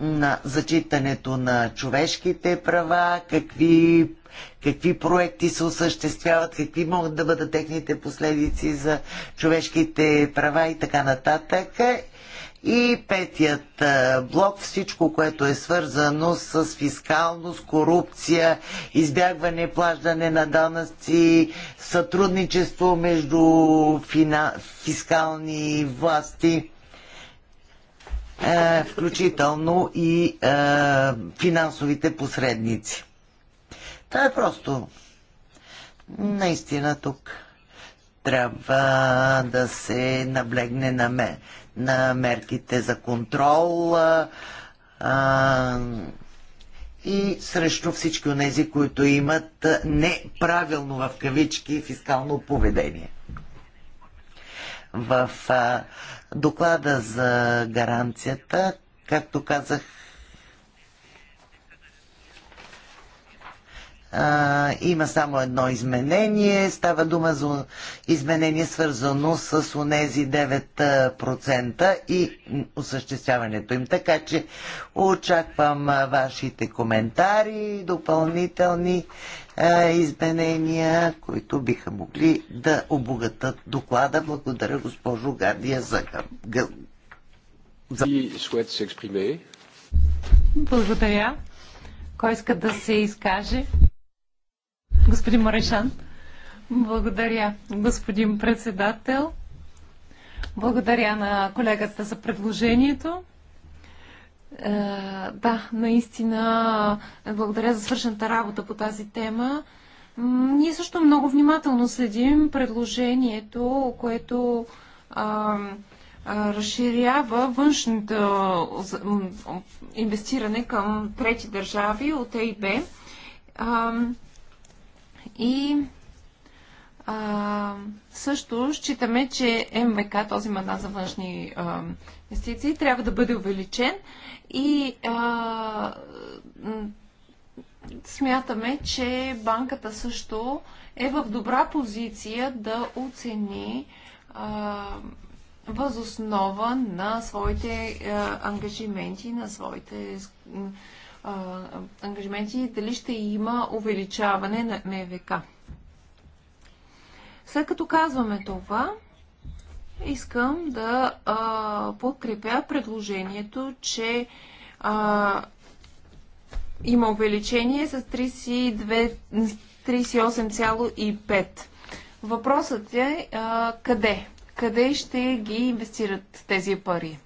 на зачитането на човешките права, какви, какви проекти се осъществяват, какви могат да бъдат техните последици за човешките права и така нататък. И петият блок, всичко, което е свързано с фискалност, корупция, избягване, плаждане на данъци, сътрудничество между фина... фискални власти е, включително и е, финансовите посредници. Това е просто. Наистина тук трябва да се наблегне на, мер... на мерките за контрол а, е, и срещу всички от тези, които имат неправилно в кавички фискално поведение в а, доклада за гаранцията, както казах, а, има само едно изменение. Става дума за изменение свързано с унези 9% и осъществяването им. Така че очаквам вашите коментари, допълнителни е, изменения, които биха могли да обогатат доклада. Благодаря, госпожо Гардия, за... за... Благодаря. Кой иска да се изкаже? Господин Морешан. Благодаря, господин председател. Благодаря на колегата за предложението. Е, да, наистина благодаря за свършената работа по тази тема. Ние също много внимателно следим предложението, което а, а, разширява външното инвестиране към трети държави от ЕИБ. А, и а, също считаме, че МВК, този мандат за външни а, инвестиции, трябва да бъде увеличен и а, смятаме, че банката също е в добра позиция да оцени възоснова на своите а, ангажименти, на своите а, ангажименти, дали ще има увеличаване на МВК. След като казваме това, искам да а, подкрепя предложението, че а, има увеличение с 38,5. Въпросът е а, къде? Къде ще ги инвестират тези пари?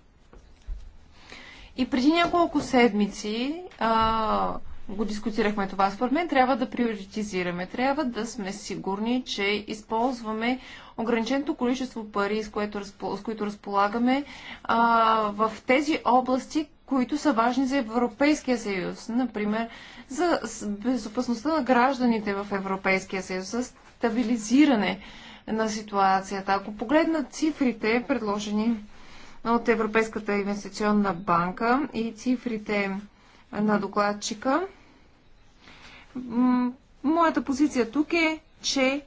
И преди няколко седмици а, го дискутирахме това. Според мен трябва да приоритизираме. Трябва да сме сигурни, че използваме ограниченото количество пари, с, което, с които разполагаме а, в тези области, които са важни за Европейския съюз. Например, за безопасността на гражданите в Европейския съюз, за стабилизиране на ситуацията. Ако погледна цифрите, предложени от Европейската инвестиционна банка и цифрите на докладчика, Моята позиция тук е, че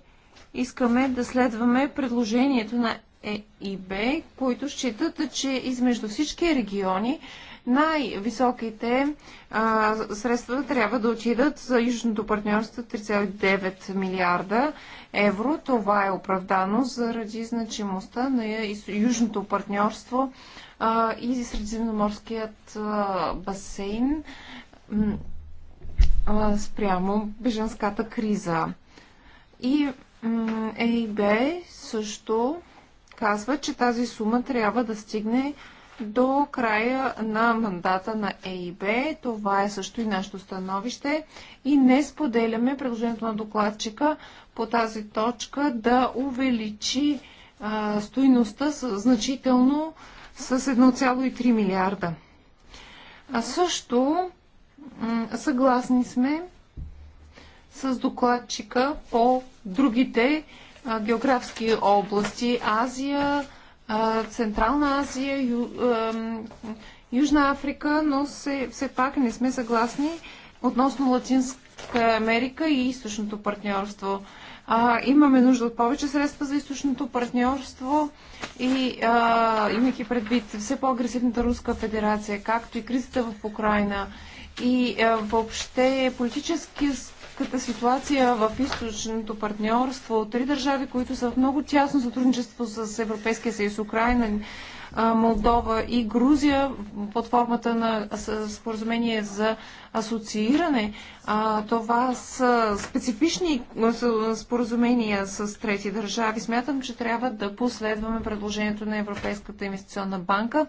искаме да следваме предложението на ЕИБ, които считат, че измежду всички региони най-високите средства трябва да отидат за Южното партньорство 3,9 милиарда евро. Това е оправдано заради значимостта на Южното партньорство а, и Средиземноморският а, басейн спрямо беженската криза. И ЕИБ също казва, че тази сума трябва да стигне до края на мандата на ЕИБ. Това е също и нашето становище. И не споделяме предложението на докладчика по тази точка да увеличи стоиността стойността значително с 1,3 милиарда. А също Съгласни сме с докладчика по другите географски области Азия, Централна Азия, Ю, Южна Африка, но все, все пак не сме съгласни относно Латинска Америка и източното партньорство. А, имаме нужда от повече средства за източното партньорство и а, имайки предвид все по-агресивната Руска федерация, както и кризата в Украина и е, въобще политическата ситуация в източното партньорство от три държави, които са в много тясно сътрудничество с Европейския съюз, Украина, е, Молдова и Грузия под формата на споразумение за асоцииране. Това са специфични е, споразумения с трети държави. Смятам, че трябва да последваме предложението на Европейската инвестиционна банка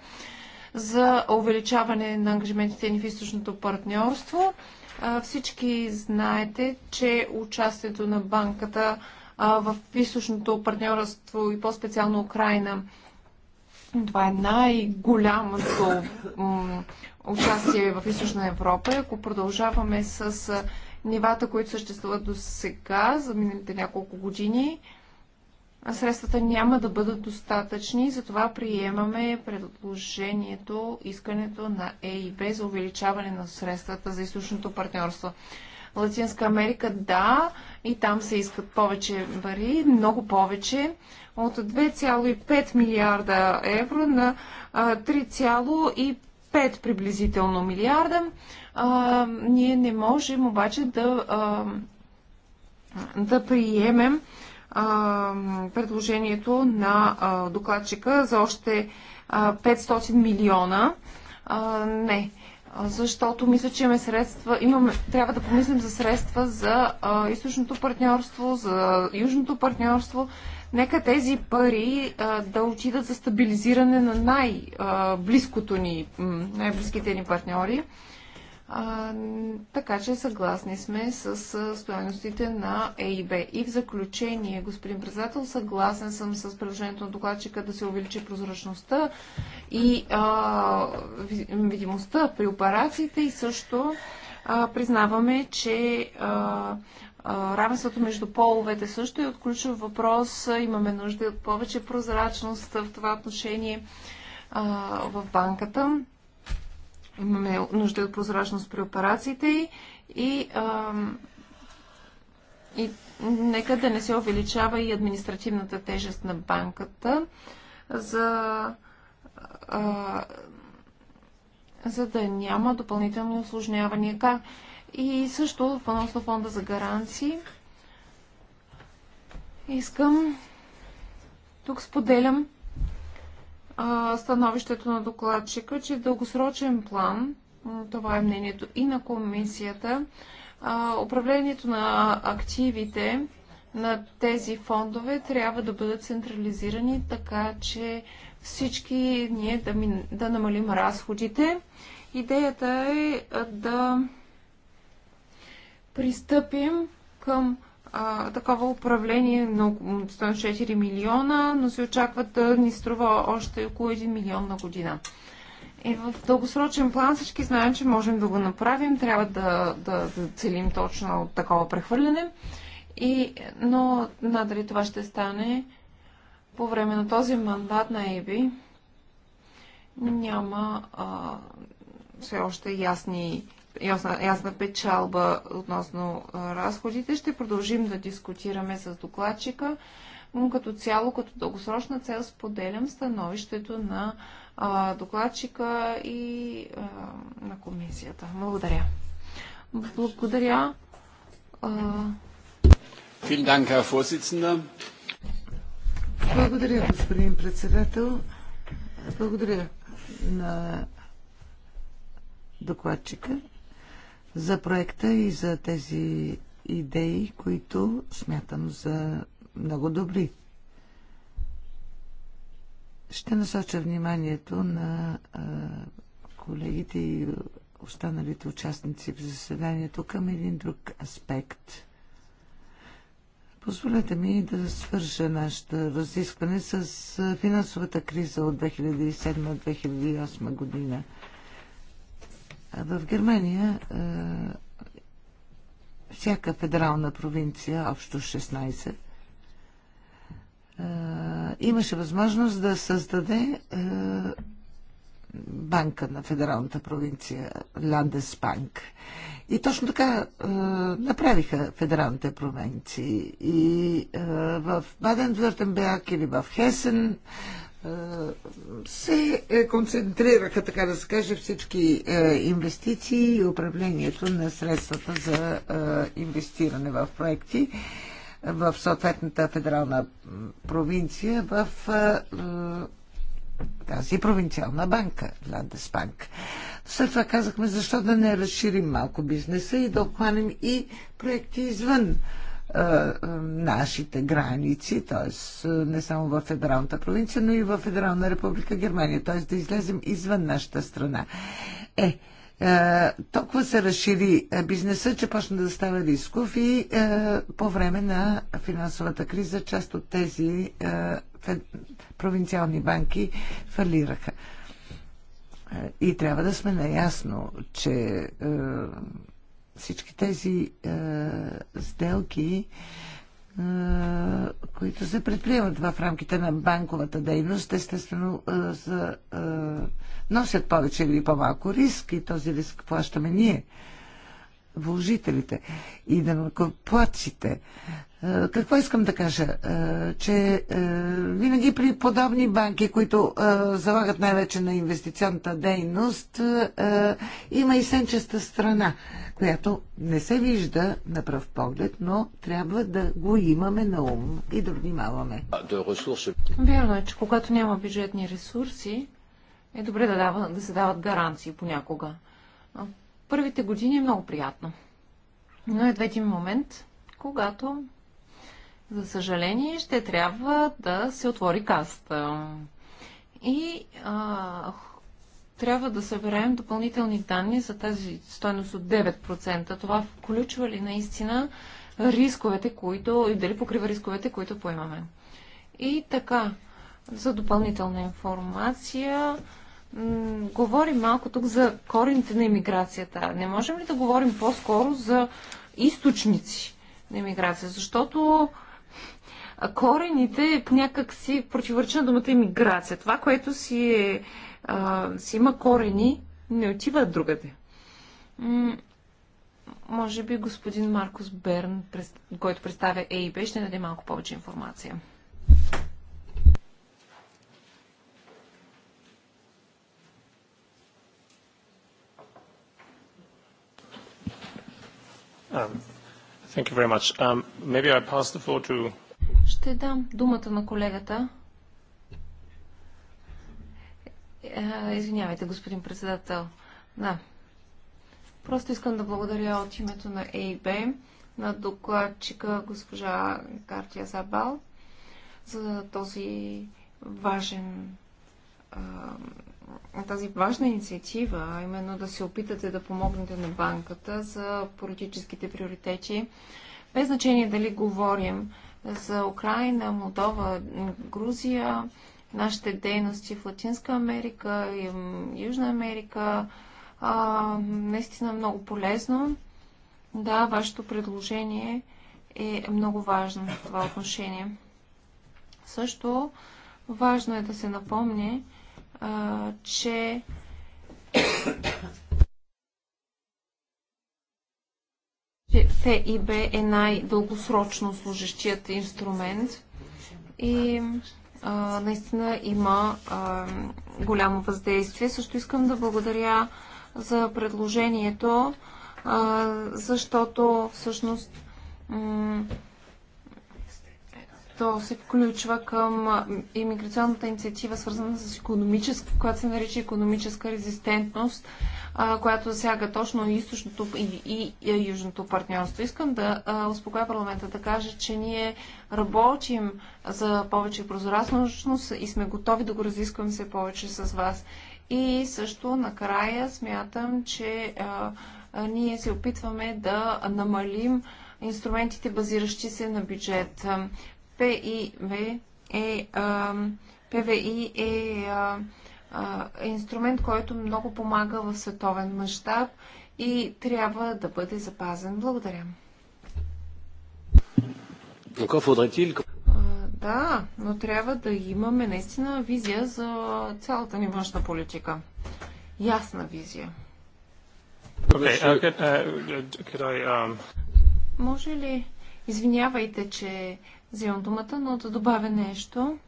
за увеличаване на ангажиментите ни в източното партньорство. Всички знаете, че участието на банката в източното партньорство и по-специално Украина това е най-голямото участие в Източна Европа. Ако продължаваме с нивата, които съществуват до сега, за миналите няколко години, средствата няма да бъдат достатъчни, затова приемаме предложението, искането на ЕИБ за увеличаване на средствата за източното партньорство. Латинска Америка, да, и там се искат повече пари, много повече, от 2,5 милиарда евро на 3,5 приблизително милиарда. А, ние не можем обаче да, а, да приемем предложението на докладчика за още 500 милиона. Не, защото мисля, че имаме средства, имаме, трябва да помислим за средства за източното партньорство, за южното партньорство. Нека тези пари да отидат за стабилизиране на най-близкото ни, най-близките ни партньори. А, така че съгласни сме с стоеностите на ЕИБ. И в заключение, господин председател, съгласен съм с предложението на докладчика да се увеличи прозрачността и а, видимостта при операциите и също а, признаваме, че а, равенството между половете също е от ключов въпрос. Имаме нужда от повече прозрачност в това отношение а, в банката. Имаме нужда от прозрачност при операциите и, а, и нека да не се увеличава и административната тежест на банката за а, за да няма допълнителни осложнявания. И също относно фонда за гаранции искам тук споделям а, становището на докладчика, че в дългосрочен план, това е мнението и на комисията, а, управлението на активите на тези фондове трябва да бъдат централизирани, така че всички ние да, ми, да намалим разходите. Идеята е да пристъпим към а, такова управление на 104 милиона, но се очаква да ни струва още около 1 милион на година. И в дългосрочен план всички знаем, че можем да го направим. Трябва да, да, да целим точно такова прехвърляне. И, но надали това ще стане по време на този мандат на ЕБИ. Няма а, все още ясни ясна, ясна печалба относно разходите. Ще продължим да дискутираме с докладчика. Но като цяло, като дългосрочна цел, споделям становището на а, докладчика и а, на комисията. Благодаря. Благодаря. Благодаря, господин председател. Благодаря на докладчика за проекта и за тези идеи, които смятам за много добри. Ще насоча вниманието на колегите и останалите участници в заседанието към един друг аспект. Позволете ми да свържа нашето разискване с финансовата криза от 2007-2008 година. В Германия е, всяка федерална провинция, общо 16, е, имаше възможност да създаде е, банка на федералната провинция Ландесбанк. И точно така е, направиха федералните провинции. И е, в Баден-Вюртенберг или в Хесен се концентрираха, така да се каже, всички е, инвестиции и управлението на средствата за е, инвестиране в проекти в съответната федерална провинция в е, тази провинциална банка, Ландесбанк. След това казахме, защо да не разширим малко бизнеса и да обхванем и проекти извън нашите граници, т.е. не само в Федералната провинция, но и в Федерална република Германия, т.е. да излезем извън нашата страна. Е, толкова се разшири бизнеса, че почна да става рисков и по време на финансовата криза част от тези провинциални банки фалираха. И трябва да сме наясно, че всички тези е, сделки, е, които се предприемат в рамките на банковата дейност, естествено е, за, е, носят повече или по-малко риск и този риск плащаме ние, вложителите и да накоплаците. Е, какво искам да кажа? Е, че е, винаги при подобни банки, които залагат най-вече на инвестиционната дейност, има и сенчеста страна, която не се вижда на пръв поглед, но трябва да го имаме на ум и да внимаваме. Вярно е, че когато няма бюджетни ресурси, е добре да, дава, да се дават гаранции понякога. Първите години е много приятно. Но е един момент, когато за съжаление, ще трябва да се отвори каста. И а, трябва да съберем допълнителни данни за тази стойност от 9%. Това включва ли наистина рисковете, които и дали покрива рисковете, които поемаме. И така, за допълнителна информация, говорим малко тук за корените на иммиграцията. Не можем ли да говорим по-скоро за източници на иммиграция? Защото корените някак си противоречи на думата иммиграция. Това, което си, е, а, си има корени, не отива другаде. М може би господин Маркус Берн, който представя ЕИБ, ще даде малко повече информация. Um, thank you very much. Um, maybe I pass the floor to ще дам думата на колегата. Е, извинявайте, господин председател. Да. Просто искам да благодаря от името на ЕИБ, на докладчика госпожа Картия Забал за този важен тази важна инициатива, именно да се опитате да помогнете на банката за политическите приоритети, без значение дали говорим за Украина, Молдова, Грузия, нашите дейности в Латинска Америка и Южна Америка. А, наистина много полезно. Да, вашето предложение е много важно в това отношение. Също важно е да се напомни, а, че ПИБ е най-дългосрочно служащият инструмент и а, наистина има а, голямо въздействие. Също искам да благодаря за предложението, а, защото всъщност то се включва към иммиграционната инициатива, свързана с економическа, която се нарича економическа резистентност, която засяга точно източното и, и южното партньорство. Искам да успокоя парламента да кажа, че ние работим за повече прозрачност и сме готови да го разискваме все повече с вас. И също накрая смятам, че а, а, ние се опитваме да намалим инструментите, базиращи се на бюджет. ПИВ е, а, ПВИ е а, а, инструмент, който много помага в световен мащаб и трябва да бъде запазен. Благодаря. Да, но трябва да имаме наистина визия за цялата ни външна политика. Ясна визия. Okay, uh, could, uh, could I, um... Може ли, извинявайте, че вземам думата, но да добавя нещо.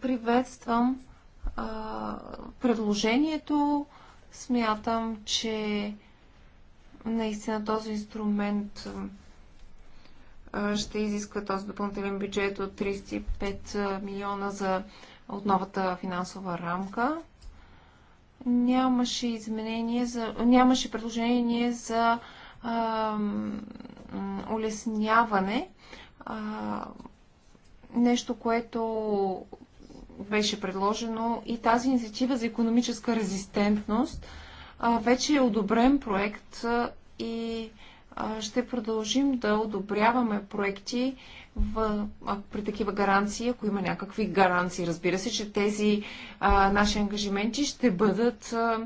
Приветствам предложението. Смятам, че наистина този инструмент ще изисква този допълнителен бюджет от 35 милиона за от новата финансова рамка. Нямаше изменение за, нямаше предложение за улесняване, нещо, което беше предложено и тази инициатива за економическа резистентност вече е одобрен проект и ще продължим да одобряваме проекти в, при такива гаранции, ако има някакви гаранции, разбира се, че тези а, наши ангажименти ще бъдат а,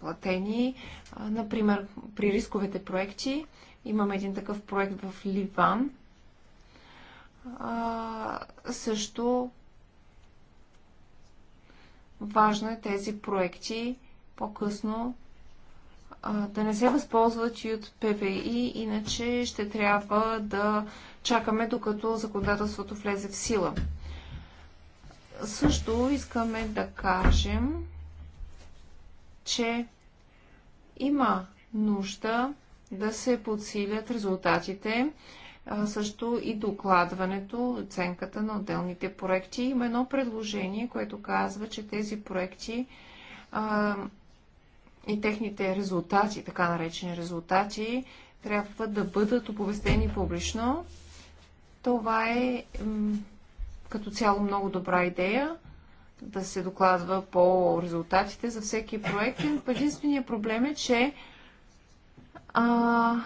платени. Например, при рисковите проекти имаме един такъв проект в Ливан. Също важно е тези проекти по-късно да не се възползват и от ПВИ, иначе ще трябва да чакаме докато законодателството влезе в сила. Също искаме да кажем, че има нужда да се подсилят резултатите, също и докладването, оценката на отделните проекти. Има едно предложение, което казва, че тези проекти а, и техните резултати, така наречени резултати, трябва да бъдат оповестени публично. Това е като цяло много добра идея да се докладва по резултатите за всеки проект. Единственият проблем е, че а,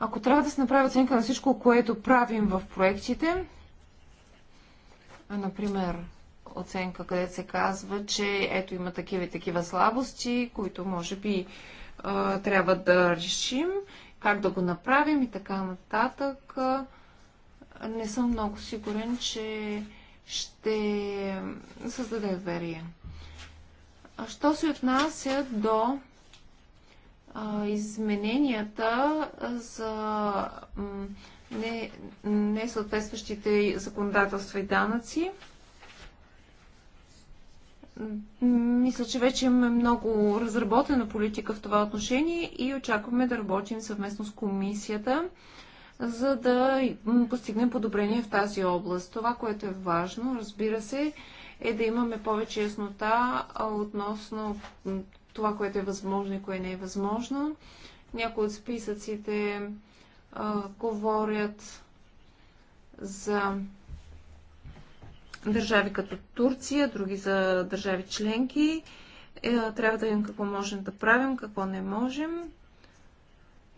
ако трябва да се направи оценка на всичко, което правим в проектите, например, оценка, където се казва, че ето има такива и такива слабости, които може би а, трябва да решим, как да го направим и така нататък. А, не съм много сигурен, че ще създаде доверие. Що се отнася до а, измененията за не, законодателства и данъци, мисля, че вече имаме много разработена политика в това отношение и очакваме да работим съвместно с комисията за да постигнем подобрение в тази област. Това, което е важно, разбира се, е да имаме повече яснота относно това, което е възможно и кое не е възможно. Някои от списъците а, говорят за държави като Турция, други за държави членки. Е, трябва да видим какво можем да правим, какво не можем.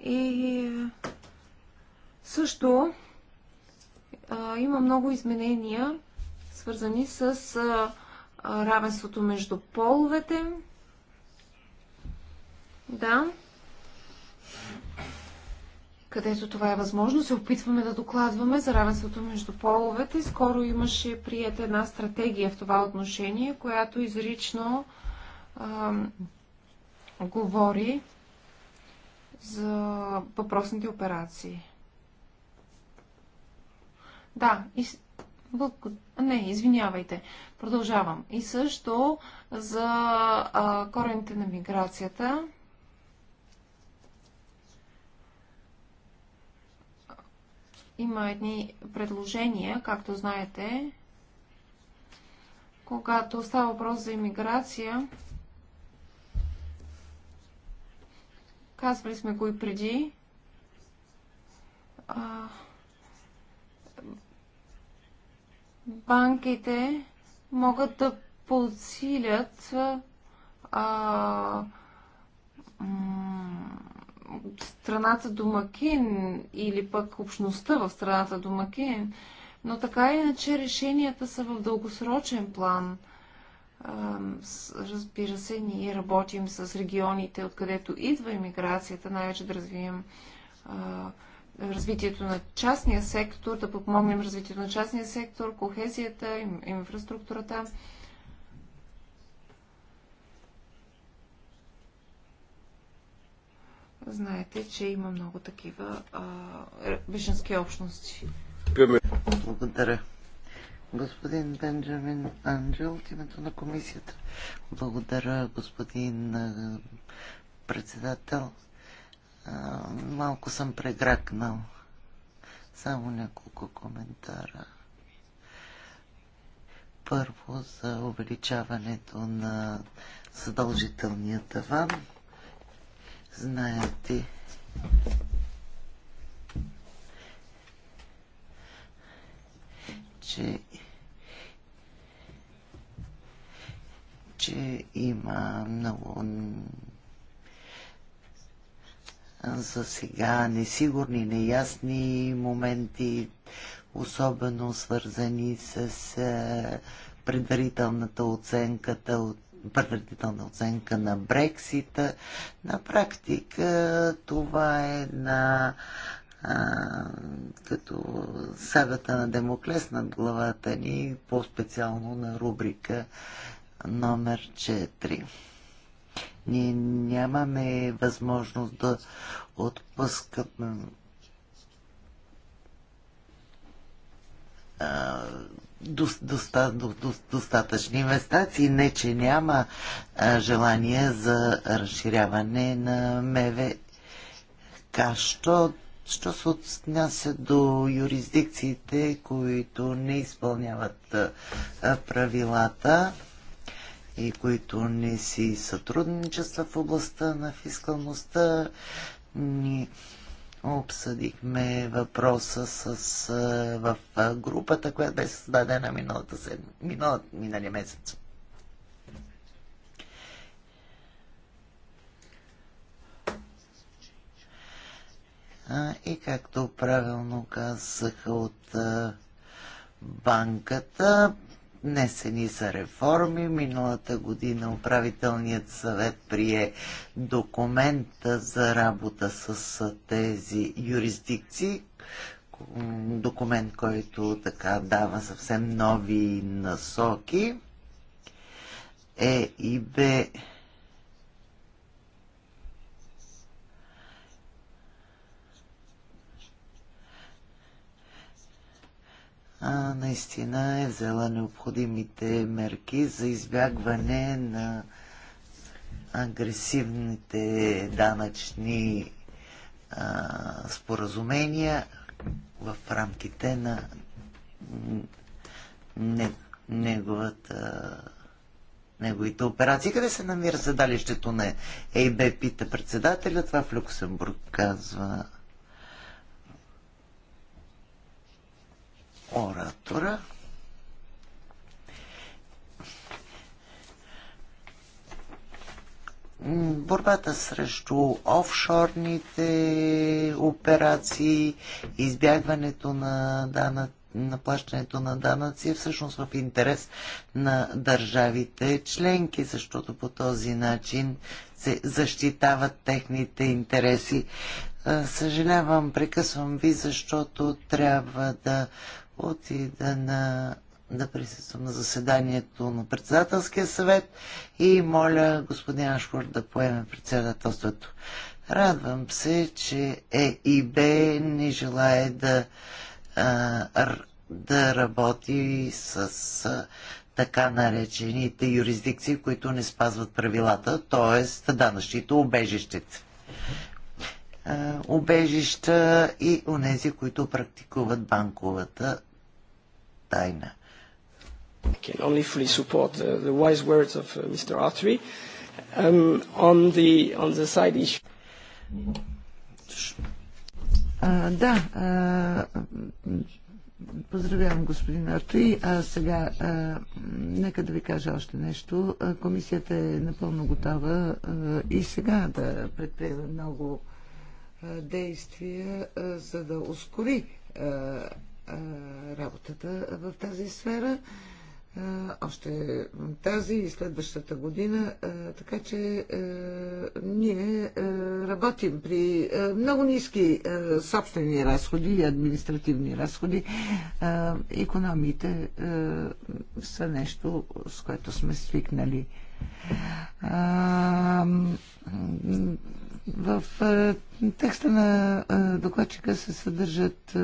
И също а, има много изменения, свързани с а, равенството между половете. Да. Където това е възможно, се опитваме да докладваме за равенството между половете. Скоро имаше приета една стратегия в това отношение, която изрично а, говори за въпросните операции. Да, из... не, извинявайте. Продължавам. И също за а, корените на миграцията. Има едни предложения, както знаете, когато става въпрос за иммиграция. Казвали сме го и преди. А, банките могат да подсилят а, страната домакин или пък общността в страната домакин, но така или иначе решенията са в дългосрочен план. Разбира се, ние работим с регионите, откъдето идва иммиграцията, най-вече да развием развитието на частния сектор, да подпомогнем развитието на частния сектор, кохезията, инфраструктурата. Знаете, че има много такива беженски общности. Благодаря. Господин Бенджамин Анджел от името на комисията. Благодаря, господин председател малко съм прегракнал. Само няколко коментара. Първо за увеличаването на задължителния таван. Знаете, че че има много за сега несигурни, неясни моменти, особено свързани с е, предварителната оценката, предварителна оценка на Брексита. На практика това е на като сагата на Демоклес над главата ни, по-специално на рубрика номер 4. Ние нямаме възможност да отпускаме достатъчни инвестиции. Не, че няма а, желание за разширяване на МЕВЕ Що, що се отнася до юрисдикциите, които не изпълняват а, правилата, и които не си сътрудничества в областта на фискалността. Ни обсъдихме въпроса с, в групата, която бе създадена миналата седмица, минал, миналия месец. И както правилно казаха от банката, внесени са реформи. Миналата година управителният съвет прие документа за работа с тези юрисдикции, документ, който така дава съвсем нови насоки. Е и бе а, наистина е взела необходимите мерки за избягване на агресивните данъчни а, споразумения в рамките на не, неговата неговите операции. Къде се намира задалището на ЕБ, пита председателя. Това в Люксембург, казва оратора. борбата срещу офшорните операции, избягването на дана, на плащането на данъци е всъщност в интерес на държавите членки, защото по този начин се защитават техните интереси. Е, съжалявам, прекъсвам ви, защото трябва да отида на да присъствам на заседанието на председателския съвет и моля господин Ашфорд да поеме председателството. Радвам се, че е Б не желая да, а, да работи с а, така наречените юрисдикции, които не спазват правилата, т.е. данъчните обежищите обежища е, и нези, които практикуват банковата тайна. I can only fully support the, the wise words of uh, Mr. Um, on the on the side issue. да, поздравявам господин Артуи. А сега, нека да ви кажа още нещо. Комисията е напълно готова и сега да предприема много действия, за да ускори работата в тази сфера още тази и следващата година. Така че ние работим при много ниски собствени разходи и административни разходи. Економиите са нещо, с което сме свикнали. В е, текста на е, докладчика се съдържат е,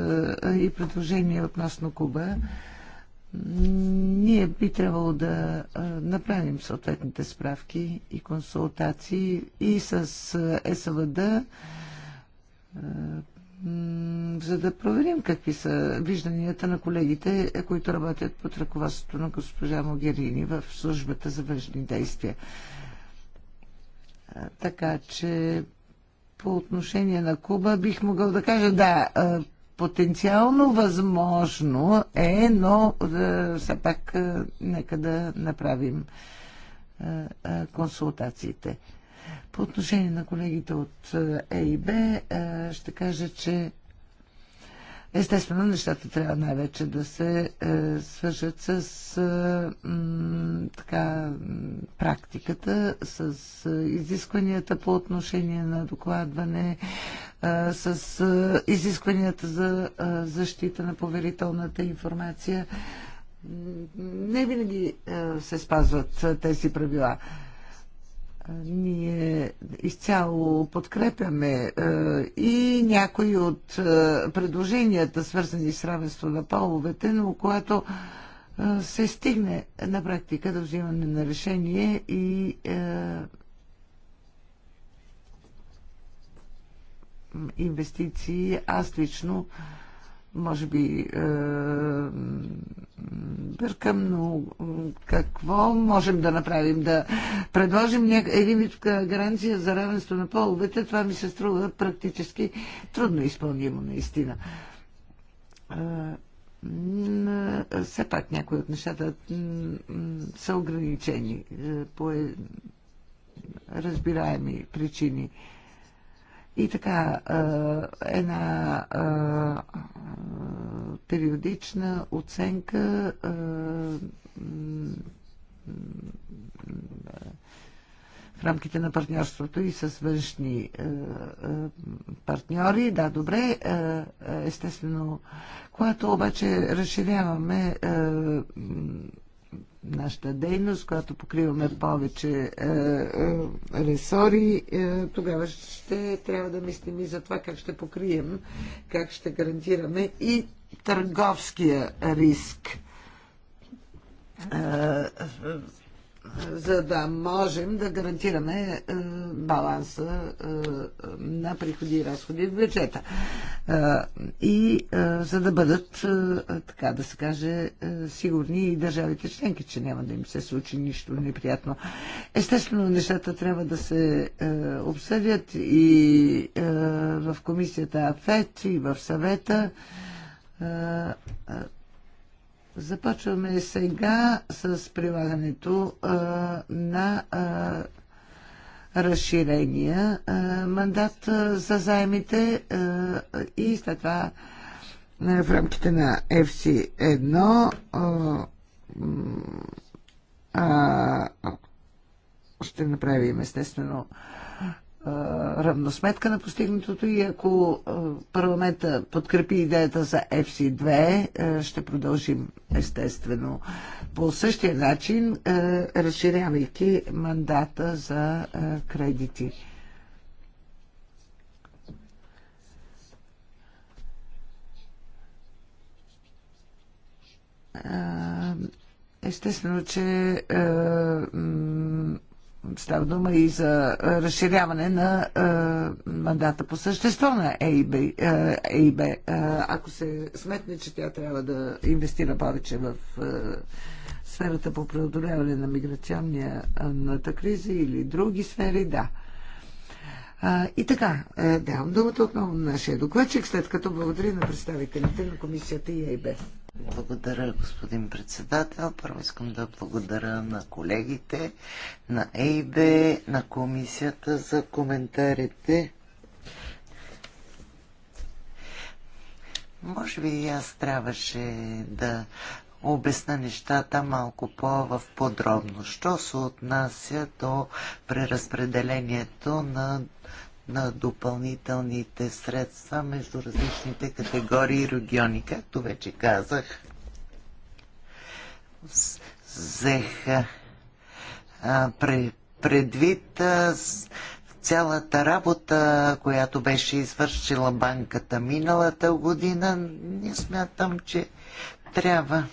и предложения относно Куба. Ние би трябвало да направим съответните справки и консултации и с СВД, за да проверим какви са вижданията на колегите, които работят под ръководството на госпожа Могерини в службата за външни действия. Така че по отношение на Куба бих могъл да кажа да, потенциално възможно е, но все пак нека да направим консултациите. По отношение на колегите от ЕИБ ще кажа, че Естествено, нещата трябва най-вече да се е, свържат с е, м, така, практиката, с е, изискванията по отношение на докладване, е, с е, изискванията за е, защита на поверителната информация. Не винаги е, се спазват е, тези правила. Е, ние изцяло подкрепяме е, и някои от е, предложенията, свързани с равенство на половете, но когато е, се стигне на практика да взимане на решение и инвестиции, аз лично може би е, бъркам, но какво можем да направим? Да предложим няк... един вид гаранция за равенство на половете, това ми се струва практически трудно изпълнимо наистина. Е, е все пак някои от нещата са ограничени е, по е- разбираеми причини. Е, и така, една периодична оценка в рамките на партньорството и с външни партньори. Да, добре, естествено. което обаче разширяваме нашата дейност, когато покриваме повече е, е, ресори, е, тогава ще трябва да мислим и за това как ще покрием, как ще гарантираме и търговския риск е, за да можем да гарантираме е, баланса е, на приходи и разходи в бюджета. Е, и за да бъдат, така да се каже, сигурни и държавите членки, че няма да им се случи нищо неприятно. Естествено, нещата трябва да се обсъдят и в комисията АФЕТ, и в съвета Започваме сега с прилагането а, на а, разширения а, мандат а, за заемите а, и след това а, в рамките на FC1 а, а, ще направим естествено равносметка на постигнатото и ако парламента подкрепи идеята за FC2, ще продължим естествено по същия начин, разширявайки мандата за кредити. Естествено, че Става дума и за е, разширяване на а, е, мандата по същество на ЕИБ, А, ЕИБ. а, ако се сметне, че тя трябва да инвестира повече в а, е, сферата по преодоляване на миграционната криза или други сфери, да. А, и така, давам думата отново на нашия докладчик, след като благодаря на представителите на комисията и ЕИБ. Благодаря, господин председател. Първо искам да благодаря на колегите, на ЕИБ, на комисията за коментарите. Може би и аз трябваше да обясна нещата малко по-в подробно. Що се отнася до преразпределението на на допълнителните средства между различните категории и региони. Както вече казах, взеха предвид цялата работа, която беше извършила банката миналата година. Не смятам, че трябва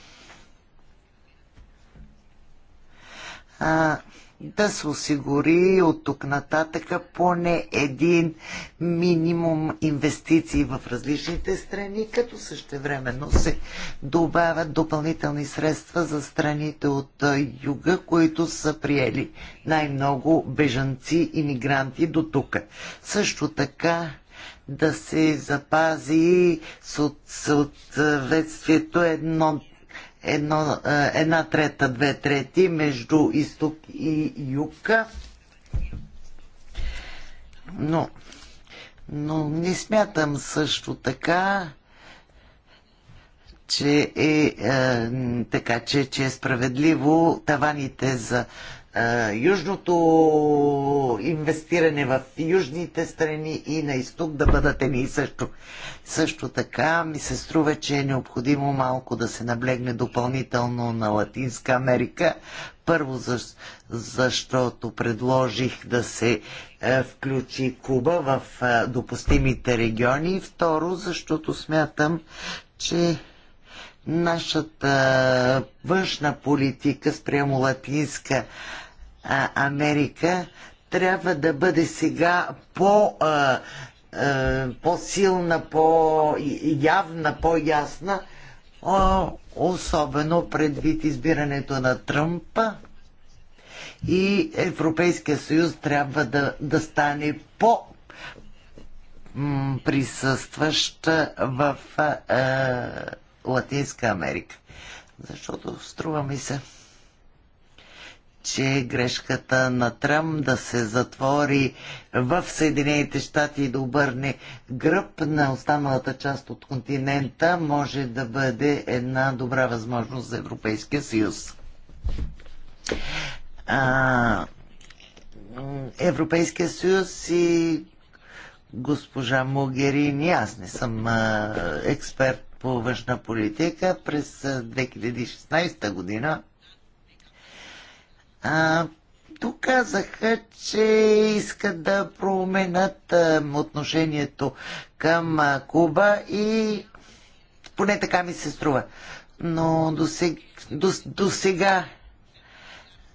а, да се осигури от тук нататъка поне един минимум инвестиции в различните страни, като същевременно се добавят допълнителни средства за страните от юга, които са приели най-много бежанци и мигранти до тук. Също така да се запази съответствието едно едно, е, една трета, две трети между изток и юг. Но, но не смятам също така, че е, е така, че, че е справедливо таваните за южното инвестиране в южните страни и на изток да бъдат едни и също. Също така ми се струва, че е необходимо малко да се наблегне допълнително на Латинска Америка. Първо, защото предложих да се е, включи Куба в е, допустимите региони. Второ, защото смятам, че нашата е, външна политика спрямо Латинска Америка трябва да бъде сега по по-силна, по-явна, по-ясна, особено предвид избирането на Тръмпа и Европейския съюз трябва да, да стане по присъстваща в Латинска Америка. Защото струва ми се че грешката на Тръм да се затвори в Съединените щати и да обърне гръб на останалата част от континента може да бъде една добра възможност за Европейския съюз. А, Европейския съюз и госпожа Могерини, аз не съм а, експерт по външна политика, през 2016 година а, доказаха, че искат да променят а, отношението към а, Куба и поне така ми се струва. Но до сега, до, до сега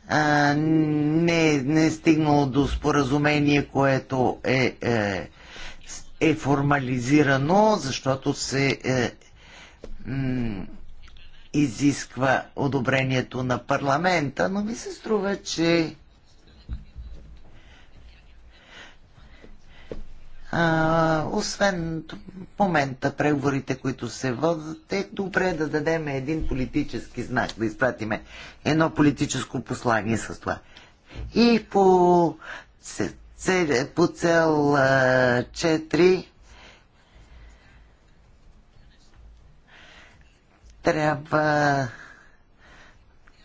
а, не, не е стигнало до споразумение, което е, е, е формализирано, защото се е, изисква одобрението на парламента, но ми се струва, че А, освен момента преговорите, които се водят, е добре да дадем един политически знак, да изпратиме едно политическо послание с това. И по, по цел 4 трябва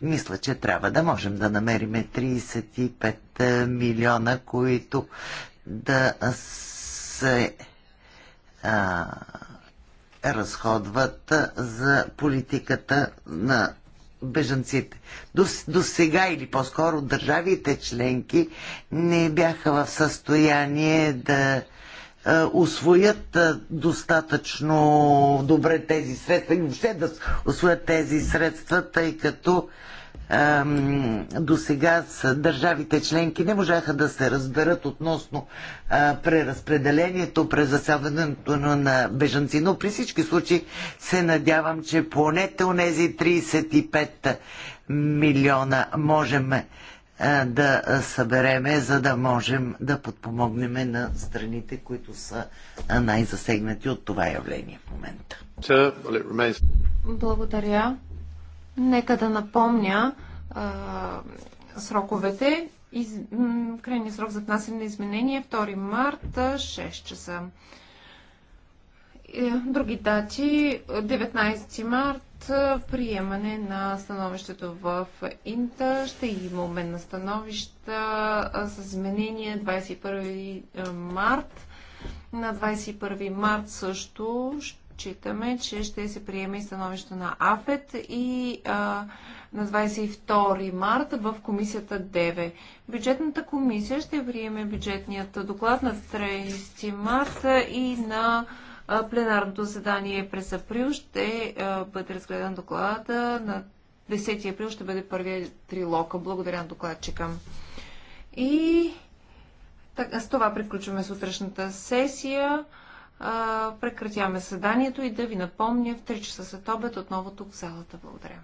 мисля, че трябва да можем да намерим 35 милиона, които да се а, разходват за политиката на бежанците. До, до сега или по-скоро държавите членки не бяха в състояние да е, освоят е, достатъчно добре тези средства и въобще да освоят тези средства, тъй като до сега държавите членки не можаха да се разберат относно преразпределението, презасяването на бежанци. Но при всички случаи се надявам, че поне тези 35 милиона можем да събереме, за да можем да подпомогнем на страните, които са най-засегнати от това явление в момента. Благодаря. Нека да напомня а, сроковете. Из, крайният срок за внасяне на изменения 2 марта 6 часа. Е, други дати 19 март приемане на становището в Инта ще има обмен на становища с изменение 21 март. На 21 март също считаме, че ще се приеме и становище на АФЕТ и а, на 22 март в комисията 9. Бюджетната комисия ще приеме бюджетният доклад на 30 март и на пленарното заседание през април ще бъде разгледан доклада. На 10 април ще бъде първият трилока. Благодаря на докладчика. И так, с това приключваме сутрешната сесия. прекратяваме съданието и да ви напомня в 3 часа след обед отново тук в залата. Благодаря.